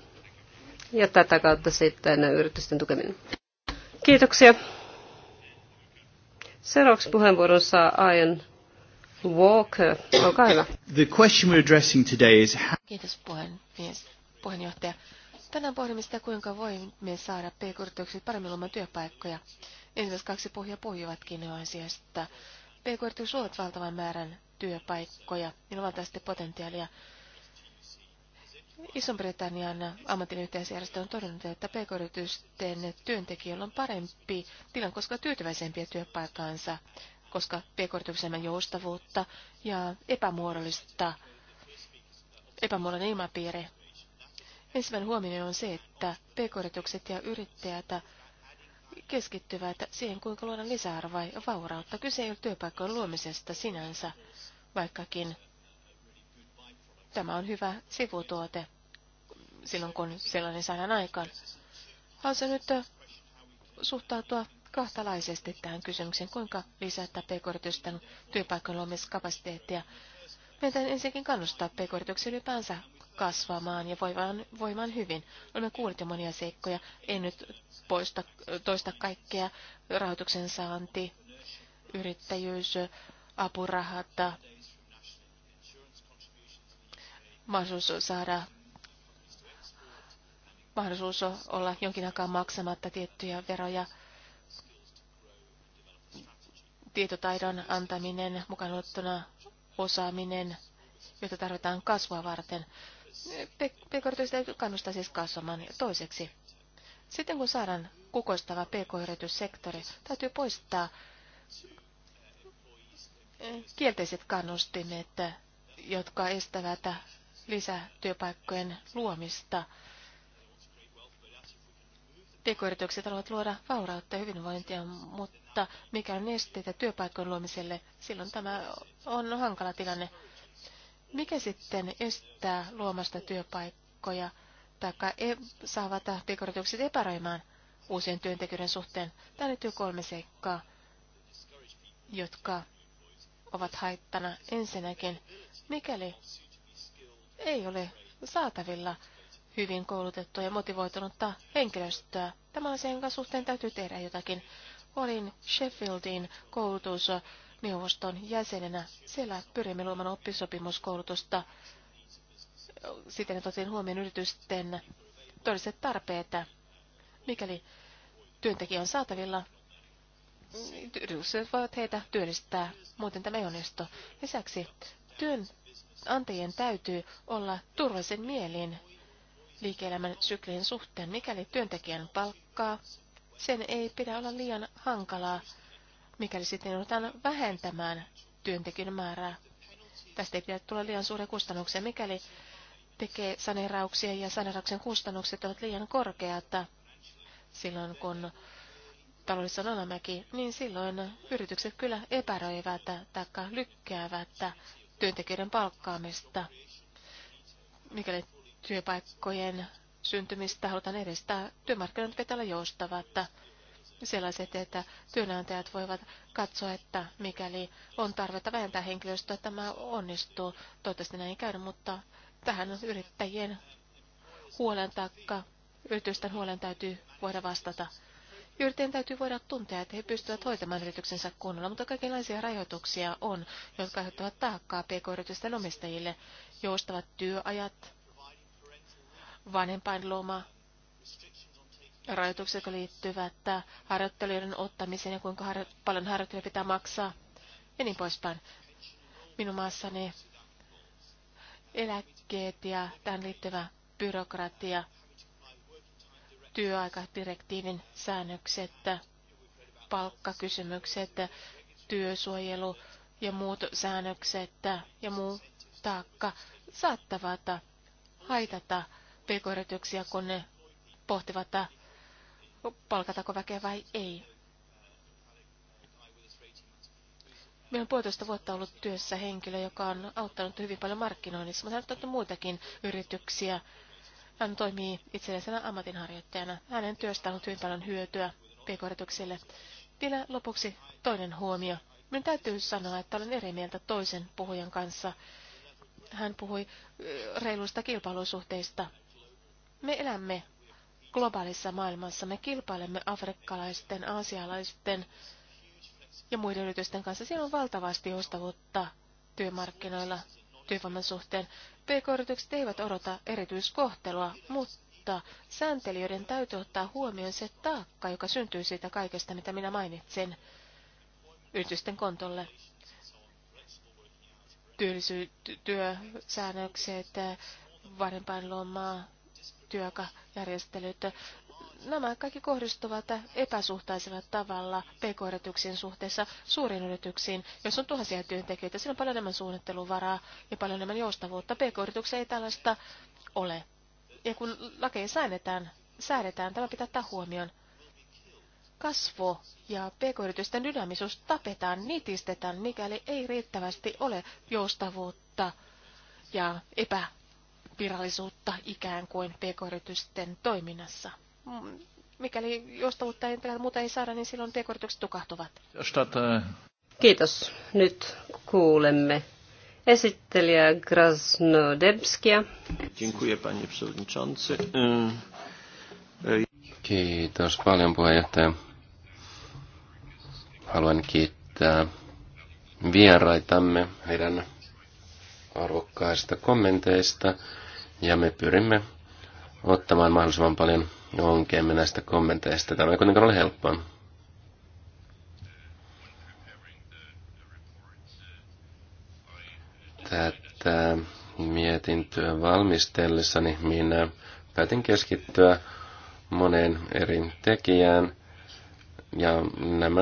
ja tätä kautta sitten yritysten tukeminen. Kiitoksia. Seuraavaksi puheenvuoron saa Ian Walker. Olkaa hyvä. The question we're addressing today is how... Kiitos puheenmies, puheenjohtaja. Tänään pohdimme sitä, kuinka voimme saada pk-yritykset paremmin luomaan työpaikkoja. Ensimmäiset kaksi puhujaa puhuivatkin jo asiasta. PK-yritykset luovat valtavan määrän työpaikkoja. Niillä on valtavasti potentiaalia. Ison-Britannian ammatillinen yhteisjärjestö on todennut, että pk-yritysten työntekijöillä on parempi tilanne, koska tyytyväisempiä työpaikkaansa, koska pk on joustavuutta ja epämuodollista, epämuodollinen ilmapiiri. Ensimmäinen huomio on se, että pk ja yrittäjät keskittyvät siihen, kuinka luoda lisäarvoa ja vaurautta. Kyse ei ole työpaikkojen luomisesta sinänsä, vaikkakin Tämä on hyvä sivutuote silloin, kun sellainen saadaan aikaan. se nyt suhtautua kahtalaisesti tähän kysymykseen, kuinka lisätä pk-yritysten työpaikan luomiskapasiteettia. Meidän ensinnäkin kannustaa pk-yrityksiä ylipäänsä kasvamaan ja voimaan, voimaan hyvin. Olemme kuulleet jo monia seikkoja. En nyt poista, toista kaikkea. Rahoituksen saanti, yrittäjyys, apurahat, mahdollisuus saada mahdollisuus olla jonkin aikaa maksamatta tiettyjä veroja. Tietotaidon antaminen, mukaan ottona osaaminen, jota tarvitaan kasvua varten. PK-yritystä kannustaa siis kasvamaan toiseksi. Sitten kun saadaan kukoistava PK-yrityssektori, täytyy poistaa kielteiset kannustimet, jotka estävät lisätyöpaikkojen luomista. Tekoyritykset haluavat luoda vaurautta ja hyvinvointia, mutta mikä on esteitä työpaikkojen luomiselle, silloin tämä on hankala tilanne. Mikä sitten estää luomasta työpaikkoja, tai e- saavat tekoyritykset epäröimään uusien työntekijöiden suhteen? Tämä liittyy kolme seikkaa, jotka ovat haittana. Ensinnäkin, mikäli ei ole saatavilla hyvin koulutettua ja motivoitunutta henkilöstöä. Tämä asian suhteen täytyy tehdä jotakin. Olin Sheffieldin koulutusneuvoston jäsenenä. Siellä pyrimme luomaan oppisopimuskoulutusta siten, että otin huomioon yritysten todelliset tarpeet. Mikäli työntekijä on saatavilla, yritykset voivat heitä työllistää, muuten tämä ei onnistu. Lisäksi työn antajien täytyy olla turvallisen mielin liike-elämän syklien suhteen, mikäli työntekijän palkkaa. Sen ei pidä olla liian hankalaa, mikäli sitten joudutaan vähentämään työntekijän määrää. Tästä ei pidä tulla liian suuria kustannuksia, mikäli tekee sanerauksia ja sanerauksen kustannukset ovat liian korkeat silloin, kun taloudessa on alamäki, niin silloin yritykset kyllä epäröivät tai lykkäävät työntekijöiden palkkaamista, mikäli työpaikkojen syntymistä halutaan edistää. Työmarkkinoiden pitää olla joustavat sellaiset, että työnantajat voivat katsoa, että mikäli on tarvetta vähentää henkilöstöä, tämä onnistuu. Toivottavasti näin ei käydä, mutta tähän on yrittäjien huolen taikka yritysten huolen täytyy voida vastata. Yrittäjien täytyy voida tuntea, että he pystyvät hoitamaan yrityksensä kunnolla, mutta kaikenlaisia rajoituksia on, jotka aiheuttavat taakkaa pk-yritysten omistajille, joustavat työajat, vanhempainloma, rajoitukset, jotka liittyvät harjoittelijoiden ottamiseen ja kuinka harjo- paljon harjoittelijoita pitää maksaa ja niin poispäin. Minun maassani eläkkeet ja tähän liittyvä byrokratia työaikadirektiivin säännökset, palkkakysymykset, työsuojelu ja muut säännökset ja muu taakka saattavat haitata pk kun ne pohtivat, palkatako väkeä vai ei. Meillä on puolitoista vuotta ollut työssä henkilö, joka on auttanut hyvin paljon markkinoinnissa, mutta hän on muitakin yrityksiä hän toimii itsellisenä ammatinharjoittajana. Hänen työstään on hyvin paljon hyötyä pk-yrityksille. Vielä lopuksi toinen huomio. Minun täytyy sanoa, että olen eri mieltä toisen puhujan kanssa. Hän puhui reiluista kilpailusuhteista. Me elämme globaalissa maailmassa. Me kilpailemme afrikkalaisten, aasialaisten ja muiden yritysten kanssa. Siellä on valtavasti ostavuutta työmarkkinoilla työvoiman suhteen. PK-yritykset eivät odota erityiskohtelua, mutta sääntelijöiden täytyy ottaa huomioon se taakka, joka syntyy siitä kaikesta, mitä minä mainitsin yritysten kontolle. Työllisy- työsäännökset, vanhempainlomaa, työkajärjestelyt, Nämä kaikki kohdistuvat epäsuhtaisella tavalla pk-yrityksiin suhteessa suuriin yrityksiin, jos on tuhansia työntekijöitä. Siinä on paljon enemmän suunnitteluvaraa ja paljon enemmän joustavuutta. Pk-yrityksiä ei tällaista ole. Ja kun lakeja säädetään, säädetään tämä pitää ottaa huomioon. Kasvo ja pk-yritysten dynaamisuus tapetaan, nitistetään, mikäli ei riittävästi ole joustavuutta ja epävirallisuutta ikään kuin pk-yritysten toiminnassa. Mm, mikäli joustavuutta ei, muuta ei saada, niin silloin tekoritukset tukahtuvat. Äh. Kiitos. Nyt kuulemme esittelijä Krasnodebskia. Dziękuję przewodniczący. Kiitos paljon puheenjohtaja. Haluan kiittää vieraitamme heidän arvokkaista kommenteista ja me pyrimme ottamaan mahdollisimman paljon me näistä kommenteista. Tämä ei kuitenkaan ole helppoa. Tätä mietintöä valmistellessani minä päätin keskittyä moneen eri tekijään. Ja nämä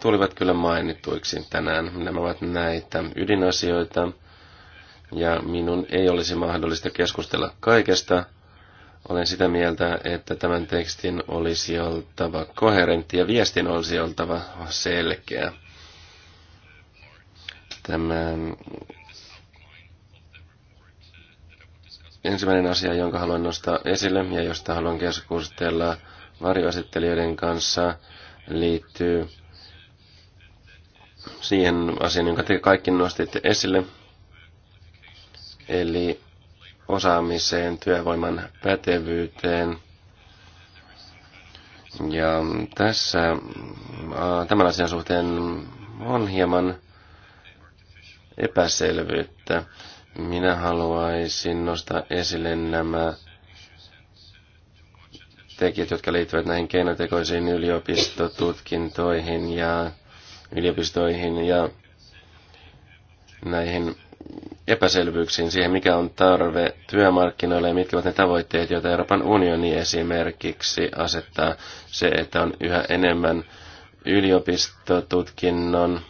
tulivat kyllä mainituiksi tänään. Nämä ovat näitä ydinasioita. Ja minun ei olisi mahdollista keskustella kaikesta, olen sitä mieltä, että tämän tekstin olisi oltava koherentti ja viestin olisi oltava selkeä. Tämä ensimmäinen asia, jonka haluan nostaa esille ja josta haluan keskustella varjoasettelijoiden kanssa, liittyy siihen asiaan, jonka te kaikki nostitte esille, eli osaamiseen, työvoiman pätevyyteen. Ja tässä äh, tämän asian suhteen on hieman epäselvyyttä. Minä haluaisin nostaa esille nämä tekijät, jotka liittyvät näihin keinotekoisiin yliopistotutkintoihin ja yliopistoihin ja näihin epäselvyyksiin siihen, mikä on tarve työmarkkinoille ja mitkä ovat ne tavoitteet, joita Euroopan unioni esimerkiksi asettaa. Se, että on yhä enemmän yliopistotutkinnon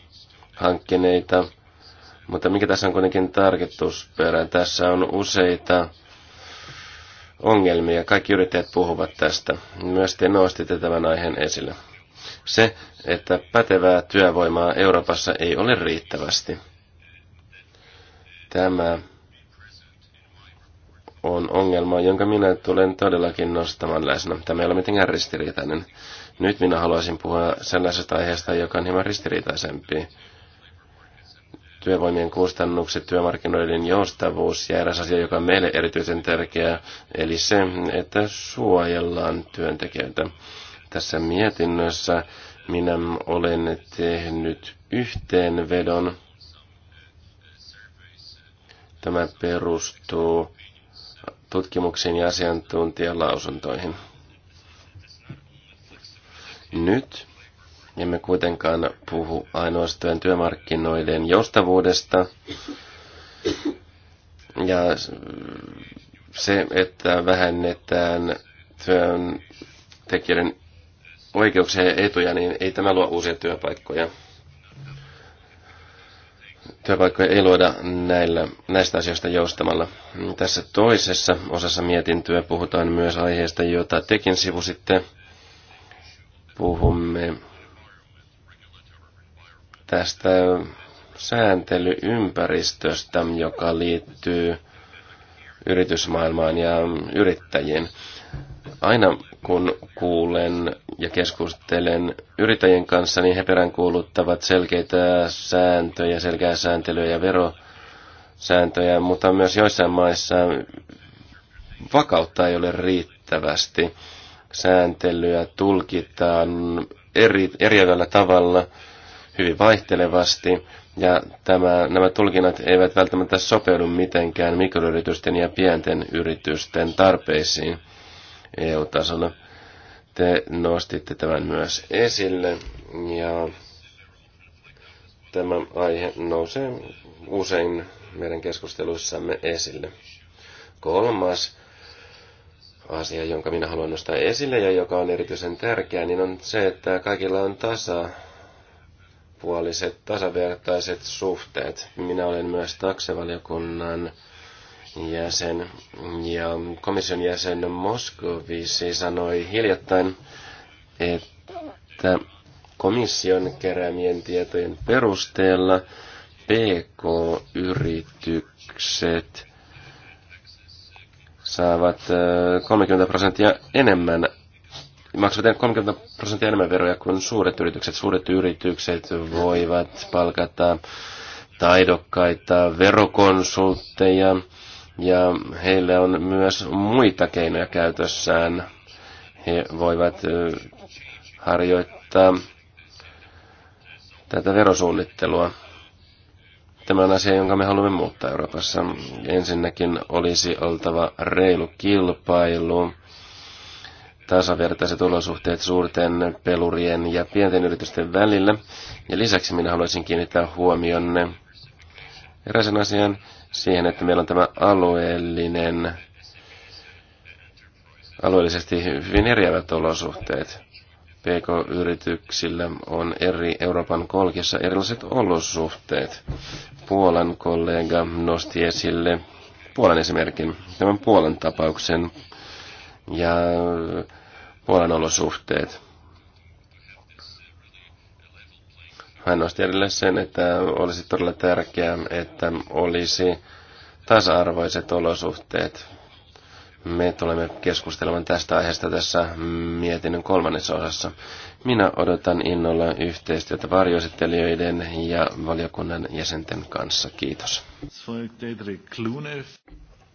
hankkineita, mutta mikä tässä on kuitenkin tarkoitusperä? Tässä on useita ongelmia. Kaikki yrittäjät puhuvat tästä. Myös te nostitte tämän aiheen esille. Se, että pätevää työvoimaa Euroopassa ei ole riittävästi. Tämä on ongelma, jonka minä tulen todellakin nostamaan läsnä. Tämä ei ole mitenkään ristiriitainen. Nyt minä haluaisin puhua sellaisesta aiheesta, joka on hieman ristiriitaisempi. Työvoimien kustannukset, työmarkkinoiden joustavuus ja eräs asia, joka on meille erityisen tärkeä, eli se, että suojellaan työntekijöitä. Tässä mietinnössä minä olen tehnyt yhteenvedon Tämä perustuu tutkimuksiin ja asiantuntijalausuntoihin. Nyt emme kuitenkaan puhu ainoastaan työmarkkinoiden joustavuudesta ja se, että vähennetään työntekijöiden oikeuksia ja etuja, niin ei tämä luo uusia työpaikkoja. Työpaikkoja ei luoda näillä, näistä asioista joustamalla. Tässä toisessa osassa mietintöä puhutaan myös aiheesta, jota tekin sivusitte. Puhumme tästä sääntelyympäristöstä, joka liittyy yritysmaailmaan ja yrittäjiin. Aina kun kuulen ja keskustelen yrittäjien kanssa, niin he peräänkuuluttavat selkeitä sääntöjä, selkeää sääntelyä ja verosääntöjä, mutta myös joissain maissa vakautta ei ole riittävästi. Sääntelyä tulkitaan eri, eriävällä tavalla, hyvin vaihtelevasti, ja tämä, nämä tulkinnat eivät välttämättä sopeudu mitenkään mikroyritysten ja pienten yritysten tarpeisiin – EU-tasolla. Te nostitte tämän myös esille ja tämä aihe nousee usein meidän keskusteluissamme esille. Kolmas asia, jonka minä haluan nostaa esille ja joka on erityisen tärkeä, niin on se, että kaikilla on puoliset, tasavertaiset suhteet. Minä olen myös taksevaliokunnan jäsen ja komission jäsen Moskovisi sanoi hiljattain, että komission keräämien tietojen perusteella PK-yritykset saavat 30 äh, prosenttia enemmän maksavat 30 prosenttia enemmän veroja kuin suuret yritykset. Suuret yritykset voivat palkata taidokkaita verokonsultteja, ja heille on myös muita keinoja käytössään. He voivat harjoittaa tätä verosuunnittelua. Tämä on asia, jonka me haluamme muuttaa Euroopassa. Ensinnäkin olisi oltava reilu kilpailu, tasavertaiset olosuhteet suurten pelurien ja pienten yritysten välillä. Ja lisäksi minä haluaisin kiinnittää huomionne eräisen asian, siihen, että meillä on tämä alueellinen, alueellisesti hyvin eriävät olosuhteet. PK-yrityksillä on eri Euroopan kolkissa erilaiset olosuhteet. Puolan kollega nosti esille Puolan esimerkin, tämän Puolan tapauksen ja Puolan olosuhteet. Hän nosti edelleen sen, että olisi todella tärkeää, että olisi tasa-arvoiset olosuhteet. Me tulemme keskustelemaan tästä aiheesta tässä mietinnön kolmannessa osassa. Minä odotan innolla yhteistyötä varjoesittelijöiden ja valiokunnan jäsenten kanssa. Kiitos.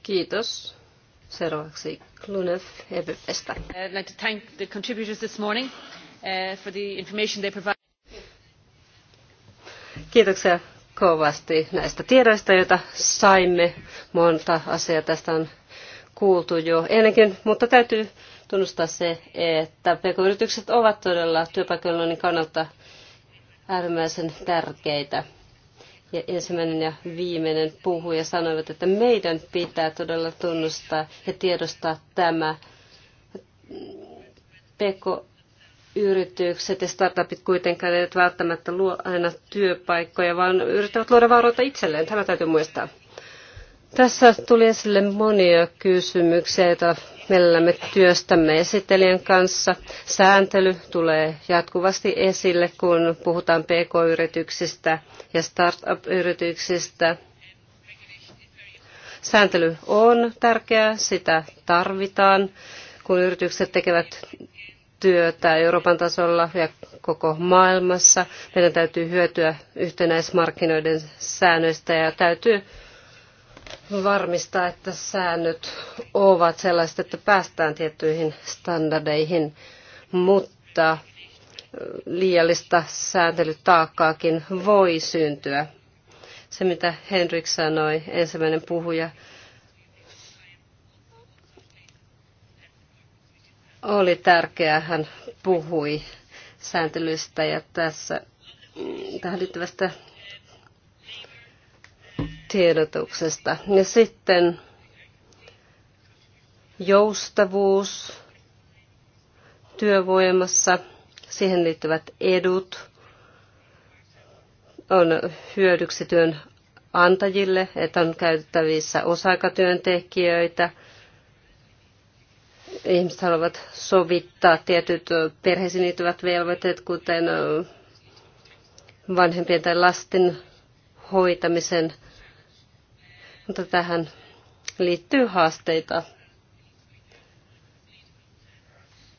Kiitos. Seuraavaksi Klunev EPPstä. I'd like to thank the contributors this morning uh, for the information they provided. Kiitoksia kovasti näistä tiedoista, joita saimme. Monta asiaa tästä on kuultu jo ennenkin, mutta täytyy tunnustaa se, että pk-yritykset ovat todella työpaikoinnin kannalta äärimmäisen tärkeitä. Ja ensimmäinen ja viimeinen puhuja sanoivat, että meidän pitää todella tunnustaa ja tiedostaa tämä. pk yritykset ja startupit kuitenkaan eivät välttämättä luo aina työpaikkoja, vaan yrittävät luoda varoita itselleen. Tämä täytyy muistaa. Tässä tuli esille monia kysymyksiä, joita meillä me työstämme esittelijän kanssa. Sääntely tulee jatkuvasti esille, kun puhutaan pk-yrityksistä ja startup-yrityksistä. Sääntely on tärkeää, sitä tarvitaan, kun yritykset tekevät työtä Euroopan tasolla ja koko maailmassa. Meidän täytyy hyötyä yhtenäismarkkinoiden säännöistä ja täytyy varmistaa, että säännöt ovat sellaiset, että päästään tiettyihin standardeihin, mutta liiallista sääntelytaakkaakin voi syntyä. Se, mitä Henrik sanoi, ensimmäinen puhuja, oli tärkeää. Hän puhui sääntelystä ja tässä mm, tähän liittyvästä tiedotuksesta. Ja sitten joustavuus työvoimassa, siihen liittyvät edut on hyödyksi työnantajille, että on käytettävissä osa-aikatyöntekijöitä – ihmiset haluavat sovittaa tietyt perheisiin liittyvät velvoitteet, kuten vanhempien tai lasten hoitamisen, mutta tähän liittyy haasteita.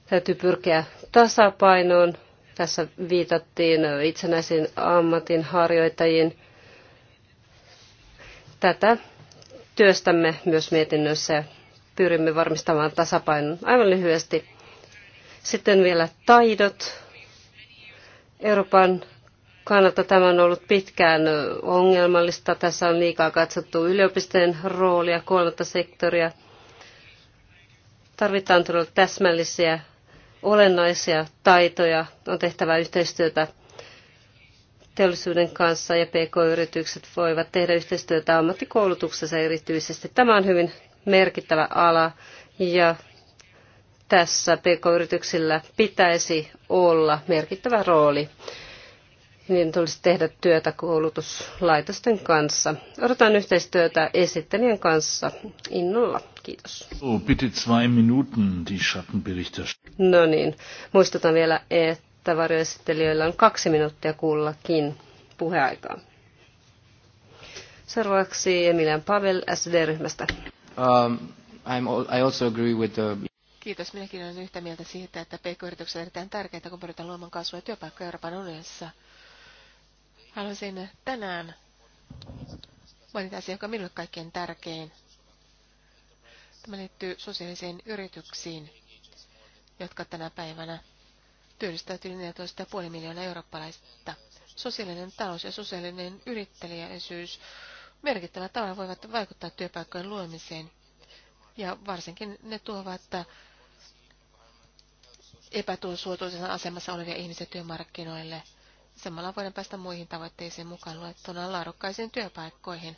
Täytyy pyrkiä tasapainoon. Tässä viitattiin itsenäisiin ammatinharjoittajiin. Tätä työstämme myös mietinnössä pyrimme varmistamaan tasapainon. Aivan lyhyesti. Sitten vielä taidot. Euroopan kannalta tämä on ollut pitkään ongelmallista. Tässä on liikaa katsottu yliopistojen roolia, kolmatta sektoria. Tarvitaan todella täsmällisiä, olennaisia taitoja. On tehtävä yhteistyötä teollisuuden kanssa ja PK-yritykset voivat tehdä yhteistyötä ammattikoulutuksessa erityisesti. Tämä on hyvin merkittävä ala ja tässä pk-yrityksillä pitäisi olla merkittävä rooli. Niin tulisi tehdä työtä koulutuslaitosten kanssa. Odotan yhteistyötä esittelijän kanssa innolla. Kiitos. No niin, muistutan vielä, että varjoesittelijöillä on kaksi minuuttia kullakin puheaikaa. Seuraavaksi Emilian Pavel SD-ryhmästä. Um, I also agree with the... Kiitos. Minäkin olen yhtä mieltä siitä, että pk-yritykset on erittäin tärkeitä, kun pyritään luomaan kasvua työpaikkoja Euroopan unionissa. Haluaisin tänään mainita asia, joka on minulle kaikkein tärkein. Tämä liittyy sosiaalisiin yrityksiin, jotka tänä päivänä työllistävät yli 14,5 miljoonaa eurooppalaista. Sosiaalinen talous ja sosiaalinen yrittäjäisyys merkittävällä tavalla voivat vaikuttaa työpaikkojen luomiseen. Ja varsinkin ne tuovat epätuosuotuisessa asemassa olevia ihmisiä työmarkkinoille. Samalla voidaan päästä muihin tavoitteisiin mukaan luettuna laadukkaisiin työpaikkoihin.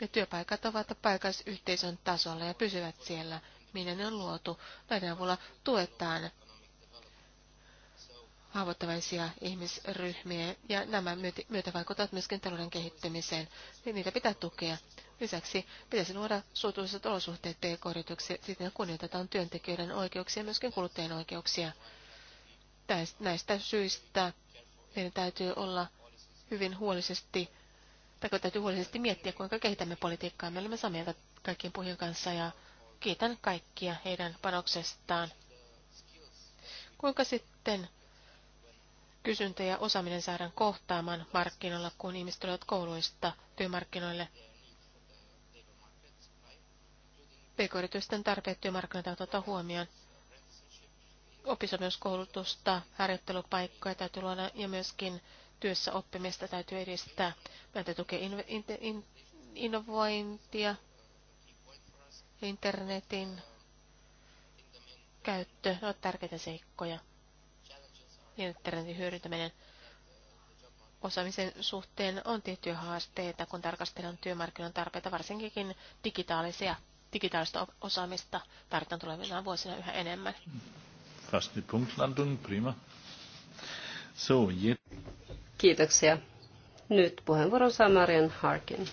Ja työpaikat ovat paikallisyhteisön tasolla ja pysyvät siellä, minne ne on luotu. Näiden avulla tuetaan haavoittavaisia ihmisryhmiä, ja nämä myötä vaikuttavat myöskin talouden kehittymiseen. Niin niitä pitää tukea. Lisäksi pitäisi luoda suotuiset olosuhteet pk-yrityksille, siten kunnioitetaan työntekijöiden oikeuksia ja myöskin kuluttajien oikeuksia. Näistä syistä meidän täytyy olla hyvin huolisesti, tai täytyy huolisesti miettiä, kuinka kehitämme politiikkaa. Me olemme samia kaikkien puhujien kanssa, ja kiitän kaikkia heidän panoksestaan. Kuinka sitten kysyntä ja osaaminen saadaan kohtaamaan markkinoilla, kun ihmiset tulevat kouluista työmarkkinoille. PK-yritysten tarpeet työmarkkinoilla ottaa huomioon. Opisopimuskoulutusta, harjoittelupaikkoja täytyy luoda ja myöskin työssä oppimista täytyy edistää. Meidän tukea in, in, in, innovointia, internetin käyttö, ne ovat tärkeitä seikkoja internetin hyödyntäminen osaamisen suhteen on tiettyjä haasteita, kun tarkastellaan työmarkkinoiden tarpeita, varsinkin digitaalisia, digitaalista osaamista tarvitaan tulevina vuosina yhä enemmän. Fast die prima. So, je... Kiitoksia. Nyt puheenvuoron saa Marian Harkin.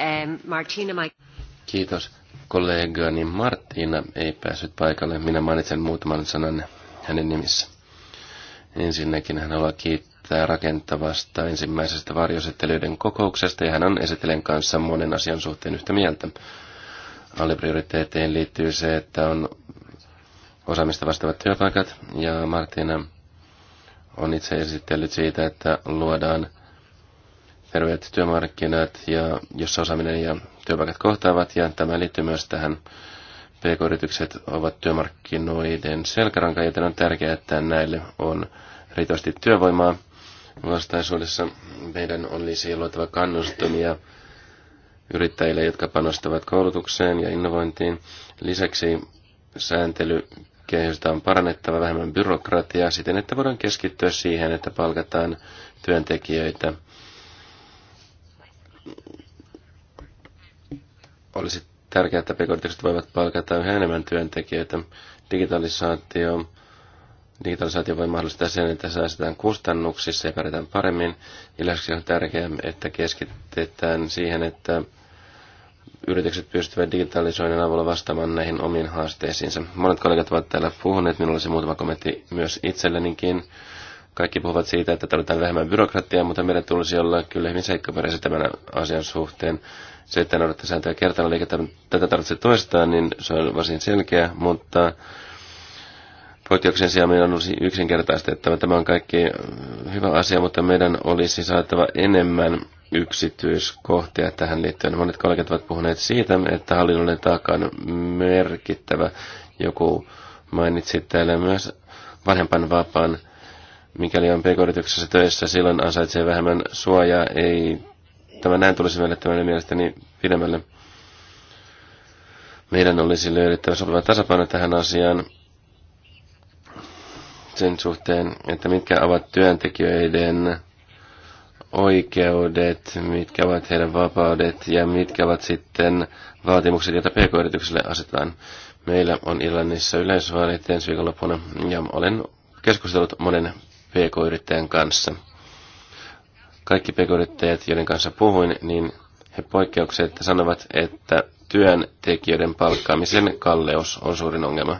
Ähm, Martina, my... Kiitos. Kollegani Martina ei päässyt paikalle. Minä mainitsen muutaman sanan hänen nimissään. Ensinnäkin hän haluaa kiittää rakentavasta ensimmäisestä varjosettelyiden kokouksesta ja hän on esitellen kanssa monen asian suhteen yhtä mieltä. Alliprioriteetteihin liittyy se, että on osaamista vastaavat työpaikat ja Martina on itse esitellyt siitä, että luodaan terveet työmarkkinat, ja, jossa osaaminen ja työpaikat kohtaavat, ja tämä liittyy myös tähän PK-yritykset ovat työmarkkinoiden selkäranka, joten on tärkeää, että näille on riittävästi työvoimaa. Vastaisuudessa meidän on luotava kannustumia yrittäjille, jotka panostavat koulutukseen ja innovointiin. Lisäksi sääntelykehystä on parannettava vähemmän byrokratiaa siten, että voidaan keskittyä siihen, että palkataan työntekijöitä. Olisi tärkeää, että pk voivat palkata yhä enemmän työntekijöitä. Digitalisaatio, digitalisaatio voi mahdollistaa sen, että säästetään kustannuksissa ja pärjätään paremmin. Lisäksi on tärkeää, että keskitetään siihen, että yritykset pystyvät digitalisoinnin avulla vastaamaan näihin omiin haasteisiinsa. Monet kollegat ovat täällä puhuneet, minulla olisi muutama kommentti myös itsellenikin. Kaikki puhuvat siitä, että tarvitaan vähemmän byrokratiaa, mutta meidän tulisi olla kyllä hyvin seikkaperäisiä tämän asian suhteen se, että noudattaa sääntöjä kertaa eikä tätä tarvitse toistaa, niin se on varsin selkeä, mutta poikkeuksen sijaan meidän on että Tämä on kaikki hyvä asia, mutta meidän olisi saatava enemmän yksityiskohtia tähän liittyen. Monet kollegat ovat puhuneet siitä, että hallinnollinen taakka on merkittävä. Joku mainitsi täällä myös vapaan Mikäli on pk töissä, silloin ansaitsee vähemmän suojaa, ei Tämä näin tulisi vielä tämän mielestäni pidemmälle. Meidän olisi löydettävä sopiva tasapaino tähän asiaan sen suhteen, että mitkä ovat työntekijöiden oikeudet, mitkä ovat heidän vapaudet ja mitkä ovat sitten vaatimukset, joita pk yritykselle asetetaan. Meillä on Irlannissa yleisvaalit ensi viikonloppuna ja olen keskustellut monen pk-yrittäjän kanssa. Kaikki pekoyrittäjät, joiden kanssa puhuin, niin he poikkeuksetta sanovat, että työntekijöiden palkkaamisen kalleus on suurin ongelma.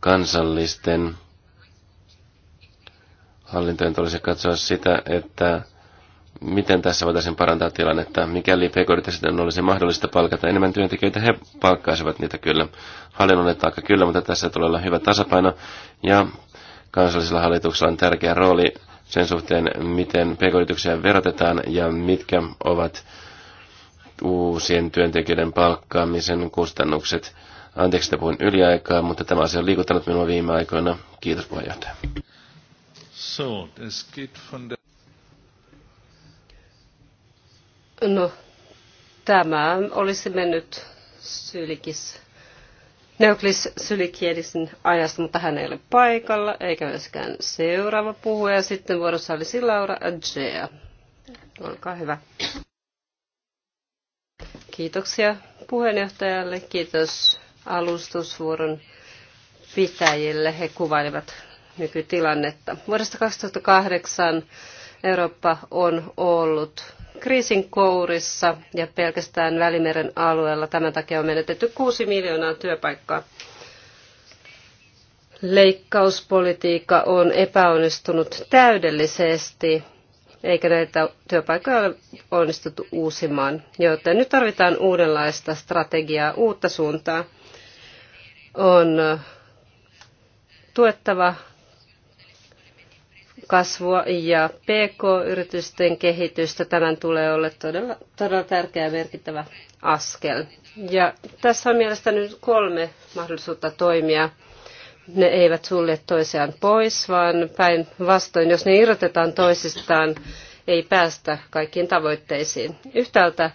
Kansallisten hallintojen tulisi katsoa sitä, että miten tässä voitaisiin parantaa tilannetta. Mikäli pk olisi mahdollista palkata enemmän työntekijöitä, he palkkaisivat niitä kyllä. Hallinnollinen taakka kyllä, mutta tässä tulee olla hyvä tasapaino. Ja kansallisella hallituksella on tärkeä rooli sen suhteen, miten pk verotetaan ja mitkä ovat uusien työntekijöiden palkkaamisen kustannukset. Anteeksi, että puhuin yliaikaa, mutta tämä asia on liikuttanut minua viime aikoina. Kiitos puheenjohtaja. So, geht von der... No, tämä olisi mennyt syylikissä. Neuklis Sylikielisen ajasta, mutta hän ei ole paikalla, eikä myöskään seuraava puhuja. Sitten vuorossa olisi siis Laura Adjea. Olkaa hyvä. Kiitoksia puheenjohtajalle, kiitos alustusvuoron pitäjille. He kuvailivat nykytilannetta. Vuodesta 2008 Eurooppa on ollut kriisin kourissa ja pelkästään Välimeren alueella. Tämän takia on menetetty 6 miljoonaa työpaikkaa. Leikkauspolitiikka on epäonnistunut täydellisesti, eikä näitä työpaikkoja ole onnistuttu uusimaan. Joten nyt tarvitaan uudenlaista strategiaa, uutta suuntaa. On tuettava kasvua ja PK-yritysten kehitystä. Tämän tulee olla todella, todella tärkeä ja merkittävä askel. Ja tässä on mielestäni kolme mahdollisuutta toimia. Ne eivät sulje toisiaan pois, vaan päinvastoin, jos ne irrotetaan toisistaan, ei päästä kaikkiin tavoitteisiin. Yhtäältä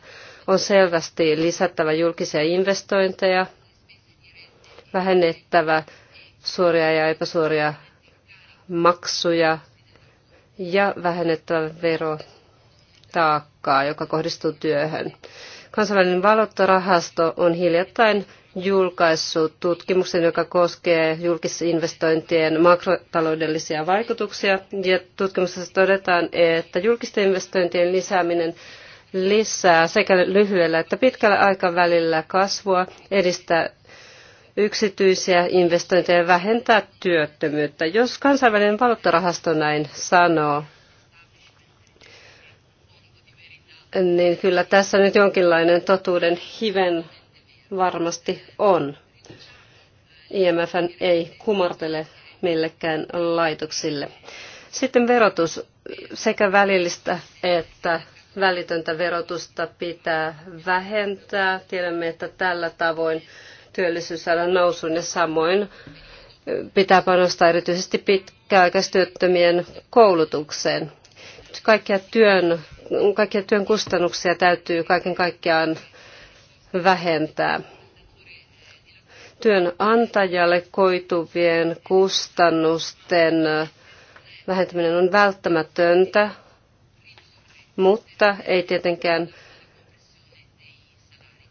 on selvästi lisättävä julkisia investointeja, vähennettävä suoria ja epäsuoria maksuja ja vähennettävä verotaakkaa, joka kohdistuu työhön. Kansainvälinen valuuttarahasto on hiljattain julkaissut tutkimuksen, joka koskee julkisinvestointien makrotaloudellisia vaikutuksia. Ja tutkimuksessa todetaan, että julkisten investointien lisääminen lisää sekä lyhyellä että pitkällä aikavälillä kasvua, edistää yksityisiä investointeja ja vähentää työttömyyttä. Jos kansainvälinen valuuttarahasto näin sanoo, niin kyllä tässä nyt jonkinlainen totuuden hiven varmasti on. IMF ei kumartele millekään laitoksille. Sitten verotus. Sekä välillistä että välitöntä verotusta pitää vähentää. Tiedämme, että tällä tavoin työllisyys saada nousuun ja samoin pitää panostaa erityisesti pitkäaikaistyöttömien koulutukseen. Kaikkia työn, kaikkia työn kustannuksia täytyy kaiken kaikkiaan vähentää. Työnantajalle koituvien kustannusten vähentäminen on välttämätöntä, mutta ei tietenkään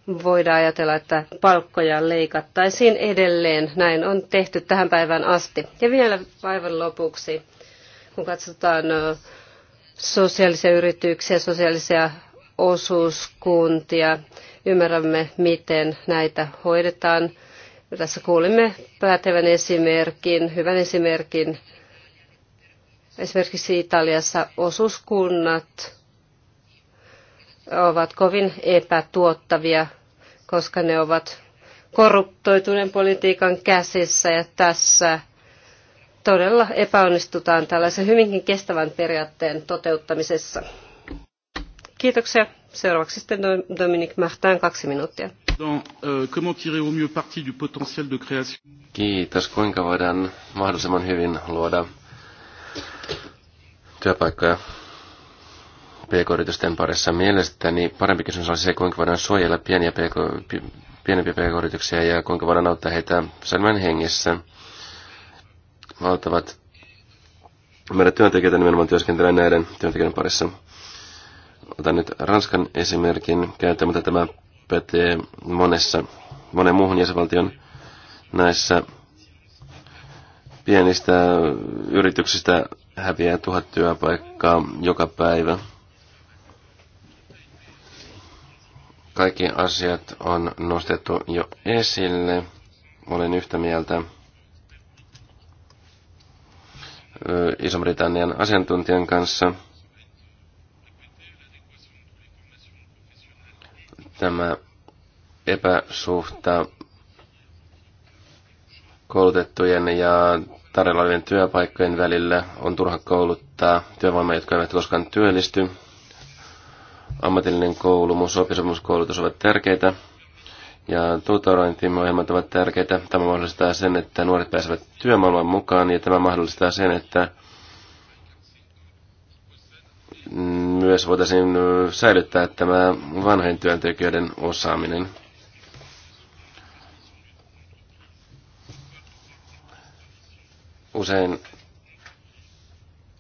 voida ajatella, että palkkoja leikattaisiin edelleen. Näin on tehty tähän päivään asti. Ja vielä aivan lopuksi, kun katsotaan sosiaalisia yrityksiä, sosiaalisia osuuskuntia, ymmärrämme, miten näitä hoidetaan. Tässä kuulimme päätevän esimerkin, hyvän esimerkin. Esimerkiksi Italiassa osuuskunnat ovat kovin epätuottavia, koska ne ovat korruptoituneen politiikan käsissä ja tässä todella epäonnistutaan tällaisen hyvinkin kestävän periaatteen toteuttamisessa. Kiitoksia. Seuraavaksi sitten Dominique Martin, kaksi minuuttia. Euh, Kiitos. Kuinka voidaan mahdollisimman hyvin luoda työpaikkoja pk-yritysten parissa. Mielestäni parempi kysymys olisi se, kuinka voidaan suojella pieniä pk, pienempiä pk-yrityksiä ja kuinka voidaan auttaa heitä selvän hengissä. Valtavat meidän työntekijöitä nimenomaan työskentelee näiden työntekijöiden parissa. Otan nyt Ranskan esimerkin käyttöön, mutta tämä pätee monessa, monen muuhun jäsenvaltion näissä pienistä yrityksistä häviää tuhat työpaikkaa joka päivä. Kaikki asiat on nostettu jo esille. Olen yhtä mieltä Iso-Britannian asiantuntijan kanssa. Tämä epäsuhta koulutettujen ja tarjolla olevien työpaikkojen välillä on turha kouluttaa työvoimaa, jotka eivät koskaan työllisty ammatillinen muun oppisopimuskoulutus ovat tärkeitä ja tutorointiohjelmat ovat tärkeitä. Tämä mahdollistaa sen, että nuoret pääsevät työmaailman mukaan ja tämä mahdollistaa sen, että myös voitaisiin säilyttää tämä vanhojen työntekijöiden osaaminen. Usein,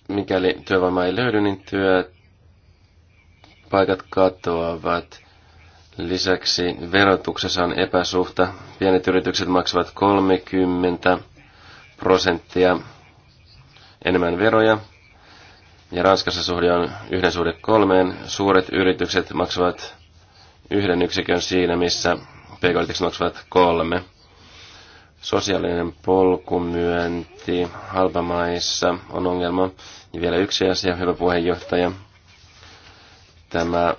mikäli työvoima ei löydy, niin työt paikat katoavat. Lisäksi verotuksessa on epäsuhta. Pienet yritykset maksavat 30 prosenttia enemmän veroja. Ja Ranskassa suhde on yhden suhde kolmeen. Suuret yritykset maksavat yhden yksikön siinä, missä pk maksavat kolme. Sosiaalinen polkumyönti halpamaissa on ongelma. Ja vielä yksi asia, hyvä puheenjohtaja tämä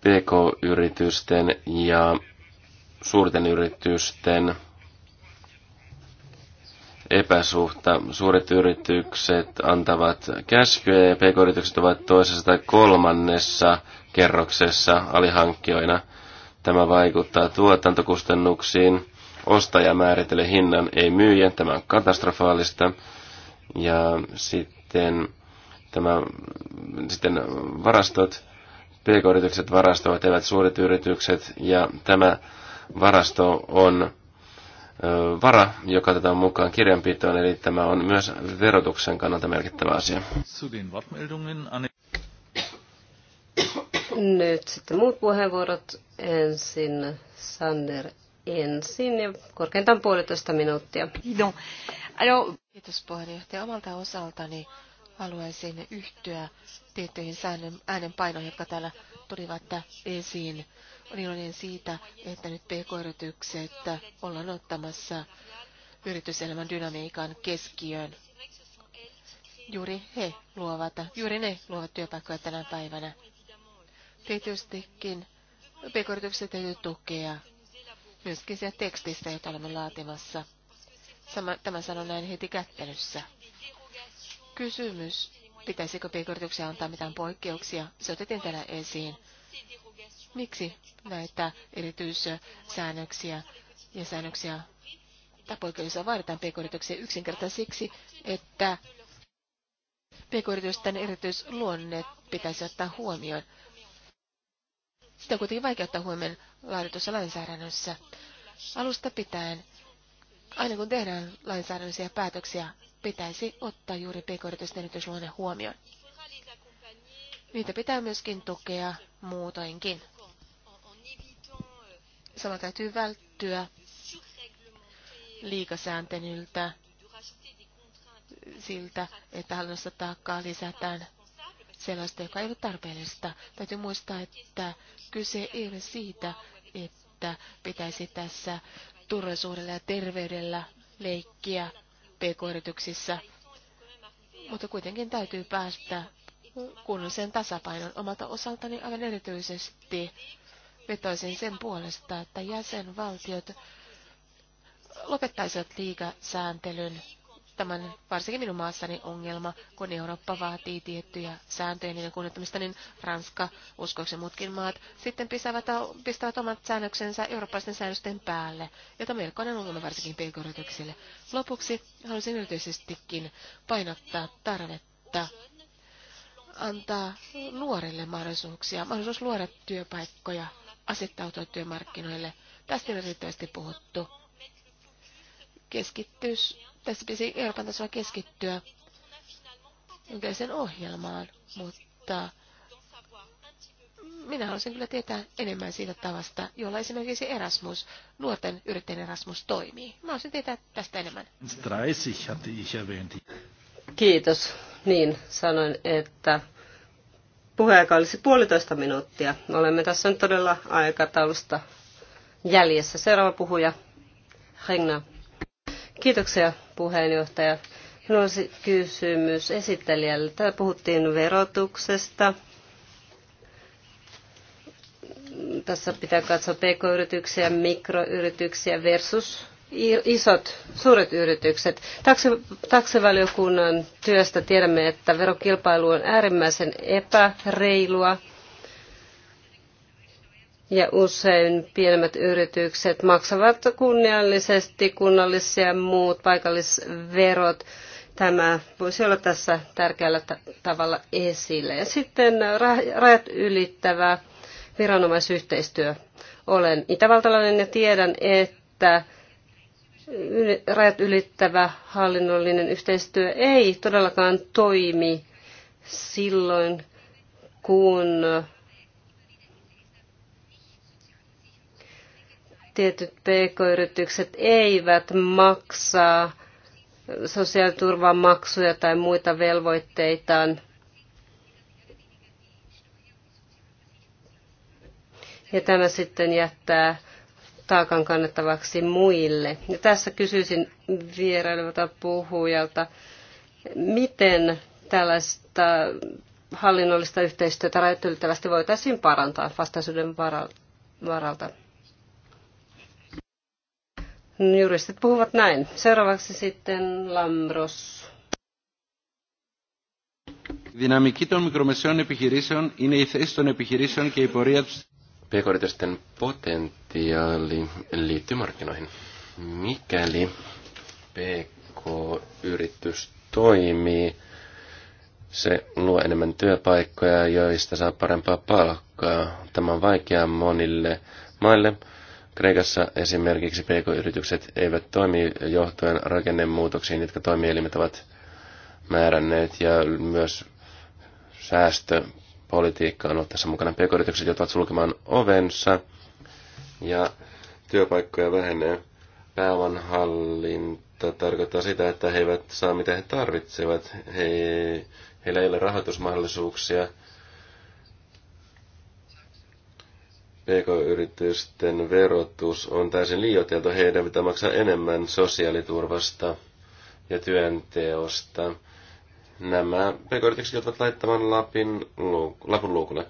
PK-yritysten ja suurten yritysten epäsuhta. Suuret yritykset antavat käskyjä ja pk-yritykset ovat toisessa tai kolmannessa kerroksessa alihankkijoina. Tämä vaikuttaa tuotantokustannuksiin. Ostaja määrittelee hinnan, ei myyjä. Tämä on katastrofaalista. Ja sitten Tämä, sitten varastot, pk-yritykset varastoivat, eivät suuret yritykset, ja tämä varasto on vara, joka on mukaan kirjanpitoon, eli tämä on myös verotuksen kannalta merkittävä asia. Nyt sitten muut puheenvuorot. Ensin Sander ensin ja korkeintaan puolitoista minuuttia. Kiitos puheenjohtaja omalta osaltani haluaisin yhtyä tiettyihin äänenpainoihin, jotka täällä tulivat esiin. On iloinen siitä, että nyt pk-yritykset ollaan ottamassa yrityselämän dynamiikan keskiöön. Juuri he luovat, juuri ne luovat työpaikkoja tänä päivänä. Tietystikin pk-yritykset täytyy tukea myöskin siellä tekstissä, jota olemme laatimassa. Tämä sanon näin heti kättelyssä kysymys, pitäisikö pk-yrityksiä antaa mitään poikkeuksia, se otettiin täällä esiin. Miksi näitä erityissäännöksiä ja säännöksiä tai poikkeuksia vaaditaan pk-yrityksiä yksinkertaisesti että pk-yritysten erityisluonne pitäisi ottaa huomioon. Sitä on kuitenkin vaikea ottaa huomioon laaditussa lainsäädännössä. Alusta pitäen, aina kun tehdään lainsäädännöllisiä päätöksiä, pitäisi ottaa juuri pk-yritysten yritysluonne huomioon. Niitä pitää myöskin tukea muutoinkin. Samalla täytyy välttyä liikasääntelyltä siltä, että hallinnossa taakkaa lisätään sellaista, joka ei ole tarpeellista. Täytyy muistaa, että kyse ei ole siitä, että pitäisi tässä turvallisuudella ja terveydellä leikkiä pk-yrityksissä, mutta kuitenkin täytyy päästä kunnalliseen tasapainon omalta osaltani aivan erityisesti vetoisin sen puolesta, että jäsenvaltiot lopettaisivat liikasääntelyn tämän varsinkin minun maassani ongelma, kun Eurooppa vaatii tiettyjä sääntöjä niiden kunnioittamista, niin Ranska, uskoakseni muutkin maat, sitten pistävät, pistävät omat säännöksensä eurooppalaisten säännösten päälle, jota melkoinen ongelma varsinkin pk-yrityksille. Lopuksi haluaisin erityisestikin painottaa tarvetta antaa nuorille mahdollisuuksia, mahdollisuus luoda työpaikkoja, asettautua työmarkkinoille. Tästä on riittävästi puhuttu keskittyä, tässä pitäisi Euroopan tasolla keskittyä ympäristöön ohjelmaan, mutta minä haluaisin kyllä tietää enemmän siitä tavasta, jolla esimerkiksi Erasmus, nuorten yrittäjien Erasmus toimii. Mä haluaisin tietää tästä enemmän. 30 Kiitos. Niin, sanoin, että puheaika olisi puolitoista minuuttia. Olemme tässä nyt todella aikataulusta jäljessä. Seuraava puhuja, Regna Kiitoksia puheenjohtaja. Minulla olisi kysymys esittelijälle. Täällä puhuttiin verotuksesta. Tässä pitää katsoa pk-yrityksiä, mikroyrityksiä versus isot, suuret yritykset. Taksivaliokunnan työstä tiedämme, että verokilpailu on äärimmäisen epäreilua – ja usein pienemmät yritykset maksavat kunniallisesti kunnallisia ja muut paikallisverot. Tämä voisi olla tässä tärkeällä tavalla esillä. Ja sitten rajat ylittävä viranomaisyhteistyö. Olen itävaltalainen ja tiedän, että rajat ylittävä hallinnollinen yhteistyö ei todellakaan toimi silloin, kun tietyt pk-yritykset eivät maksaa sosiaaliturvamaksuja tai muita velvoitteitaan. Ja tämä sitten jättää taakan kannettavaksi muille. Ja tässä kysyisin vierailevalta puhujalta, miten tällaista hallinnollista yhteistyötä rajoittelyttävästi voitaisiin parantaa vastaisuuden varalta. Juristit puhuvat näin. Seuraavaksi sitten Lambros. Dynamiikki ton mikromesion επιχειρήσεων είναι η θέση των pk potentiaali liittyy markkinoihin. Mikäli pk-yritys toimii, se luo enemmän työpaikkoja, joista saa parempaa palkkaa. Tämä on vaikeaa monille maille Kreikassa esimerkiksi pk-yritykset eivät toimi johtuen rakennemuutoksiin, jotka toimielimet ovat määränneet, ja myös säästöpolitiikka on ollut tässä mukana. Pk-yritykset joutuvat sulkemaan ovensa, ja työpaikkoja vähenee. Pääomanhallinta tarkoittaa sitä, että he eivät saa mitä he tarvitsevat. He, heillä ei ole rahoitusmahdollisuuksia, PK-yritysten verotus on täysin liioiteltu. Heidän pitää maksaa enemmän sosiaaliturvasta ja työnteosta. Nämä pk-yritykset joutuvat laittamaan lapin luuk- lapun luukulle.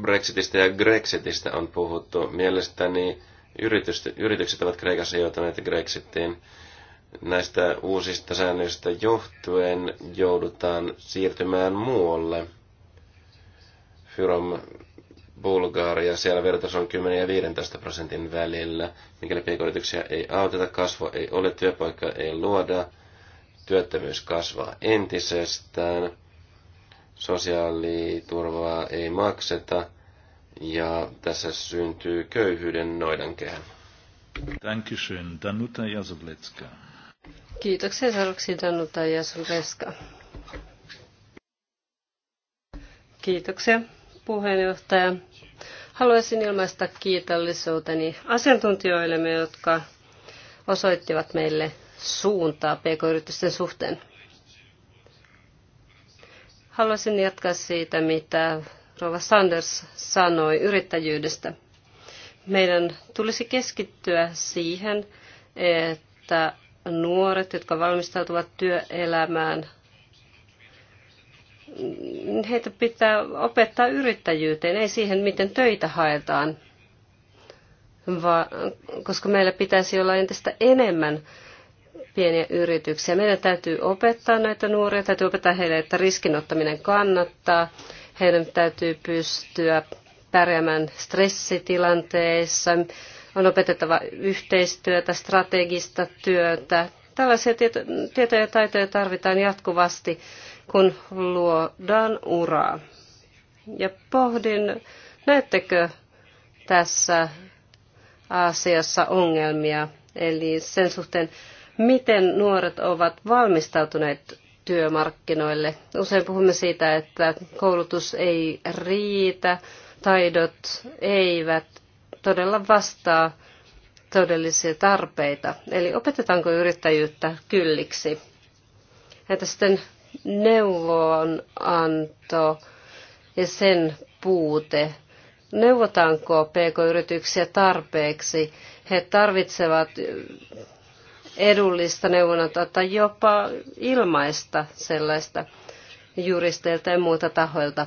Brexitistä ja Grexitistä on puhuttu. Mielestäni yritykset ovat Kreikassa joutuneet Grexitiin. Näistä uusista säännöistä johtuen joudutaan siirtymään muualle – Fyrom Bulgaria, siellä verotus on 10 ja 15 prosentin välillä. Mikäli pk ei auteta, kasvua ei ole, työpaikkaa ei luoda, työttömyys kasvaa entisestään, sosiaaliturvaa ei makseta ja tässä syntyy köyhyyden noidankehä. Dankeschön, Danuta Jasovletska. Kiitoksia seuraavaksi Danuta Jasovletska. Kiitoksia puheenjohtaja. Haluaisin ilmaista kiitollisuuteni asiantuntijoillemme, jotka osoittivat meille suuntaa pk-yritysten suhteen. Haluaisin jatkaa siitä, mitä Rova Sanders sanoi yrittäjyydestä. Meidän tulisi keskittyä siihen, että nuoret, jotka valmistautuvat työelämään, heitä pitää opettaa yrittäjyyteen, ei siihen, miten töitä haetaan, vaan, koska meillä pitäisi olla entistä enemmän pieniä yrityksiä. Meidän täytyy opettaa näitä nuoria, täytyy opettaa heille, että riskinottaminen kannattaa. Heidän täytyy pystyä pärjäämään stressitilanteissa. On opetettava yhteistyötä, strategista työtä. Tällaisia tietoja ja taitoja tarvitaan jatkuvasti kun luodaan uraa. Ja pohdin, näettekö tässä asiassa ongelmia, eli sen suhteen, miten nuoret ovat valmistautuneet työmarkkinoille. Usein puhumme siitä, että koulutus ei riitä, taidot eivät todella vastaa todellisia tarpeita. Eli opetetaanko yrittäjyyttä kylliksi? Entä sitten neuvonanto ja sen puute. Neuvotaanko pk-yrityksiä tarpeeksi? He tarvitsevat edullista neuvonantoa tai jopa ilmaista sellaista juristeilta ja muilta tahoilta.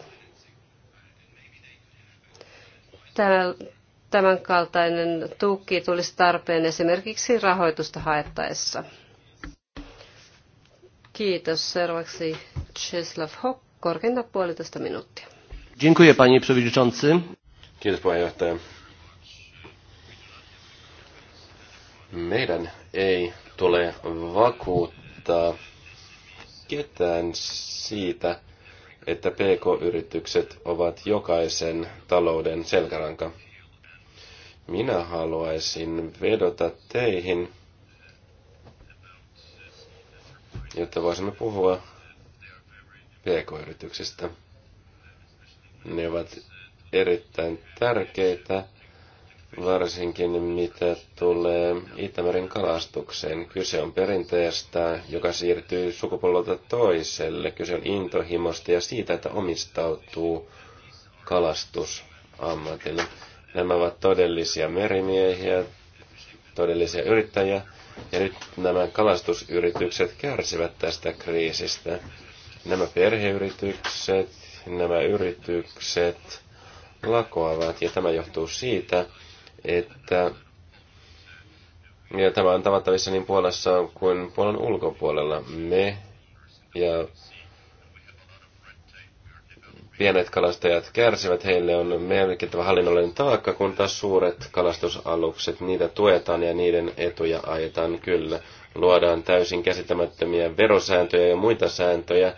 Tämänkaltainen tuki tulisi tarpeen esimerkiksi rahoitusta haettaessa. Kiitos. Seuraavaksi Czeslaw Hock, korkeinta puolitoista minuuttia. Dziękuję, panie przewodniczący. Kiitos, puheenjohtaja. Meidän ei tule vakuuttaa ketään siitä, että PK-yritykset ovat jokaisen talouden selkäranka. Minä haluaisin vedota teihin, jotta voisimme puhua pk-yrityksistä. Ne ovat erittäin tärkeitä, varsinkin mitä tulee Itämeren kalastukseen. Kyse on perinteestä, joka siirtyy sukupolvelta toiselle. Kyse on intohimosta ja siitä, että omistautuu kalastusammatille. Nämä ovat todellisia merimiehiä, todellisia yrittäjiä, ja nyt nämä kalastusyritykset kärsivät tästä kriisistä. Nämä perheyritykset, nämä yritykset lakoavat, ja tämä johtuu siitä, että ja tämä on tavattavissa niin Puolassa kuin Puolan ulkopuolella. Me ja pienet kalastajat kärsivät, heille on merkittävä hallinnollinen taakka, kun taas suuret kalastusalukset, niitä tuetaan ja niiden etuja ajetaan kyllä. Luodaan täysin käsittämättömiä verosääntöjä ja muita sääntöjä,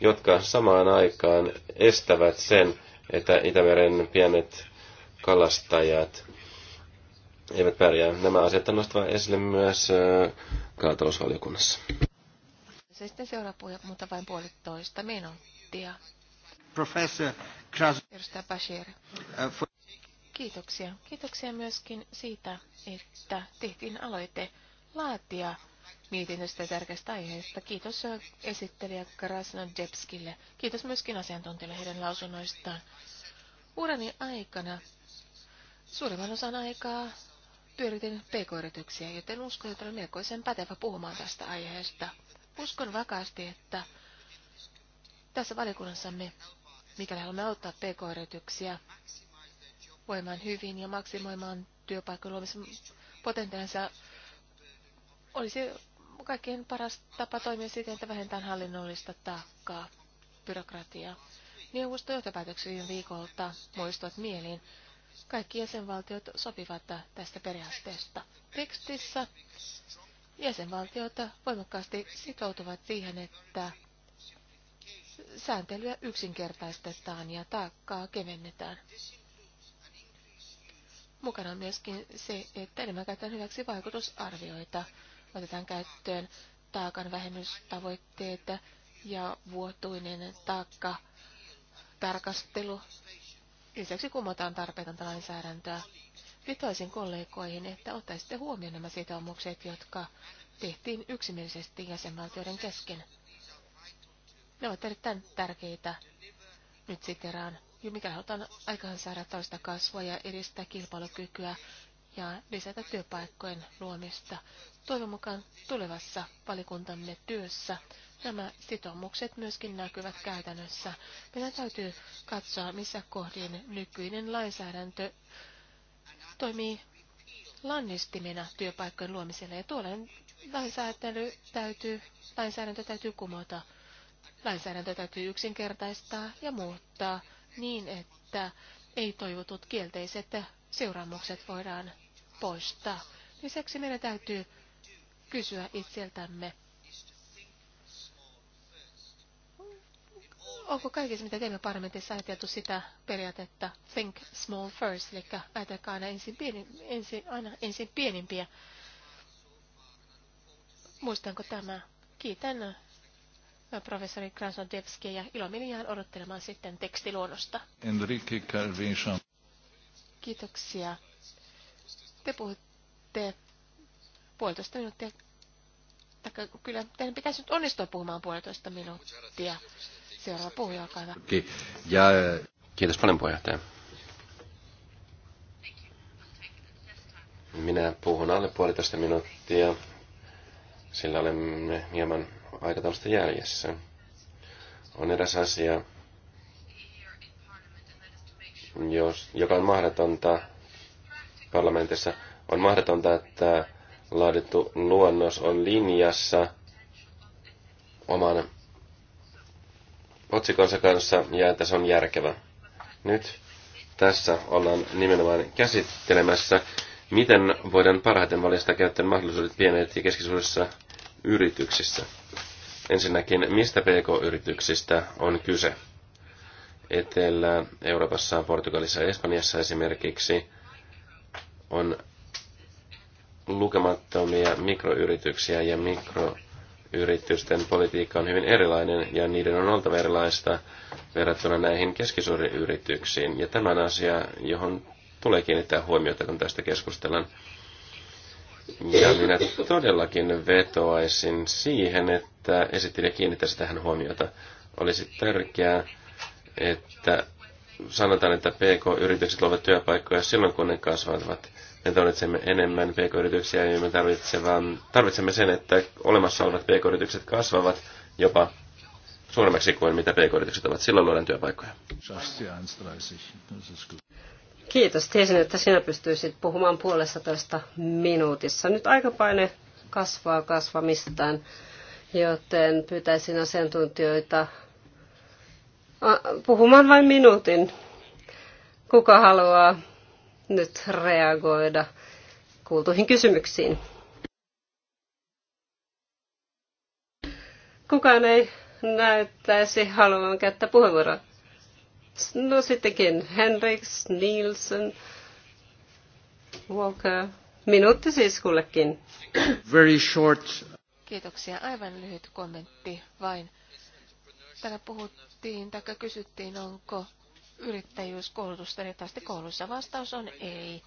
jotka samaan aikaan estävät sen, että Itämeren pienet kalastajat eivät pärjää. Nämä asiat on nostava esille myös kalatalousvaliokunnassa. Se sitten seuraa puhe, mutta vain puolitoista minuuttia. Professor Kras... Edustaja Bashir. Uh, Kiitoksia. Kiitoksia myöskin siitä, että tehtiin aloite laatia mietinnöstä tärkeästä aiheesta. Kiitos uh, esittelijä Krasna Debskille. Kiitos myöskin asiantuntijoille heidän lausunnoistaan. Urani aikana suurimman osan aikaa pyöritin pk-yrityksiä, joten uskon, että olen melkoisen pätevä puhumaan tästä aiheesta. Uskon vakaasti, että tässä valikunnassamme mikäli haluamme auttaa pk-yrityksiä voimaan hyvin ja maksimoimaan työpaikkojen luomisen potentiaalinsa, olisi kaikkein paras tapa toimia siten, että vähentään hallinnollista taakkaa, byrokratiaa. Neuvoston johtopäätöksen viime viikolta muistuvat mieliin. Kaikki jäsenvaltiot sopivat tästä periaatteesta. Tekstissä jäsenvaltiot voimakkaasti sitoutuvat siihen, että sääntelyä yksinkertaistetaan ja taakkaa kevennetään. Mukana on myöskin se, että enemmän käytetään hyväksi vaikutusarvioita. Otetaan käyttöön taakan vähennystavoitteet ja vuotuinen taakka tarkastelu. Lisäksi kumotaan tarpeetonta lainsäädäntöä. Vitoisin kollegoihin, että ottaisitte huomioon nämä sitoumukset, jotka tehtiin yksimielisesti jäsenvaltioiden kesken. Ne ovat erittäin tärkeitä. Nyt siteraan. Jo mikä halutaan aikaan saada toista kasvua ja edistää kilpailukykyä ja lisätä työpaikkojen luomista. Toivon mukaan tulevassa valikuntamme työssä nämä sitoumukset myöskin näkyvät käytännössä. Meidän täytyy katsoa, missä kohdin nykyinen lainsäädäntö toimii lannistimena työpaikkojen luomiselle. Ja tuolle lainsäädäntö täytyy, lainsäädäntö täytyy kumota. Lainsäädäntö täytyy yksinkertaistaa ja muuttaa niin, että ei-toivotut kielteiset seuraamukset voidaan poistaa. Lisäksi meidän täytyy kysyä itseltämme, onko kaikessa, mitä teemme parlamentissa, ajateltu sitä periaatetta think small first, eli ajatelkaa aina ensin, pieni, ensin, aina ensin pienimpiä. Muistanko tämä? Kiitän professori Krasnodevski ja ilomielin jään odottelemaan sitten tekstiluonnosta. Enrique Calvinson. Kiitoksia. Te puhutte puolitoista minuuttia. Taka, kyllä teidän pitäisi nyt onnistua puhumaan puolitoista minuuttia. Seuraava puhuja, olkaa hyvä. Ja, kiitos paljon puheenjohtaja. Minä puhun alle puolitoista minuuttia, sillä olemme hieman aikataulusta jäljessä. On eräs asia, jos, joka on mahdotonta parlamentissa. On mahdotonta, että laadittu luonnos on linjassa oman otsikonsa kanssa ja että se on järkevä. Nyt tässä ollaan nimenomaan käsittelemässä, miten voidaan parhaiten valistaa käyttöön mahdollisuudet pienet ja keskisuudessa yrityksissä. Ensinnäkin, mistä PK-yrityksistä on kyse? Etelä-Euroopassa, Portugalissa ja Espanjassa esimerkiksi on lukemattomia mikroyrityksiä ja mikroyritysten politiikka on hyvin erilainen ja niiden on oltava erilaista verrattuna näihin keskisuuriyrityksiin. Ja tämän asia, johon tulee kiinnittää huomiota, kun tästä keskustellaan. Ja minä todellakin vetoaisin siihen, että esittelijä kiinnittäisi tähän huomiota. Olisi tärkeää, että sanotaan, että PK-yritykset luovat työpaikkoja silloin, kun ne kasvavat. Me tarvitsemme enemmän PK-yrityksiä ja me tarvitsemme sen, että olemassa olevat PK-yritykset kasvavat jopa suuremmaksi kuin mitä PK-yritykset ovat. Silloin luodaan työpaikkoja. Kiitos. Tiesin, että sinä pystyisit puhumaan puolestatoista minuutissa. Nyt aikapaine kasvaa kasvamistaan, joten pyytäisin asiantuntijoita puhumaan vain minuutin. Kuka haluaa nyt reagoida kuultuihin kysymyksiin? Kukaan ei näyttäisi haluavan käyttää puheenvuoroa. No sittenkin Henriks, Nielsen, Walker. Minuutti siis kullekin. Very short. Kiitoksia. Aivan lyhyt kommentti vain. Täällä puhuttiin tai kysyttiin, onko yrittäjyyskoulutusta riittävästi koulussa. Vastaus on ei,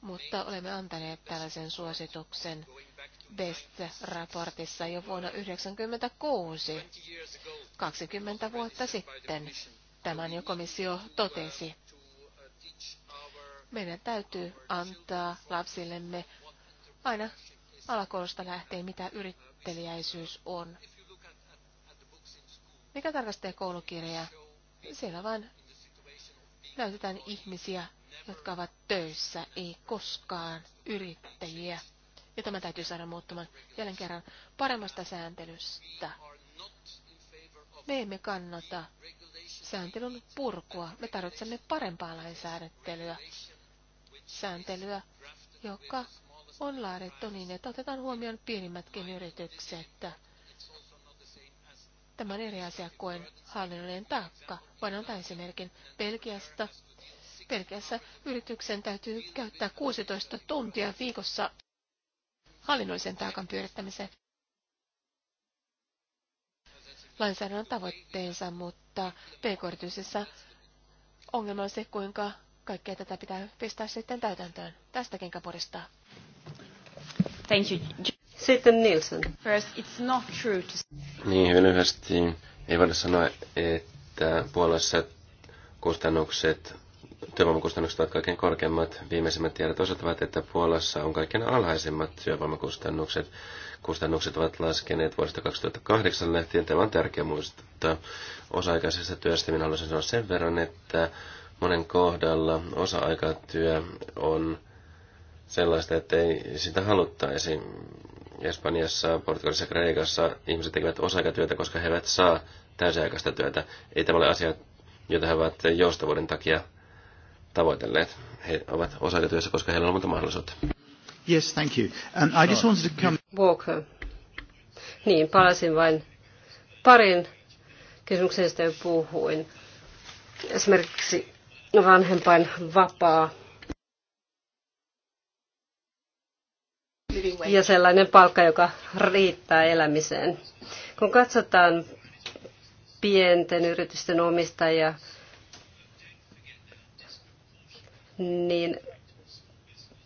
mutta olemme antaneet tällaisen suosituksen BEST-raportissa jo vuonna 1996, 20 vuotta sitten. Tämän jo komissio totesi. Meidän täytyy antaa lapsillemme aina alakoulusta lähtee mitä yrittelijäisyys on. Mikä tarkastelee koulukirjaa? Siellä vain näytetään ihmisiä, jotka ovat töissä, ei koskaan yrittäjiä. Ja tämä täytyy saada muuttumaan jälleen kerran paremmasta sääntelystä. Me emme kannata sääntelyn purkua. Me tarvitsemme parempaa lainsäädäntelyä. Sääntelyä, joka on laadittu niin, että otetaan huomioon pienimmätkin yritykset. Tämä on eri asia kuin hallinnollinen taakka. Voin antaa esimerkin Belgiasta. Belgiassa yrityksen täytyy käyttää 16 tuntia viikossa hallinnollisen taakan pyörittämiseen lainsäädännön tavoitteensa, mutta pk ongelma on se, kuinka kaikkea tätä pitää pistää sitten täytäntöön. Tästäkin kaporista. Thank you. Sitten Nilsson. First, it's not true to... Niin, hyvin lyhyesti. Ei voida sanoa, että puolueessa kustannukset työvoimakustannukset ovat kaikkein korkeimmat. Viimeisimmät tiedot osoittavat, että Puolassa on kaikkein alhaisimmat työvoimakustannukset. Kustannukset ovat laskeneet vuodesta 2008 lähtien. Tämä on tärkeä muistuttaa. Osa-aikaisesta työstä minä haluaisin sanoa sen verran, että monen kohdalla osa-aikatyö on sellaista, että ei sitä haluttaisi. Espanjassa, Portugalissa ja Kreikassa ihmiset tekevät osa-aikatyötä, koska he eivät saa täysiaikaista työtä. Ei tämä ole asia, jota he ovat joustavuuden takia tavoitelleet. He ovat osa-aikatyössä, koska heillä on monta mahdollisuutta. Yes, thank you. Um, I just no. wanted to come... Walker. Niin, palasin vain parin kysymyksestä jo puhuin. Esimerkiksi vanhempain vapaa ja sellainen palkka, joka riittää elämiseen. Kun katsotaan pienten yritysten omistajia, niin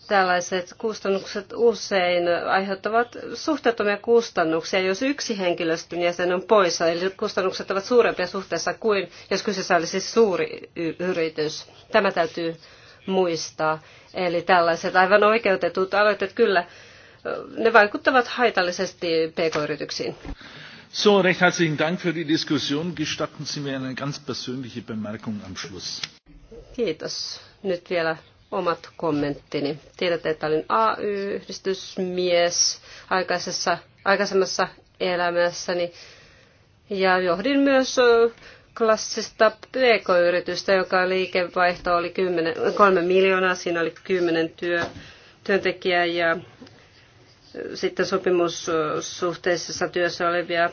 tällaiset kustannukset usein aiheuttavat suhteettomia kustannuksia, jos yksi henkilöstön jäsen on poissa. Eli kustannukset ovat suurempia suhteessa kuin jos kyseessä olisi siis suuri yritys. Tämä täytyy muistaa. Eli tällaiset aivan oikeutetut aloitteet kyllä, ne vaikuttavat haitallisesti pk-yrityksiin. So, recht herzlichen Dank für die Diskussion. Gestatten Sie mir eine ganz persönliche Bemerkung am Schluss. Kiitos. Nyt vielä omat kommenttini. Tiedätte, että olin AY-yhdistysmies aikaisessa, aikaisemmassa elämässäni ja johdin myös klassista pk-yritystä, joka liikevaihto oli 10, 3 miljoonaa, siinä oli 10 työ, työntekijää ja sitten sopimussuhteisessa työssä olevia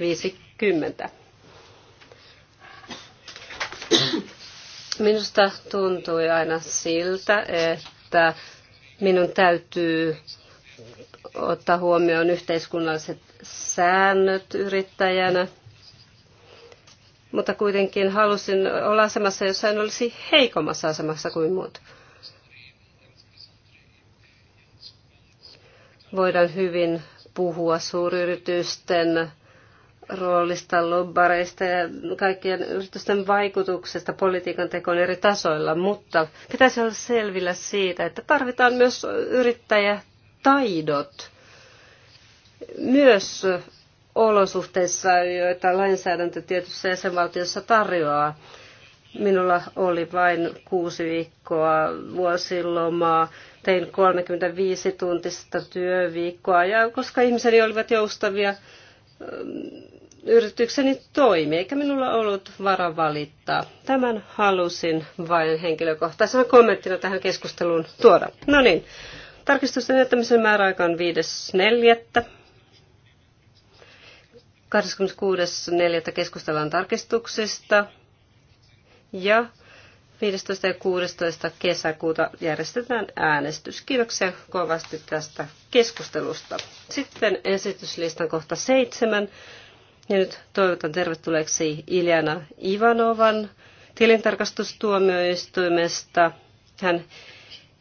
50. Minusta tuntui aina siltä, että minun täytyy ottaa huomioon yhteiskunnalliset säännöt yrittäjänä. Mutta kuitenkin halusin olla asemassa, jossa en olisi heikommassa asemassa kuin muut. Voidaan hyvin puhua suuryritysten roolista, lobbareista ja kaikkien yritysten vaikutuksesta politiikan tekoon eri tasoilla, mutta pitäisi olla selvillä siitä, että tarvitaan myös yrittäjätaidot myös olosuhteissa, joita lainsäädäntö tietyssä jäsenvaltiossa tarjoaa. Minulla oli vain kuusi viikkoa vuosilomaa, tein 35 tuntista työviikkoa ja koska ihmiseni olivat joustavia, yritykseni toimi, eikä minulla ollut vara valittaa. Tämän halusin vain henkilökohtaisena kommenttina tähän keskusteluun tuoda. No niin, tarkistusten jättämisen määräaika on 5.4. 26.4. keskustellaan tarkistuksista ja 15. ja 16. kesäkuuta järjestetään äänestys. Kiitoksia kovasti tästä keskustelusta. Sitten esityslistan kohta 7 ja nyt toivotan tervetulleeksi Iljana Ivanovan tilintarkastustuomioistuimesta. Hän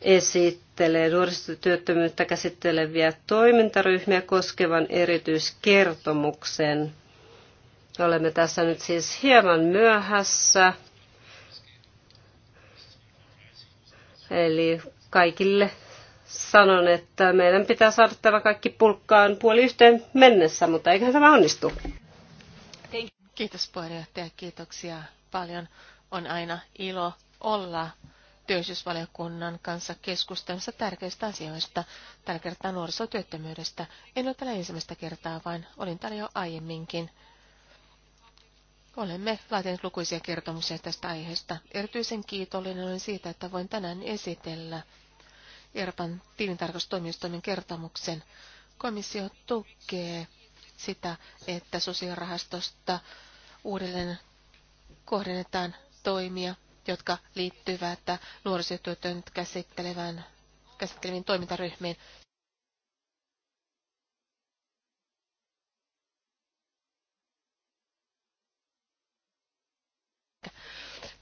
esittelee nuorisotyöttömyyttä käsitteleviä toimintaryhmiä koskevan erityiskertomuksen. Olemme tässä nyt siis hieman myöhässä. Eli kaikille sanon, että meidän pitää saada tämä kaikki pulkkaan puoli yhteen mennessä, mutta eiköhän tämä onnistu. Kiitos puheenjohtaja, kiitoksia paljon. On aina ilo olla työllisyysvaliokunnan kanssa keskustelussa tärkeistä asioista, tällä kertaa nuorisotyöttömyydestä. En ole täällä ensimmäistä kertaa, vaan olin täällä jo aiemminkin. Olemme laatineet lukuisia kertomuksia tästä aiheesta. Erityisen kiitollinen olen siitä, että voin tänään esitellä Euroopan tilintarkastustoimistoimen kertomuksen. Komissio tukee sitä, että sosiaalirahastosta uudelleen kohdennetaan toimia, jotka liittyvät nuorisotyötön käsittelevään käsitteleviin toimintaryhmiin.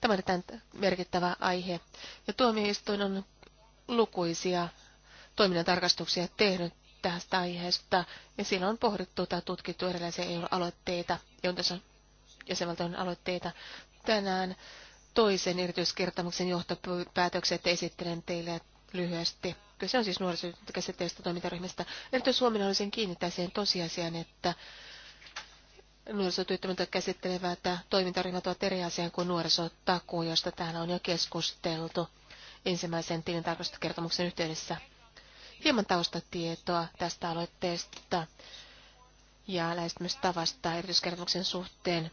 Tämä on erittäin merkittävä aihe. Ja tuomioistuin on lukuisia toiminnantarkastuksia tehnyt tästä aiheesta, ja siinä on pohdittu tai tutkittu erilaisia EU-aloitteita, joita on jäsenvaltion aloitteita. Tänään toisen erityiskertomuksen johtopäätökset esittelen teille lyhyesti. Kyse on siis nuorisokäsitteistä toimintaryhmistä. Erityishuomenna olisin kiinnittää siihen tosiasiaan, että nuorisotyöttömyyttä käsittelevät toimintaryhmät ovat eri asiaan kuin nuorisotakuu, josta täällä on jo keskusteltu ensimmäisen tilintarkastuskertomuksen yhteydessä. Hieman taustatietoa tästä aloitteesta ja lähestymistavasta erityiskertomuksen suhteen.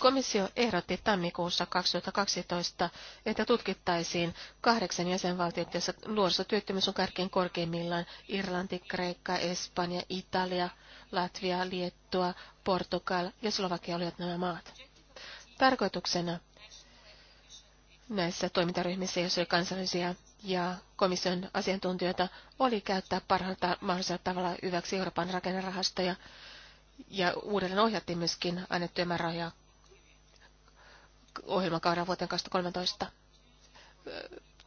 Komissio ehdotti tammikuussa 2012, että tutkittaisiin kahdeksan jäsenvaltiota, joissa nuorisotyöttömyys on kaikkein korkeimmillaan Irlanti, Kreikka, Espanja, Italia, Latvia, Liettua, Portugal ja Slovakia olivat nämä maat. Tarkoituksena näissä toimintaryhmissä, joissa oli kansallisia ja komission asiantuntijoita, oli käyttää parhaalla mahdollisella tavalla hyväksi Euroopan rakennerahastoja ja uudelleen ohjattiin myöskin annettuja määrärahoja ohjelmakauden vuoteen 2013.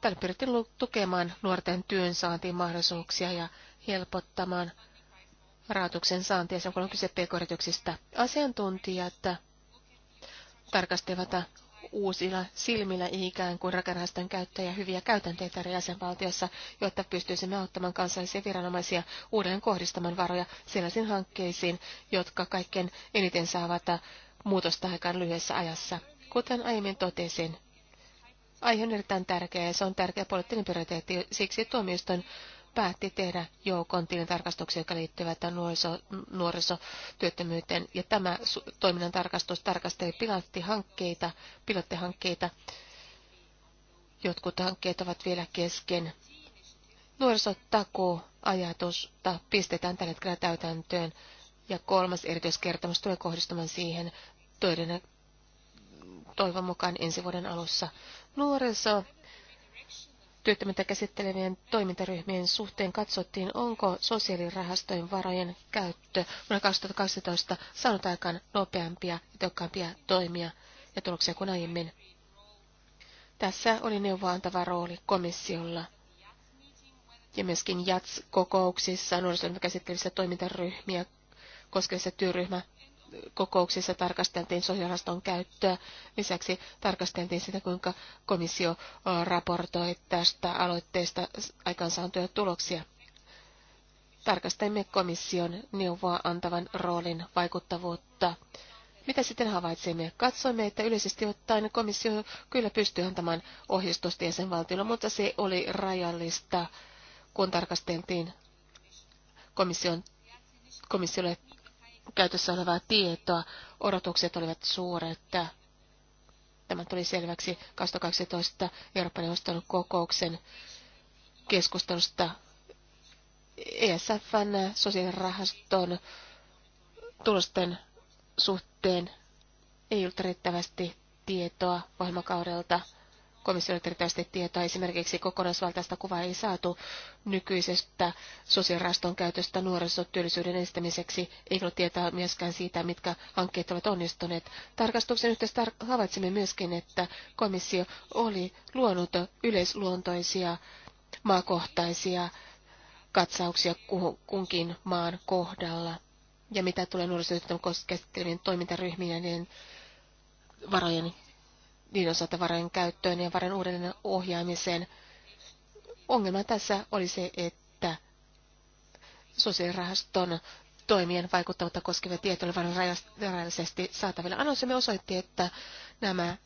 Tällä pyrittiin tukemaan nuorten työn saantiin mahdollisuuksia ja helpottamaan rahoituksen saantia, kun on kyse pk-yrityksistä. Asiantuntijat tarkastivat uusilla silmillä ikään kuin rakennusten käyttäjä hyviä käytänteitä eri jäsenvaltiossa, jotta pystyisimme auttamaan kansallisia viranomaisia uudelleen kohdistamaan varoja sellaisiin hankkeisiin, jotka kaikkein eniten saavat muutosta aikaan lyhyessä ajassa. Kuten aiemmin totesin, aihe on erittäin tärkeä ja se on tärkeä poliittinen prioriteetti. Siksi tuomioistuin päätti tehdä joukon tilintarkastuksia, jotka liittyvät nuoriso, nuorisotyöttömyyteen. Ja tämä toiminnan tarkastus tarkasteli pilottihankkeita, pilottihankkeita. Jotkut hankkeet ovat vielä kesken. Nuorisotakuajatus pistetään tällä hetkellä täytäntöön ja kolmas erityiskertomus tulee kohdistumaan siihen toivon mukaan ensi vuoden alussa. Nuoriso työttömyyttä käsittelevien toimintaryhmien suhteen katsottiin, onko sosiaalirahastojen varojen käyttö vuonna 2012 saanut aikaan nopeampia ja tehokkaampia toimia ja tuloksia kuin aiemmin. Tässä oli neuvoa antava rooli komissiolla ja myöskin JATS-kokouksissa nuorisotyötä käsittelevissä toimintaryhmiä koskevissa työryhmä kokouksissa tarkasteltiin sosiaaliston käyttöä. Lisäksi tarkasteltiin sitä, kuinka komissio raportoi tästä aloitteesta aikaansaantuja tuloksia. Tarkastamme komission neuvoa antavan roolin vaikuttavuutta. Mitä sitten havaitsimme? Katsoimme, että yleisesti ottaen komissio kyllä pystyy antamaan ohjeistusta jäsenvaltiolle, mutta se oli rajallista, kun tarkasteltiin komission, komissiolle käytössä olevaa tietoa. Odotukset olivat suuret. Tämä tuli selväksi 2012 Euroopan neuvoston kokouksen keskustelusta ESFn sosiaalirahaston tulosten suhteen ei ollut riittävästi tietoa ohjelmakaudelta komissiolle erityisesti tietoa. Esimerkiksi kokonaisvaltaista kuvaa ei saatu nykyisestä sosiaaliraston käytöstä nuorisotyöllisyyden edistämiseksi, eikä ole tietoa myöskään siitä, mitkä hankkeet ovat onnistuneet. Tarkastuksen yhteydessä havaitsimme myöskin, että komissio oli luonut yleisluontoisia maakohtaisia katsauksia kunkin maan kohdalla. Ja mitä tulee nuorisotyöllisyyden käsitteleviin toimintaryhmien, niin varojen dinosaurien käyttöön ja varojen uudelleen ohjaamiseen. Ongelma tässä oli se, että sosiaalirahaston toimien vaikuttavuutta koskeva tietoja oli vain rajallisesti saatavilla. Annosimme osoitti, että nämä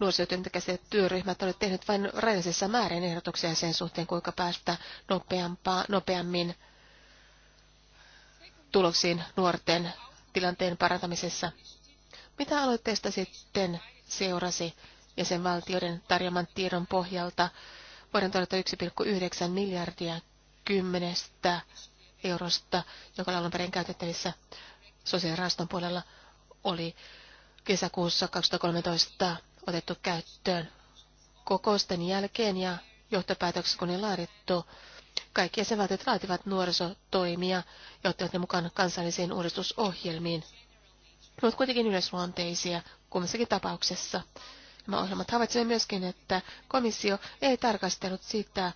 nuorisotyöntekäiset työryhmät olivat tehneet vain rajallisessa määrin ehdotuksia sen suhteen, kuinka päästä nopeampaa, nopeammin tuloksiin nuorten tilanteen parantamisessa. Mitä aloitteesta sitten seurasi jäsenvaltioiden tarjoman tiedon pohjalta vuoden 1,9 miljardia kymmenestä eurosta, joka oli alun perin käytettävissä sosiaalirahaston puolella, oli kesäkuussa 2013 otettu käyttöön. Kokousten jälkeen ja johtopäätökset kun on laadittu, kaikki jäsenvaltiot laativat nuorisotoimia ja ottivat ne mukaan kansallisiin uudistusohjelmiin. Ne ovat kuitenkin yleisluonteisia, kummassakin tapauksessa. Nämä ohjelmat havaitsevat myöskin, että komissio ei tarkastellut sitä,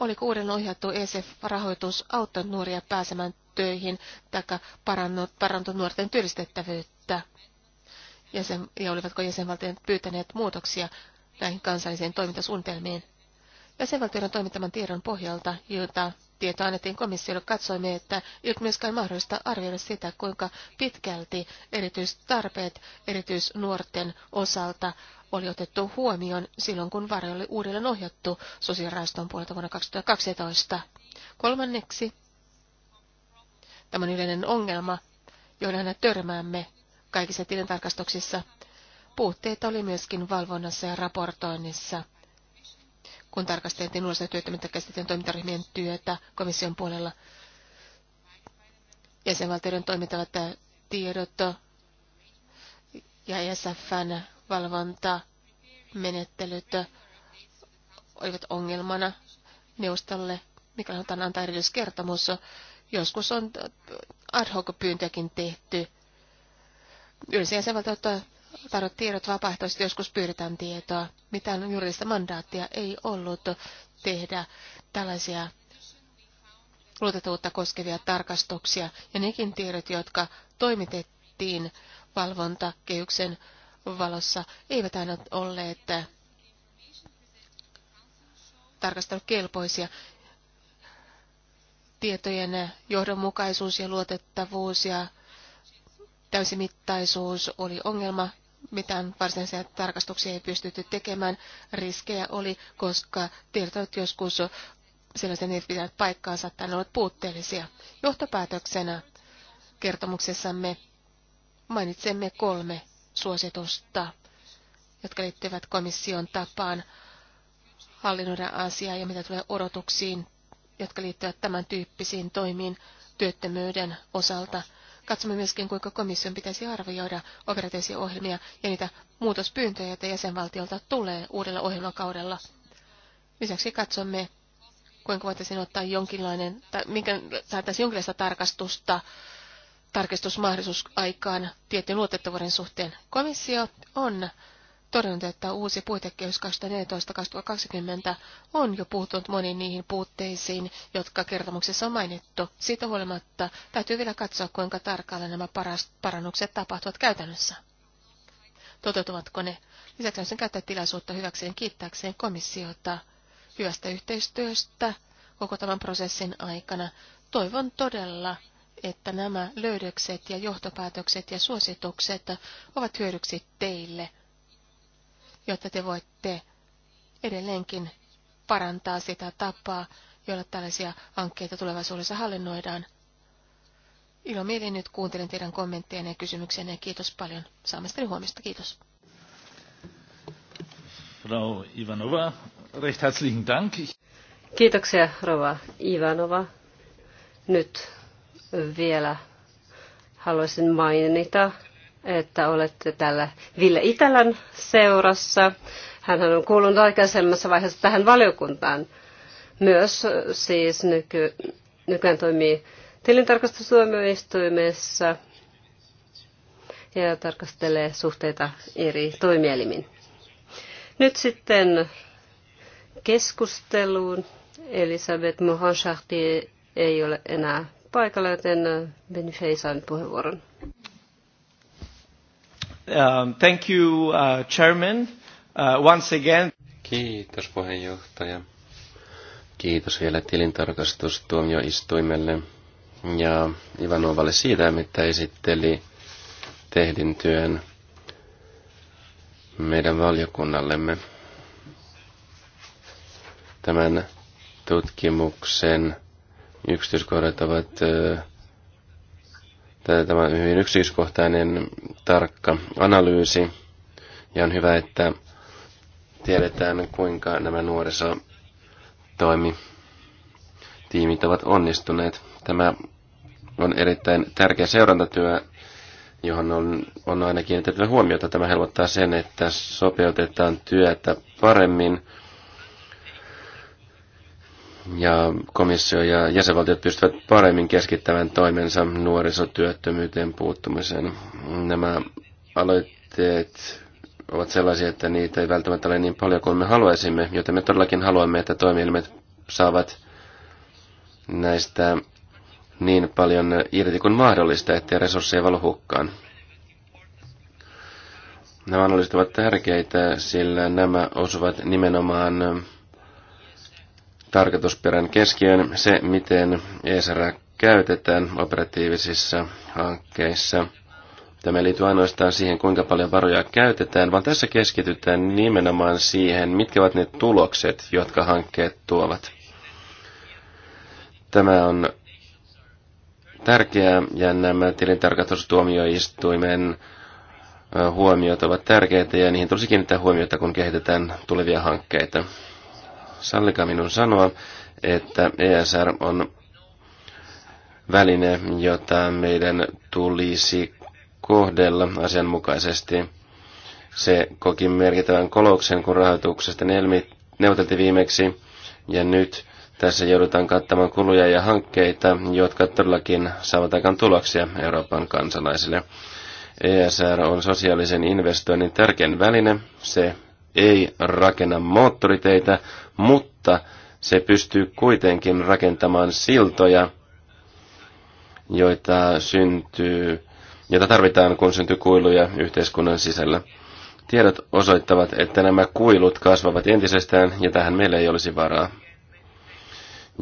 oliko kuuden ohjattu ESF-rahoitus auttanut nuoria pääsemään töihin tai parantunut nuorten työllistettävyyttä. Jäsen, ja olivatko jäsenvaltiot pyytäneet muutoksia näihin kansallisiin toimintasuunnitelmiin. Jäsenvaltioiden toimittaman tiedon pohjalta, jota tieto annettiin komissiolle, katsoimme, että ei ole myöskään mahdollista arvioida sitä, kuinka pitkälti erityistarpeet erityisnuorten osalta oli otettu huomioon silloin, kun varjo oli uudelleen ohjattu sosiaalirahaston puolelta vuonna 2012. Kolmanneksi, tämä on yleinen ongelma, johon aina törmäämme kaikissa tilintarkastuksissa. Puutteita oli myöskin valvonnassa ja raportoinnissa – kun tarkasteltiin työttömyyttä käsitteen toimintaryhmien työtä komission puolella. Jäsenvaltioiden toimintavat tiedot ja ESFn valvontamenettelyt olivat ongelmana neuvostolle, mikä halutaan antaa erilliskertomus. Joskus on ad hoc pyyntöjäkin tehty. Yleensä jäsenvaltiot tarjota tiedot vapaaehtoisesti, joskus pyydetään tietoa. Mitään juridista mandaattia ei ollut tehdä tällaisia luotettavuutta koskevia tarkastuksia. Ja nekin tiedot, jotka toimitettiin valvontakehyksen valossa, eivät aina olleet tarkastelukelpoisia. Tietojen johdonmukaisuus ja luotettavuus ja täysimittaisuus oli ongelma, mitään varsinaisia tarkastuksia ei pystytty tekemään. Riskejä oli, koska tiedot joskus sellaisen ei pitänyt paikkaansa että ne olivat puutteellisia. Johtopäätöksenä kertomuksessamme mainitsemme kolme suositusta, jotka liittyvät komission tapaan hallinnoida asiaa ja mitä tulee odotuksiin, jotka liittyvät tämän tyyppisiin toimiin työttömyyden osalta – Katsomme myöskin, kuinka komission pitäisi arvioida operatiivisia ohjelmia ja niitä muutospyyntöjä, joita jäsenvaltiolta tulee uudella ohjelmakaudella. Lisäksi katsomme, kuinka voitaisiin ottaa jonkinlainen, tai minkä saataisiin jonkinlaista tarkastusta, tarkistusmahdollisuus aikaan tietyn luotettavuuden suhteen. Komissio on todennut, että uusi puitekehys 2014-2020 on jo puuttunut moniin niihin puutteisiin, jotka kertomuksessa on mainittu. Siitä huolimatta täytyy vielä katsoa, kuinka tarkalleen nämä parannukset tapahtuvat käytännössä. Toteutuvatko ne? Lisäksi sen käyttää tilaisuutta hyväkseen kiittääkseen komissiota hyvästä yhteistyöstä koko tämän prosessin aikana. Toivon todella, että nämä löydökset ja johtopäätökset ja suositukset ovat hyödyksi teille – jotta te voitte edelleenkin parantaa sitä tapaa, jolla tällaisia hankkeita tulevaisuudessa hallinnoidaan. Ilo mielin nyt kuuntelen teidän kommenttejanne ja kysymyksenne. Kiitos paljon saamastani huomista. Kiitos. Frau Ivanova, recht herzlichen Dank. Kiitoksia, Rova Ivanova. Nyt vielä haluaisin mainita että olette täällä Ville Itälän seurassa. hän on kuulunut aikaisemmassa vaiheessa tähän valiokuntaan. Myös siis nyky, nykyään toimii tilintarkastustuomioistuimessa ja tarkastelee suhteita eri toimielimin. Nyt sitten keskusteluun. Elisabeth mohan ei ole enää paikalla, joten Benifei saa puheenvuoron. Um, thank you, uh, Chairman. Uh, once again. Kiitos puheenjohtaja. Kiitos vielä tilintarkastustuomioistuimelle ja Ivanovalle siitä, mitä esitteli tehdin työn meidän valiokunnallemme. Tämän tutkimuksen yksityiskohdat ovat uh, Tämä on hyvin yksityiskohtainen, tarkka analyysi. Ja on hyvä, että tiedetään, kuinka nämä toimi tiimit ovat onnistuneet. Tämä on erittäin tärkeä seurantatyö, johon on, on aina kiinnitettävä huomiota. Tämä helpottaa sen, että sopeutetaan työtä paremmin ja komissio ja jäsenvaltiot pystyvät paremmin keskittämään toimensa nuorisotyöttömyyteen puuttumiseen. Nämä aloitteet ovat sellaisia, että niitä ei välttämättä ole niin paljon kuin me haluaisimme, joten me todellakin haluamme, että toimielimet saavat näistä niin paljon irti kuin mahdollista, ettei resursseja valu hukkaan. Nämä analyysit ovat tärkeitä, sillä nämä osuvat nimenomaan tarkoitusperän keskiöön se, miten ESR käytetään operatiivisissa hankkeissa. Tämä liittyy ainoastaan siihen, kuinka paljon varoja käytetään, vaan tässä keskitytään nimenomaan siihen, mitkä ovat ne tulokset, jotka hankkeet tuovat. Tämä on tärkeää ja nämä tilintarkastustuomioistuimen huomiot ovat tärkeitä ja niihin tulisi kiinnittää huomiota, kun kehitetään tulevia hankkeita sallika minun sanoa, että ESR on väline, jota meidän tulisi kohdella asianmukaisesti. Se koki merkittävän koloksen, kun rahoituksesta neuvoteltiin viimeksi, ja nyt tässä joudutaan kattamaan kuluja ja hankkeita, jotka todellakin saavat aikaan tuloksia Euroopan kansalaisille. ESR on sosiaalisen investoinnin tärkein väline. Se ei rakenna moottoriteitä, mutta se pystyy kuitenkin rakentamaan siltoja, joita syntyy, joita tarvitaan, kun syntyy kuiluja yhteiskunnan sisällä. Tiedot osoittavat, että nämä kuilut kasvavat entisestään ja tähän meillä ei olisi varaa.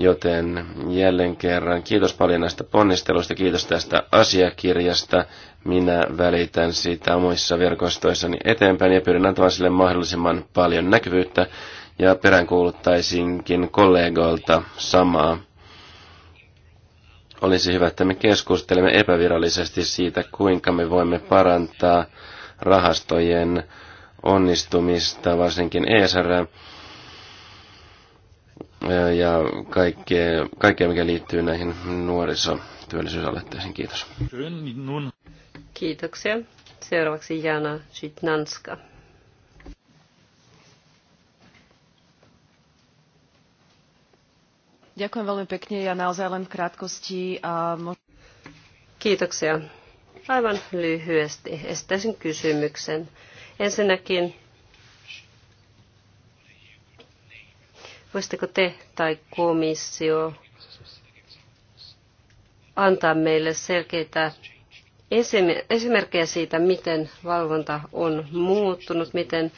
Joten jälleen kerran kiitos paljon näistä ponnisteluista, kiitos tästä asiakirjasta. Minä välitän sitä omissa verkostoissani eteenpäin ja pyrin antamaan sille mahdollisimman paljon näkyvyyttä, ja peräänkuuluttaisinkin kollegoilta samaa. Olisi hyvä, että me keskustelemme epävirallisesti siitä, kuinka me voimme parantaa rahastojen onnistumista, varsinkin ESR ja kaikkea, kaikkea, mikä liittyy näihin nuorisotyöllisyysaloitteisiin. Kiitos. Kiitoksia. Seuraavaksi Jana Sitnanska Ďakujem veľmi pekne ja naozaj len v krátkosti. A... Kiitoksia. Aivan lyhyesti estäisin kysymyksen. Ensinnäkin, voisitteko te tai komissio antaa meille selkeitä esimerkkejä siitä, miten valvonta on muuttunut, miten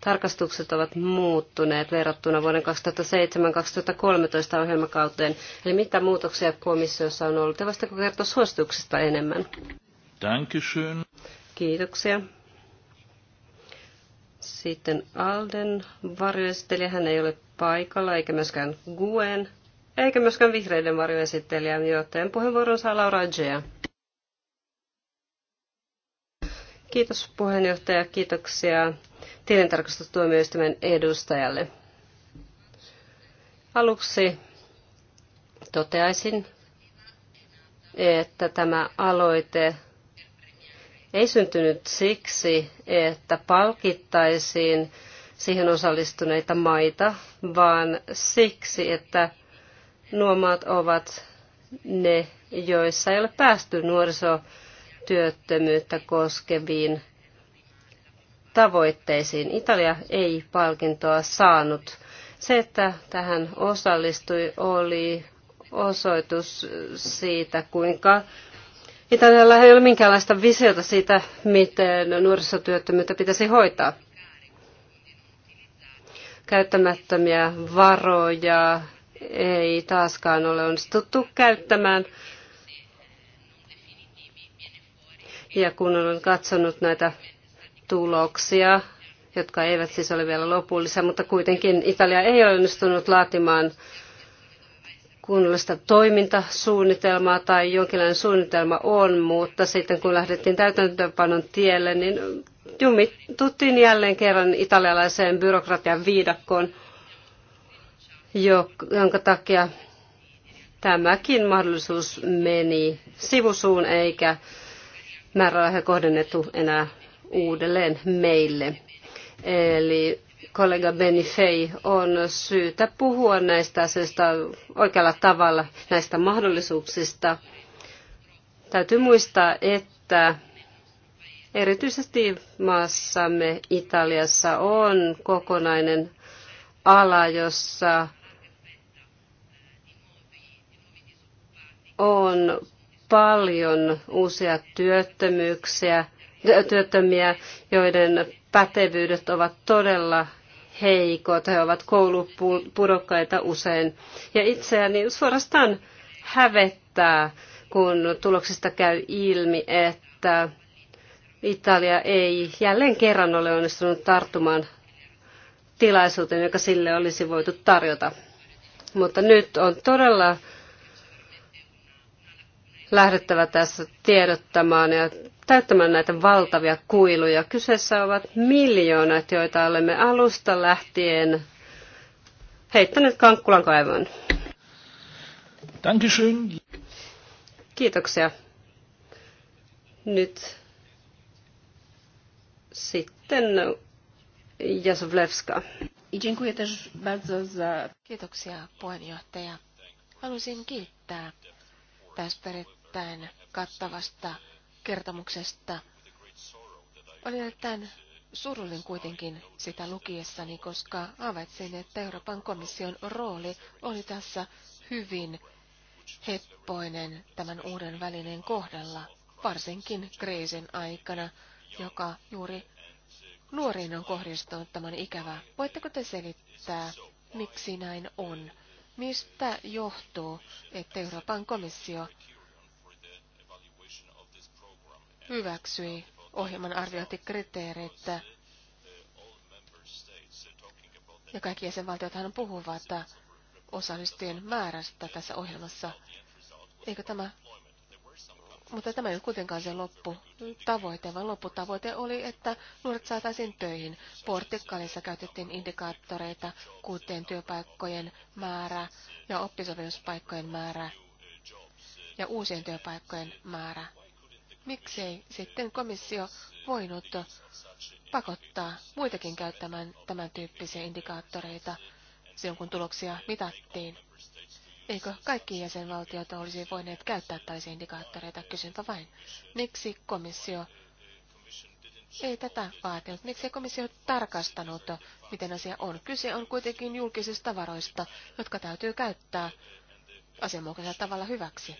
tarkastukset ovat muuttuneet verrattuna vuoden 2007-2013 ohjelmakauteen. Eli mitä muutoksia komissiossa on ollut? Ja voisitteko kertoa suosituksista enemmän? Kiitoksia. Sitten Alden varjoesittelijä, hän ei ole paikalla, eikä myöskään Guen, eikä myöskään vihreiden varjoesittelijä, joten puheenvuoron saa Laura Gea. Kiitos puheenjohtaja, kiitoksia tilintarkastustuomioistuimen edustajalle. Aluksi toteaisin, että tämä aloite ei syntynyt siksi, että palkittaisiin siihen osallistuneita maita, vaan siksi, että nuo maat ovat ne, joissa ei ole päästy nuorisotyöttömyyttä koskeviin tavoitteisiin. Italia ei palkintoa saanut. Se, että tähän osallistui, oli osoitus siitä, kuinka Italialla ei ole minkäänlaista visiota siitä, miten nuorisotyöttömyyttä pitäisi hoitaa. Käyttämättömiä varoja ei taaskaan ole onnistuttu käyttämään. Ja kun olen katsonut näitä tuloksia, jotka eivät siis ole vielä lopullisia, mutta kuitenkin Italia ei ole onnistunut laatimaan kunnollista toimintasuunnitelmaa tai jonkinlainen suunnitelma on, mutta sitten kun lähdettiin täytäntöönpanon tielle, niin jumituttiin jälleen kerran italialaiseen byrokratian viidakkoon, jonka takia tämäkin mahdollisuus meni sivusuun eikä määrärahoja kohdennettu enää uudelleen meille. Eli kollega Fay on syytä puhua näistä asioista oikealla tavalla, näistä mahdollisuuksista. Täytyy muistaa, että erityisesti maassamme Italiassa on kokonainen ala, jossa on paljon uusia työttömyyksiä – työttömiä, joiden pätevyydet ovat todella heikot. He ovat koulupudokkaita usein. Ja itseäni suorastaan hävettää, kun tuloksista käy ilmi, että Italia ei jälleen kerran ole onnistunut tarttumaan tilaisuuteen, joka sille olisi voitu tarjota. Mutta nyt on todella lähdettävä tässä tiedottamaan ja täyttämään näitä valtavia kuiluja. Kyseessä ovat miljoonat, joita olemme alusta lähtien heittäneet kankkulan kaivoon. Dankeschön. Kiitoksia. Nyt sitten Jasovlevska. I dziękuję też bardzo za... Kiitoksia puheenjohtaja. Haluaisin kiittää tästä erittäin kattavasta kertomuksesta. Oli erittäin surullinen kuitenkin sitä lukiessani, koska havaitsin, että Euroopan komission rooli oli tässä hyvin heppoinen tämän uuden välineen kohdalla, varsinkin kriisin aikana, joka juuri nuoriin on kohdistunut tämän ikävää. Voitteko te selittää, miksi näin on? Mistä johtuu, että Euroopan komissio hyväksyi ohjelman arviointikriteerit. Ja kaikki jäsenvaltiothan puhuvat osallistujien määrästä tässä ohjelmassa. Eikö tämä mutta tämä ei ole kuitenkaan se lopputavoite, vaan lopputavoite oli, että nuoret saataisiin töihin. Portikkalissa käytettiin indikaattoreita, kuuteen työpaikkojen määrä ja oppisopimuspaikkojen määrä ja uusien työpaikkojen määrä miksei sitten komissio voinut pakottaa muitakin käyttämään tämän tyyppisiä indikaattoreita silloin, kun tuloksia mitattiin. Eikö kaikki jäsenvaltiot olisi voineet käyttää tällaisia indikaattoreita? Kysynpä vain. Miksi komissio ei tätä vaatinut? Miksi komissio tarkastanut, miten asia on? Kyse on kuitenkin julkisista varoista, jotka täytyy käyttää asianmukaisella tavalla hyväksi.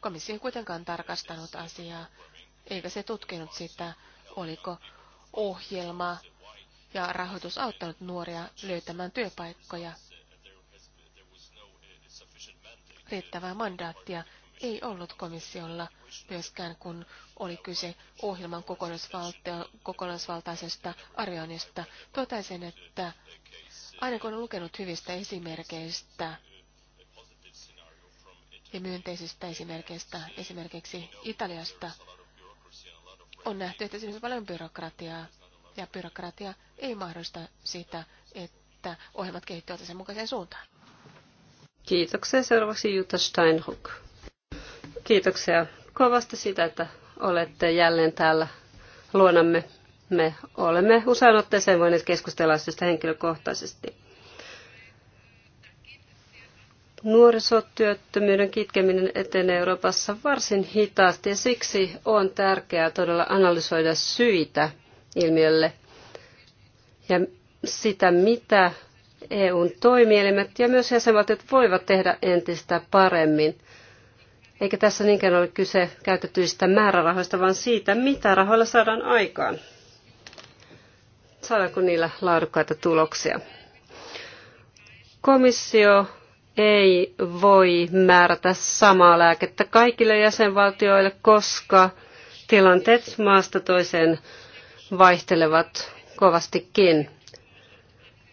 Komissio ei kuitenkaan tarkastanut asiaa, eikä se tutkinut sitä, oliko ohjelma ja rahoitus auttanut nuoria löytämään työpaikkoja. Riittävää mandaattia ei ollut komissiolla myöskään, kun oli kyse ohjelman kokonaisvaltaisesta arvioinnista. Totaisin, että aina kun olen lukenut hyvistä esimerkkeistä, ja myönteisistä esimerkkeistä, esimerkiksi Italiasta, on nähty, että siinä on paljon byrokratiaa, ja byrokratia ei mahdollista sitä, että ohjelmat kehittyvät sen mukaiseen suuntaan. Kiitoksia. Seuraavaksi Jutta Steinhook. Kiitoksia kovasti siitä, että olette jälleen täällä luonamme. Me olemme usein otteeseen voineet keskustella asioista henkilökohtaisesti. Nuorisotyöttömyyden kitkeminen etenee Euroopassa varsin hitaasti ja siksi on tärkeää todella analysoida syitä ilmiölle ja sitä, mitä EUn toimielimet ja myös jäsenvaltiot voivat tehdä entistä paremmin. Eikä tässä niinkään ole kyse käytetyistä määrärahoista, vaan siitä, mitä rahoilla saadaan aikaan. Saadaanko niillä laadukkaita tuloksia? Komissio ei voi määrätä samaa lääkettä kaikille jäsenvaltioille, koska tilanteet maasta toiseen vaihtelevat kovastikin.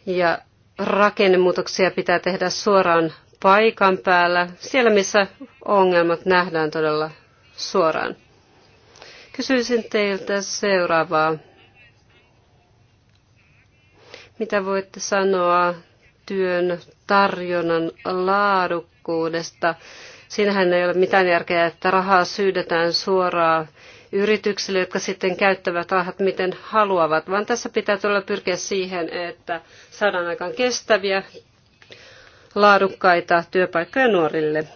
Ja rakennemuutoksia pitää tehdä suoraan paikan päällä, siellä missä ongelmat nähdään todella suoraan. Kysyisin teiltä seuraavaa. Mitä voitte sanoa työn tarjonnan laadukkuudesta. Siinähän ei ole mitään järkeä, että rahaa syydetään suoraan yrityksille, jotka sitten käyttävät rahat miten haluavat, vaan tässä pitää todella pyrkiä siihen, että saadaan aikaan kestäviä, laadukkaita työpaikkoja nuorille.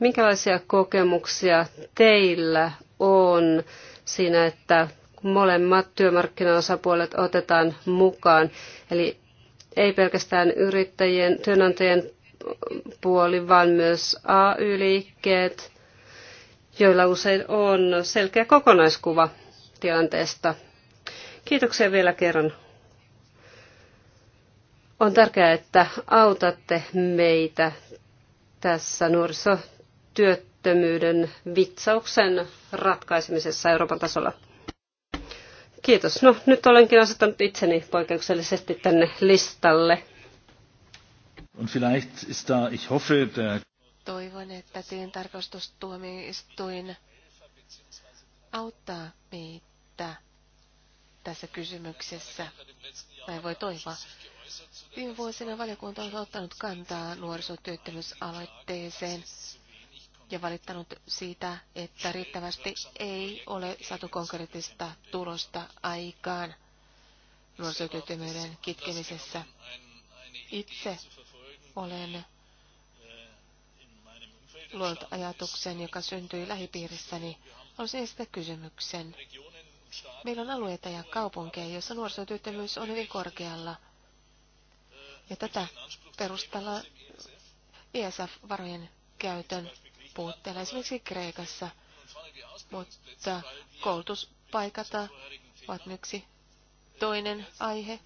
Minkälaisia kokemuksia teillä on siinä, että molemmat työmarkkinaosapuolet otetaan mukaan, eli ei pelkästään yrittäjien, työnantajien puoli, vaan myös AY-liikkeet, joilla usein on selkeä kokonaiskuva tilanteesta. Kiitoksia vielä kerran. On tärkeää, että autatte meitä tässä nuorisotyöttömyyden vitsauksen ratkaisemisessa Euroopan tasolla. Kiitos. No, nyt olenkin asettanut itseni poikkeuksellisesti tänne listalle. Und vielleicht ist da, ich hoffe, der Toivon, että tilintarkastustuomioistuin auttaa meitä tässä kysymyksessä. Tai voi toivoa. Viime vuosina valiokunta on ottanut kantaa nuorisotyöttömyysaloitteeseen ja valittanut siitä, että riittävästi ei ole saatu konkreettista tulosta aikaan nuorisotyöttömyyden kitkemisessä. Itse olen luonut ajatuksen, joka syntyi lähipiirissäni. Haluaisin esittää kysymyksen. Meillä on alueita ja kaupunkeja, joissa nuorisotyöttömyys on hyvin korkealla. Ja tätä perustalla ESF-varojen käytön puutteella, esimerkiksi Kreikassa, mutta koulutuspaikat ovat yksi toinen aihe.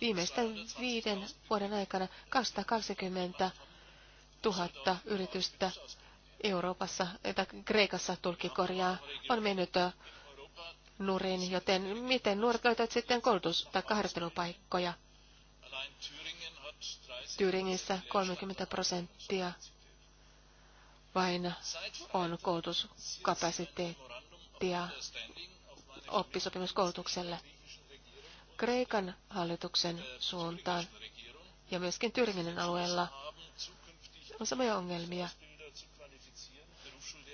Viimeisten viiden vuoden aikana 220 000 yritystä Euroopassa, että Kreikassa tulkikorjaa on mennyt nurin, joten miten nuoret löytävät sitten koulutus- tai harjoittelupaikkoja? Tyringissä 30 prosenttia vain on koulutuskapasiteettia oppisopimuskoulutukselle. Kreikan hallituksen suuntaan ja myöskin Tyrminen alueella on samoja ongelmia.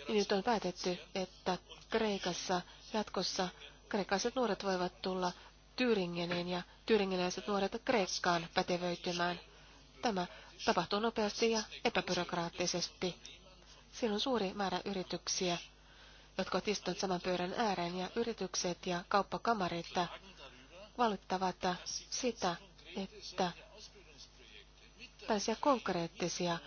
Nyt on päätetty, että Kreikassa jatkossa kreikkalaiset nuoret voivat tulla Tyringeneen ja tyringeläiset nuoret Kreikkaan pätevöitymään. Tämä tapahtuu nopeasti ja epäbyrokraattisesti. Siellä on suuri määrä yrityksiä, jotka ovat istuneet saman pöydän ääreen, ja yritykset ja kauppakamarit valittavat sitä, että tällaisia konkreettisia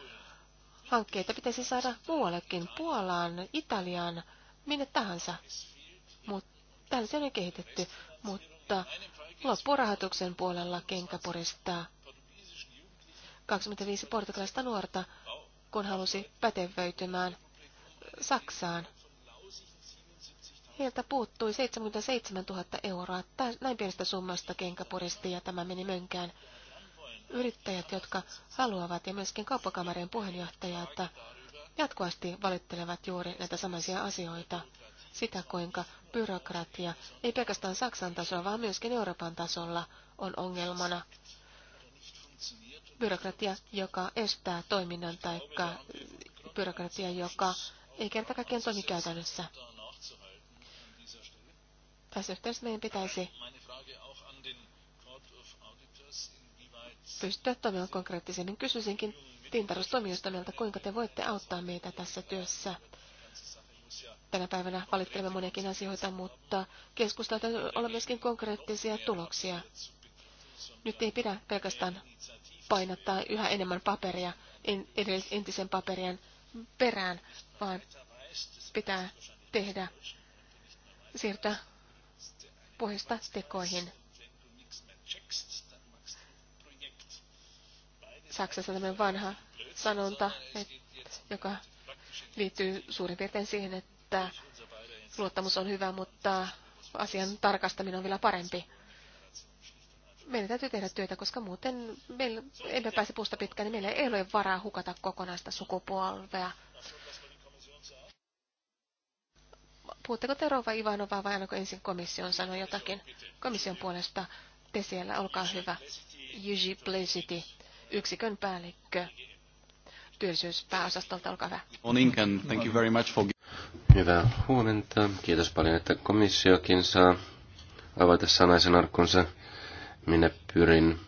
hankkeita pitäisi saada muuallekin, Puolaan, Italiaan, minne tahansa. Mutta se on kehitetty, mutta loppurahoituksen puolella kenkä poristaa. 25 portugalaista nuorta kun halusi pätevöitymään Saksaan. Heiltä puuttui 77 000 euroa. Näin pienestä summasta kenkäpuristi ja tämä meni mönkään. Yrittäjät, jotka haluavat ja myöskin kauppakamarien että jatkuvasti valittelevat juuri näitä samaisia asioita. Sitä, kuinka byrokratia ei pelkästään Saksan tasolla, vaan myöskin Euroopan tasolla on ongelmana byrokratia, joka estää toiminnan tai byrokratia, joka ei kerta kaikkiaan toimi käytännössä. Tässä yhteydessä meidän pitäisi pystyä toimimaan konkreettisemmin. Niin kysyisinkin tintarustoimijoista kuinka te voitte auttaa meitä tässä työssä. Tänä päivänä valittelemme moniakin asioita, mutta keskustelta olla myöskin konkreettisia tuloksia. Nyt ei pidä pelkästään painottaa yhä enemmän paperia entisen paperien perään, vaan pitää tehdä siirtää puheesta tekoihin. Saksassa tämmöinen vanha sanonta, joka liittyy suurin piirtein siihen, että luottamus on hyvä, mutta asian tarkastaminen on vielä parempi meidän täytyy tehdä työtä, koska muuten meillä emme pääse puusta pitkään, niin meillä ei ole varaa hukata kokonaista sukupolvea. Puhutteko te Rova Ivanova vai aina ensin komission sanoi jotakin? Komission puolesta te siellä, olkaa hyvä. Yuji Blesiti, yksikön päällikkö työllisyyspääosastolta, olkaa hyvä. and thank you very much for... Hyvää huomenta. Kiitos paljon, että komissiokin saa avata sanaisen arkkunsa. Minä pyrin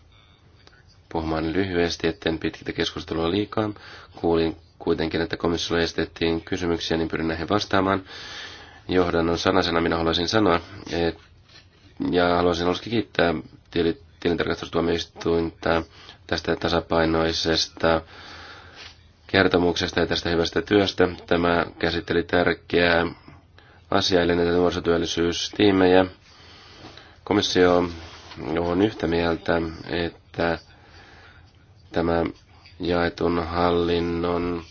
puhumaan lyhyesti, etten pitkitä keskustelua liikaa. Kuulin kuitenkin, että komissiolla esitettiin kysymyksiä, niin pyrin näihin vastaamaan. Johdannon sanasena minä haluaisin sanoa, et, ja haluaisin olisikin kiittää tilintarkastustuomioistuinta tästä tasapainoisesta kertomuksesta ja tästä hyvästä työstä. Tämä käsitteli tärkeää asiaa, eli näitä nuorisotyöllisyystiimejä. Komissio on yhtä mieltä, että tämä jaetun hallinnon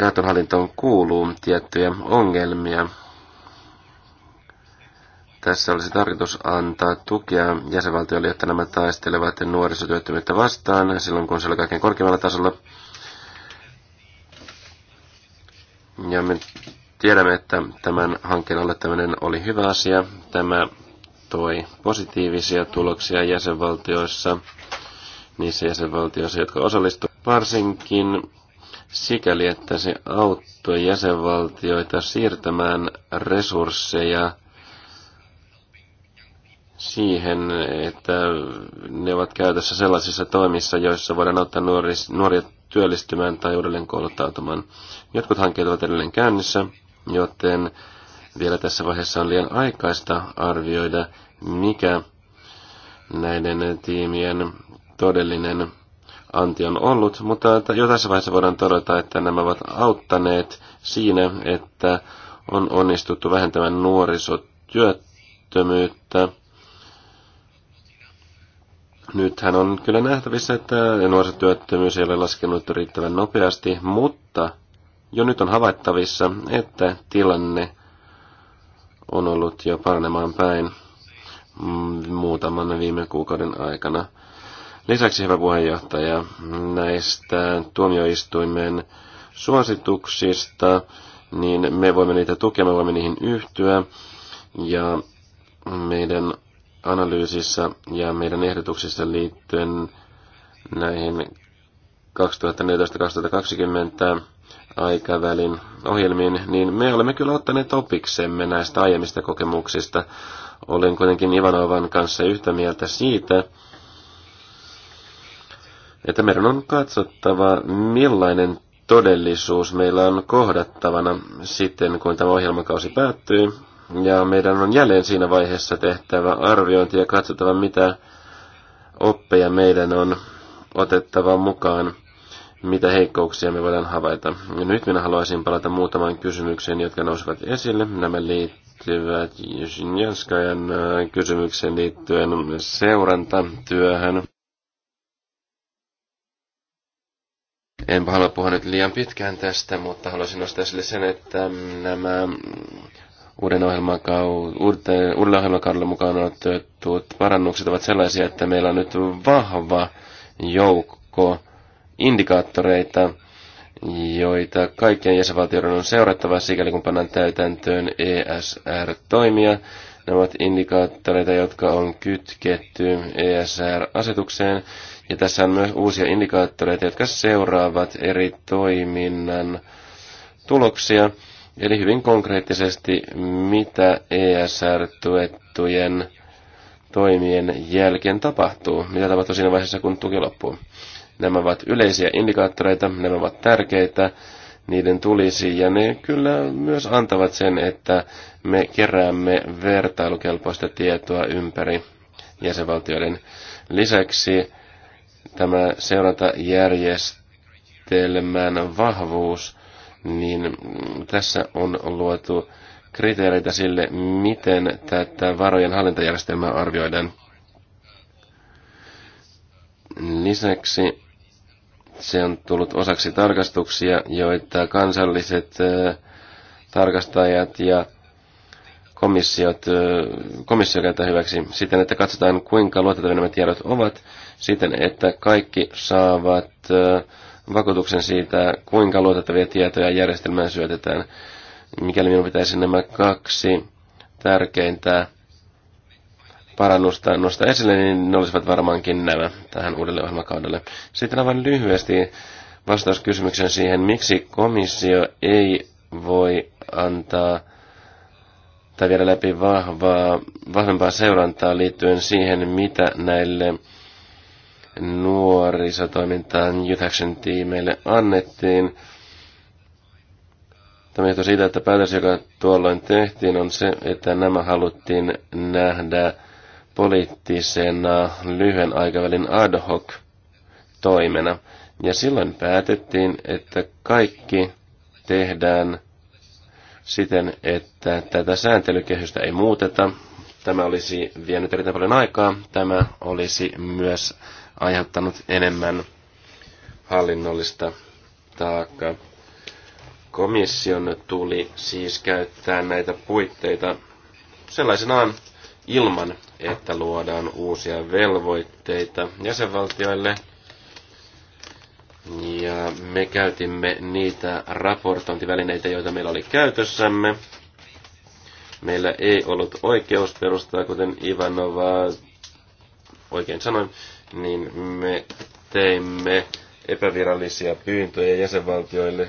jaetun hallintoon kuuluu tiettyjä ongelmia. Tässä olisi tarkoitus antaa tukea jäsenvaltioille, jotta nämä taistelevat nuorisotyöttömyyttä vastaan silloin, kun se oli kaiken korkeammalla tasolla. Ja me tiedämme, että tämän hankkeen aloittaminen oli hyvä asia. Tämä toi positiivisia tuloksia jäsenvaltioissa, niissä jäsenvaltioissa, jotka osallistuivat varsinkin sikäli, että se auttoi jäsenvaltioita siirtämään resursseja siihen, että ne ovat käytössä sellaisissa toimissa, joissa voidaan auttaa nuori, nuoria työllistymään tai uudelleen kouluttautumaan. Jotkut hankkeet ovat edelleen käynnissä, joten vielä tässä vaiheessa on liian aikaista arvioida, mikä näiden tiimien todellinen anti on ollut, mutta jo tässä vaiheessa voidaan todeta, että nämä ovat auttaneet siinä, että on onnistuttu vähentämään nuorisotyöttömyyttä. Nythän on kyllä nähtävissä, että nuorisotyöttömyys ei ole laskenut riittävän nopeasti, mutta jo nyt on havaittavissa, että tilanne on ollut jo paranemaan päin muutaman viime kuukauden aikana. Lisäksi hyvä puheenjohtaja näistä tuomioistuimen suosituksista, niin me voimme niitä tukea, me voimme niihin yhtyä ja meidän analyysissä ja meidän ehdotuksissa liittyen näihin 2014-2020 aikavälin ohjelmiin, niin me olemme kyllä ottaneet opiksemme näistä aiemmista kokemuksista. Olen kuitenkin Ivanovan kanssa yhtä mieltä siitä, että meidän on katsottava, millainen todellisuus meillä on kohdattavana sitten, kun tämä ohjelmakausi päättyy. Ja meidän on jälleen siinä vaiheessa tehtävä arviointi ja katsottava, mitä oppeja meidän on otettava mukaan mitä heikkouksia me voidaan havaita. Ja nyt minä haluaisin palata muutamaan kysymykseen, jotka nousivat esille. Nämä liittyvät Janskajan äh, kysymykseen liittyen seurantatyöhön. En halua puhua nyt liian pitkään tästä, mutta haluaisin nostaa esille sen, että nämä uuden ohjelmakaudella, uudella ohjelmakaudella mukaan otetut parannukset ovat sellaisia, että meillä on nyt vahva joukko indikaattoreita, joita kaikkien jäsenvaltioiden on seurattava sikäli kun pannaan täytäntöön ESR-toimia. Nämä ovat indikaattoreita, jotka on kytketty ESR-asetukseen. Ja tässä on myös uusia indikaattoreita, jotka seuraavat eri toiminnan tuloksia. Eli hyvin konkreettisesti, mitä ESR-tuettujen toimien jälkeen tapahtuu. Mitä tapahtuu siinä vaiheessa, kun tuki loppuu. Nämä ovat yleisiä indikaattoreita, nämä ovat tärkeitä, niiden tulisi ja ne kyllä myös antavat sen, että me keräämme vertailukelpoista tietoa ympäri jäsenvaltioiden lisäksi. Tämä seurantajärjestelmän vahvuus, niin tässä on luotu kriteereitä sille, miten tätä varojen hallintajärjestelmää arvioidaan. Lisäksi se on tullut osaksi tarkastuksia, joita kansalliset tarkastajat ja komissiot, komissio käyttää hyväksi siten, että katsotaan kuinka luotettavia nämä tiedot ovat, siten, että kaikki saavat vakuutuksen siitä, kuinka luotettavia tietoja järjestelmään syötetään. Mikäli minun pitäisi nämä kaksi tärkeintä parannusta nostaa esille, niin ne olisivat varmaankin nämä tähän uudelle ohjelmakaudelle. Sitten aivan lyhyesti vastaus kysymykseen siihen, miksi komissio ei voi antaa tai viedä läpi vahvaa, vahvempaa seurantaa liittyen siihen, mitä näille nuorisotoimintaan Youth Action tiimeille annettiin. Tämä johtuu siitä, että päätös, joka tuolloin tehtiin, on se, että nämä haluttiin nähdä poliittisena lyhyen aikavälin ad hoc toimena. Ja silloin päätettiin, että kaikki tehdään siten, että tätä sääntelykehystä ei muuteta. Tämä olisi vienyt erittäin paljon aikaa. Tämä olisi myös aiheuttanut enemmän hallinnollista taakkaa. Komission tuli siis käyttää näitä puitteita sellaisenaan ilman että luodaan uusia velvoitteita jäsenvaltioille. Ja me käytimme niitä raportointivälineitä, joita meillä oli käytössämme. Meillä ei ollut oikeusperustaa, kuten Ivanova oikein sanoi, niin me teimme epävirallisia pyyntöjä jäsenvaltioille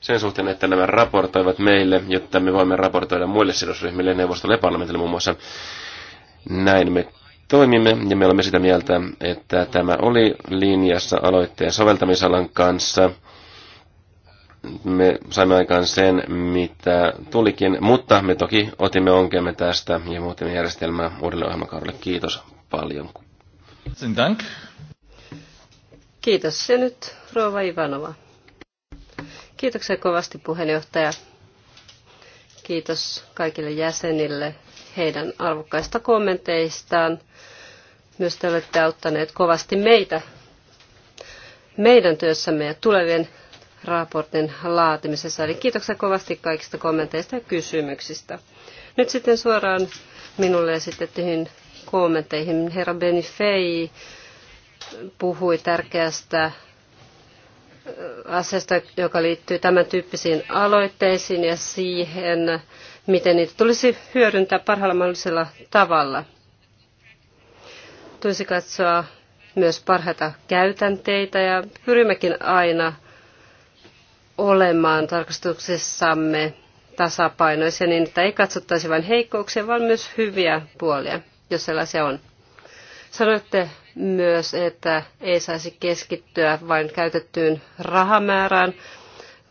sen suhteen, että nämä raportoivat meille, jotta me voimme raportoida muille sidosryhmille, neuvostolle ja parlamentille muun muassa. Näin me toimimme ja me olemme sitä mieltä, että tämä oli linjassa aloitteen soveltamisalan kanssa. Me saimme aikaan sen, mitä tulikin, mutta me toki otimme onkemme tästä ja muutimme järjestelmää uudelle ohjelmakaudelle. Kiitos paljon. Kiitos. Se nyt Rova Ivanova. Kiitoksia kovasti puheenjohtaja. Kiitos kaikille jäsenille heidän arvokkaista kommenteistaan. Myös te olette auttaneet kovasti meitä meidän työssämme ja tulevien raportin laatimisessa. Eli kiitoksia kovasti kaikista kommenteista ja kysymyksistä. Nyt sitten suoraan minulle esitettyihin kommentteihin. Herra Benifei puhui tärkeästä asiasta, joka liittyy tämän tyyppisiin aloitteisiin ja siihen, miten niitä tulisi hyödyntää parhaalla mahdollisella tavalla. Tulisi katsoa myös parhaita käytänteitä ja pyrimmekin aina olemaan tarkastuksessamme tasapainoisia niin, että ei katsottaisi vain heikkouksia, vaan myös hyviä puolia, jos sellaisia on. Sanoitte myös, että ei saisi keskittyä vain käytettyyn rahamäärään,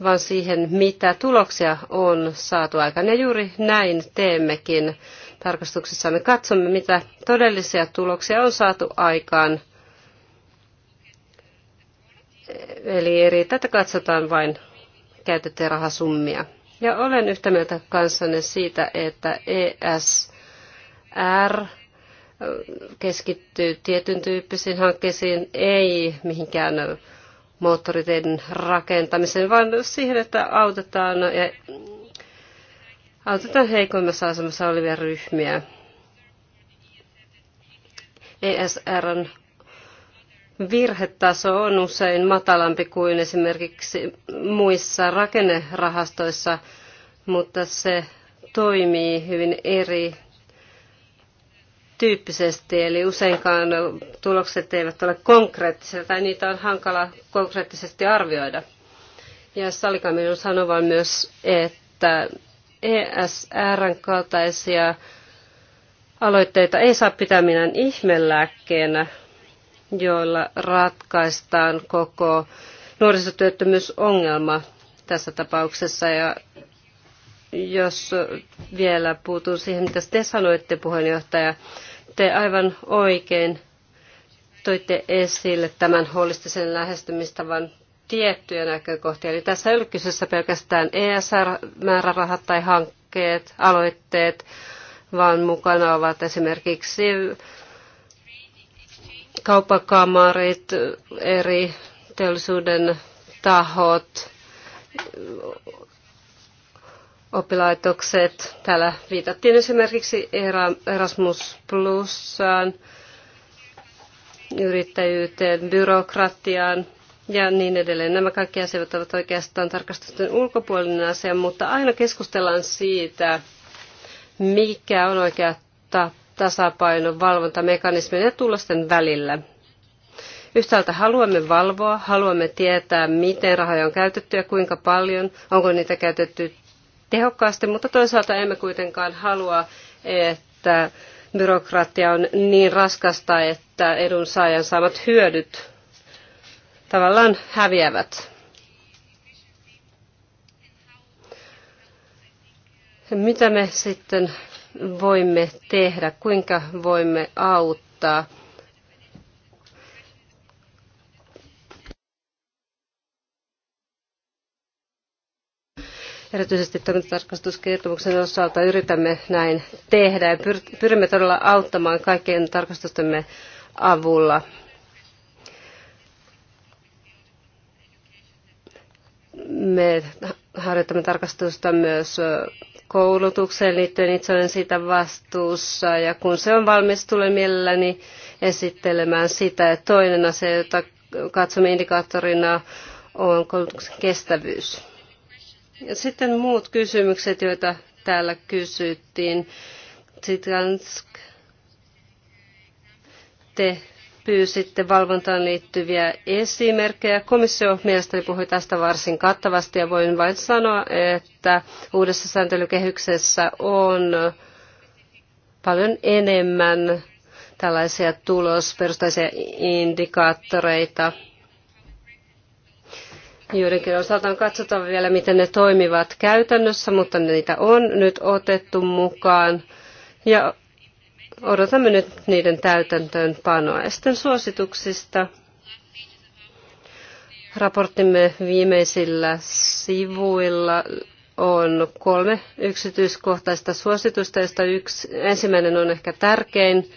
vaan siihen, mitä tuloksia on saatu aikaan. Ja juuri näin teemmekin tarkastuksessa. Me katsomme, mitä todellisia tuloksia on saatu aikaan. Eli ei tätä katsotaan vain käytettyjä rahasummia. Ja olen yhtä mieltä kanssanne siitä, että ESR keskittyy tietyn tyyppisiin hankkeisiin, ei mihinkään moottoriteiden rakentamiseen, vaan siihen, että autetaan, ja autetaan heikoimmassa asemassa olevia ryhmiä. ESRn virhetaso on usein matalampi kuin esimerkiksi muissa rakennerahastoissa, mutta se toimii hyvin eri tyyppisesti, eli useinkaan tulokset eivät ole konkreettisia tai niitä on hankala konkreettisesti arvioida. Ja Salikamin on sanova myös, että ESRn kaltaisia aloitteita ei saa pitää minään ihmelääkkeenä, joilla ratkaistaan koko nuorisotyöttömyysongelma tässä tapauksessa. Ja jos vielä puutun siihen, mitä te sanoitte, puheenjohtaja, te aivan oikein toitte esille tämän holistisen lähestymistavan tiettyjä näkökohtia. Eli tässä ei ole kyseessä pelkästään ESR-määrärahat tai hankkeet, aloitteet, vaan mukana ovat esimerkiksi kauppakamarit, eri teollisuuden tahot, oppilaitokset. Täällä viitattiin esimerkiksi Erasmus Plusaan, yrittäjyyteen, byrokratiaan ja niin edelleen. Nämä kaikki asiat ovat oikeastaan tarkastusten ulkopuolinen asia, mutta aina keskustellaan siitä, mikä on oikea tasapaino valvontamekanismin ja tulosten välillä. Yhtäältä haluamme valvoa, haluamme tietää, miten rahoja on käytetty ja kuinka paljon, onko niitä käytetty tehokkaasti, mutta toisaalta emme kuitenkaan halua, että byrokratia on niin raskasta, että edunsaajan saamat hyödyt tavallaan häviävät. Mitä me sitten voimme tehdä, kuinka voimme auttaa? Erityisesti toimintatarkastuskertomuksen osalta yritämme näin tehdä ja pyrimme todella auttamaan kaikkien tarkastustemme avulla. Me harjoitamme tarkastusta myös koulutukseen liittyen itse olen siitä vastuussa ja kun se on valmis, tulen mielelläni esittelemään sitä. Ja toinen asia, jota katsomme indikaattorina, on koulutuksen kestävyys. Ja sitten muut kysymykset, joita täällä kysyttiin. Sitransk, te pyysitte valvontaan liittyviä esimerkkejä. Komissio mielestäni puhui tästä varsin kattavasti ja voin vain sanoa, että uudessa sääntelykehyksessä on paljon enemmän tällaisia tulosperustaisia indikaattoreita – Joidenkin osalta on katsottava vielä, miten ne toimivat käytännössä, mutta niitä on nyt otettu mukaan. Ja odotamme nyt niiden täytäntöönpanoa. Ja sitten suosituksista. Raporttimme viimeisillä sivuilla on kolme yksityiskohtaista suositusta, joista yksi, ensimmäinen on ehkä tärkein.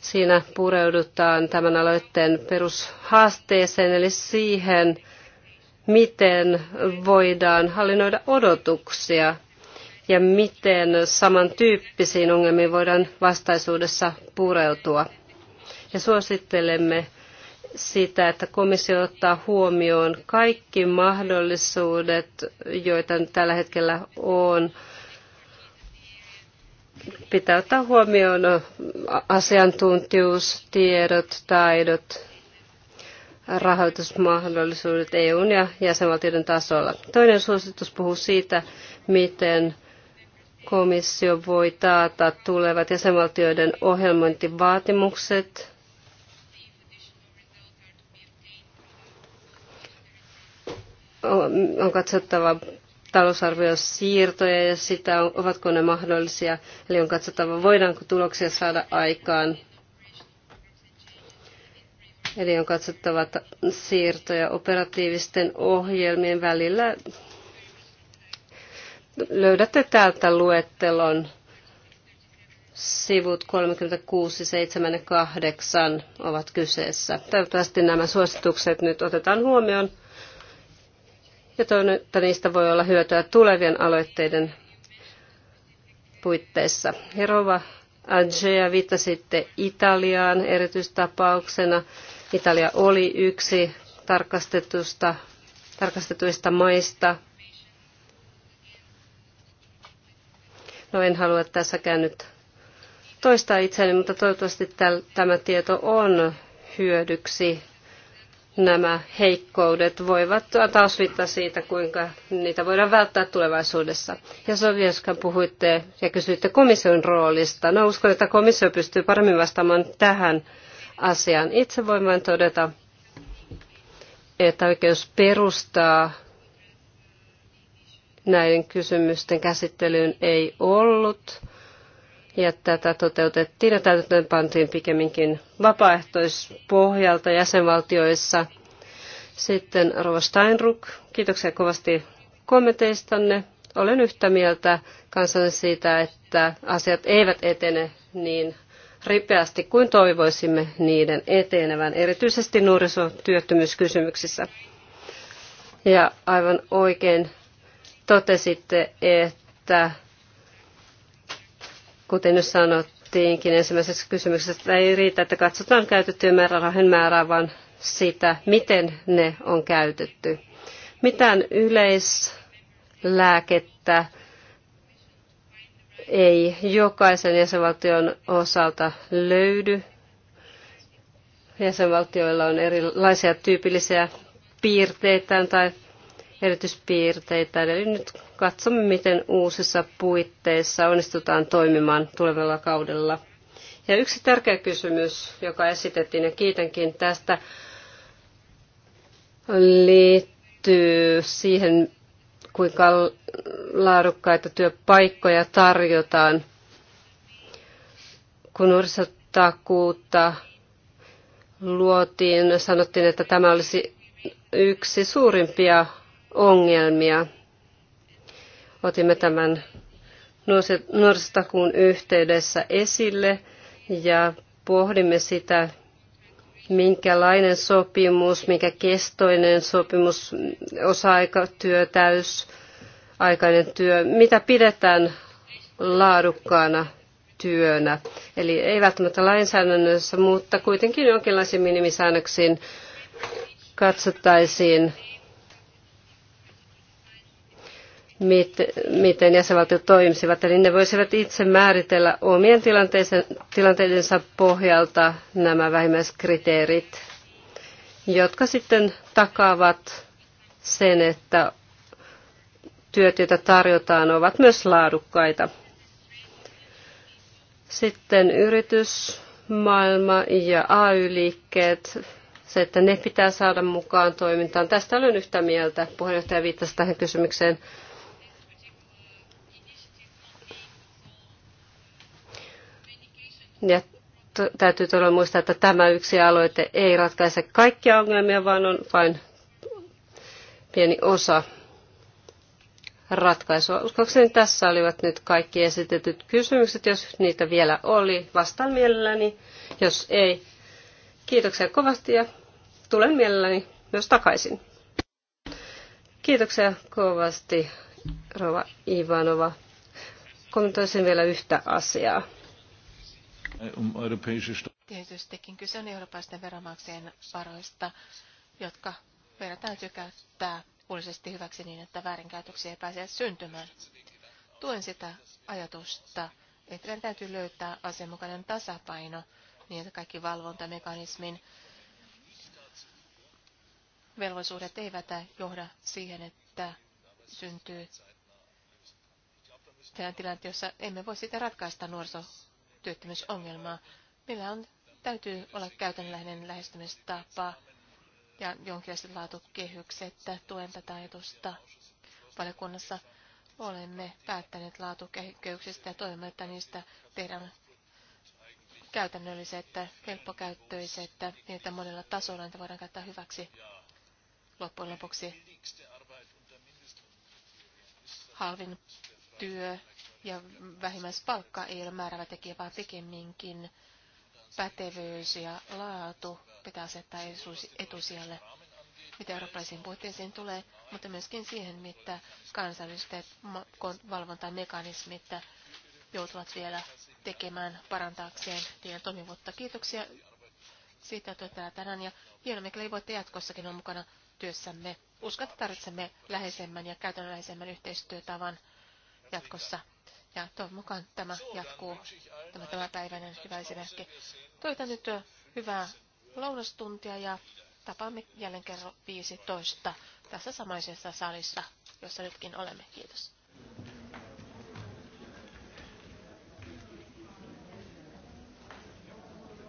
Siinä pureudutaan tämän aloitteen perushaasteeseen, eli siihen, miten voidaan hallinnoida odotuksia ja miten samantyyppisiin ongelmiin voidaan vastaisuudessa pureutua. Ja suosittelemme sitä, että komissio ottaa huomioon kaikki mahdollisuudet, joita tällä hetkellä on. Pitää ottaa huomioon asiantuntijuus, tiedot, taidot rahoitusmahdollisuudet EUn ja jäsenvaltioiden tasolla. Toinen suositus puhuu siitä, miten komissio voi taata tulevat jäsenvaltioiden ohjelmointivaatimukset on katsottava talousarviosiirtoja siirtoja ja sitä, ovatko ne mahdollisia. Eli on katsottava, voidaanko tuloksia saada aikaan Eli on katsottava siirtoja operatiivisten ohjelmien välillä. Löydätte täältä luettelon sivut 36, 7 ja 8 ovat kyseessä. Toivottavasti nämä suositukset nyt otetaan huomioon ja toivon, että niistä voi olla hyötyä tulevien aloitteiden puitteissa. Herova Adjea viittasitte Italiaan erityistapauksena. Italia oli yksi tarkastetusta, tarkastetuista maista. No en halua tässäkään nyt toistaa itseäni, mutta toivottavasti tämä tieto on hyödyksi. Nämä heikkoudet voivat antaa viittaa siitä, kuinka niitä voidaan välttää tulevaisuudessa. Ja Sovjeskan puhuitte ja kysyitte komission roolista. No uskon, että komissio pystyy paremmin vastaamaan tähän Asian Itse voin vain todeta, että oikeus perustaa näiden kysymysten käsittelyyn ei ollut. Ja tätä toteutettiin ja täytäntöön pantiin pikemminkin vapaaehtoispohjalta jäsenvaltioissa. Sitten Rova Steinruck, kiitoksia kovasti kommenteistanne. Olen yhtä mieltä kanssanne siitä, että asiat eivät etene niin ripeästi kuin toivoisimme niiden etenevän, erityisesti nuorisotyöttömyyskysymyksissä. Ja aivan oikein totesitte, että kuten jo sanottiinkin ensimmäisessä kysymyksessä, ei riitä, että katsotaan käytettyjen määrärahojen määrää, vaan sitä, miten ne on käytetty. Mitään yleislääkettä ei jokaisen jäsenvaltion osalta löydy. Jäsenvaltioilla on erilaisia tyypillisiä piirteitä tai erityispiirteitä. Eli nyt katsomme, miten uusissa puitteissa onnistutaan toimimaan tulevalla kaudella. Ja yksi tärkeä kysymys, joka esitettiin, ja kiitänkin tästä, liittyy siihen, kuinka laadukkaita työpaikkoja tarjotaan. Kun nuorisotakuutta luotiin, sanottiin, että tämä olisi yksi suurimpia ongelmia. Otimme tämän nuorisotakuun yhteydessä esille ja pohdimme sitä, minkälainen sopimus, mikä kestoinen sopimus, osa-aikatyö, täysaikainen aikainen työ, mitä pidetään laadukkaana työnä. Eli ei välttämättä lainsäädännössä, mutta kuitenkin jonkinlaisiin minimisäännöksiin katsottaisiin, miten jäsenvaltiot toimisivat. Eli ne voisivat itse määritellä omien tilanteidensa pohjalta nämä vähimmäiskriteerit, jotka sitten takaavat sen, että työt, joita tarjotaan, ovat myös laadukkaita. Sitten yritysmaailma ja AY-liikkeet, se, että ne pitää saada mukaan toimintaan. Tästä olen yhtä mieltä. Puheenjohtaja viittasi tähän kysymykseen Ja täytyy todella muistaa, että tämä yksi aloite ei ratkaise kaikkia ongelmia, vaan on vain pieni osa ratkaisua. Uskoakseni tässä olivat nyt kaikki esitetyt kysymykset. Jos niitä vielä oli, vastaan mielelläni. Jos ei, kiitoksia kovasti ja tulen mielelläni myös takaisin. Kiitoksia kovasti, Rova Ivanova. Kommentoisin vielä yhtä asiaa. Um Tietystikin kyse on eurooppalaisten veronmaksajien varoista, jotka meidän täytyy käyttää huolellisesti hyväksi niin, että väärinkäytöksiä ei pääse syntymään. Tuen sitä ajatusta, että meidän täytyy löytää asianmukainen tasapaino niin, että kaikki valvontamekanismin velvollisuudet eivät johda siihen, että syntyy tilanteessa jossa emme voi sitä ratkaista nuoriso työttömyysongelmaa. Meillä on, täytyy olla käytännönläheinen lähestymistapa ja jonkinlaiset laatukehykset tuen tätä ajatusta. Valiokunnassa olemme päättäneet laatukehyksistä ja toivomme, että niistä tehdään käytännölliset, helppokäyttöiset, niin että monella tasolla niitä voidaan käyttää hyväksi loppujen lopuksi. Halvin työ ja vähimmäispalkka ei ole määrävä tekijä, vaan pikemminkin pätevyys ja laatu pitää asettaa etusijalle, mitä eurooppalaisiin puitteisiin tulee, mutta myöskin siihen, mitä kansalliset valvontamekanismit joutuvat vielä tekemään parantaakseen teidän toimivuutta. Kiitoksia siitä, että olette tänään ja hienoa, mikäli voitte jatkossakin olla mukana työssämme. Uskon, että tarvitsemme läheisemmän ja käytännönläheisemmän yhteistyötavan jatkossa. Ja toivon mukaan tämä jatkuu, tämä, tämä päiväinen hyvä esimerkki. Toivotan nyt hyvää lounastuntia ja tapaamme jälleen kerran 15 tässä samaisessa salissa, jossa nytkin olemme. Kiitos.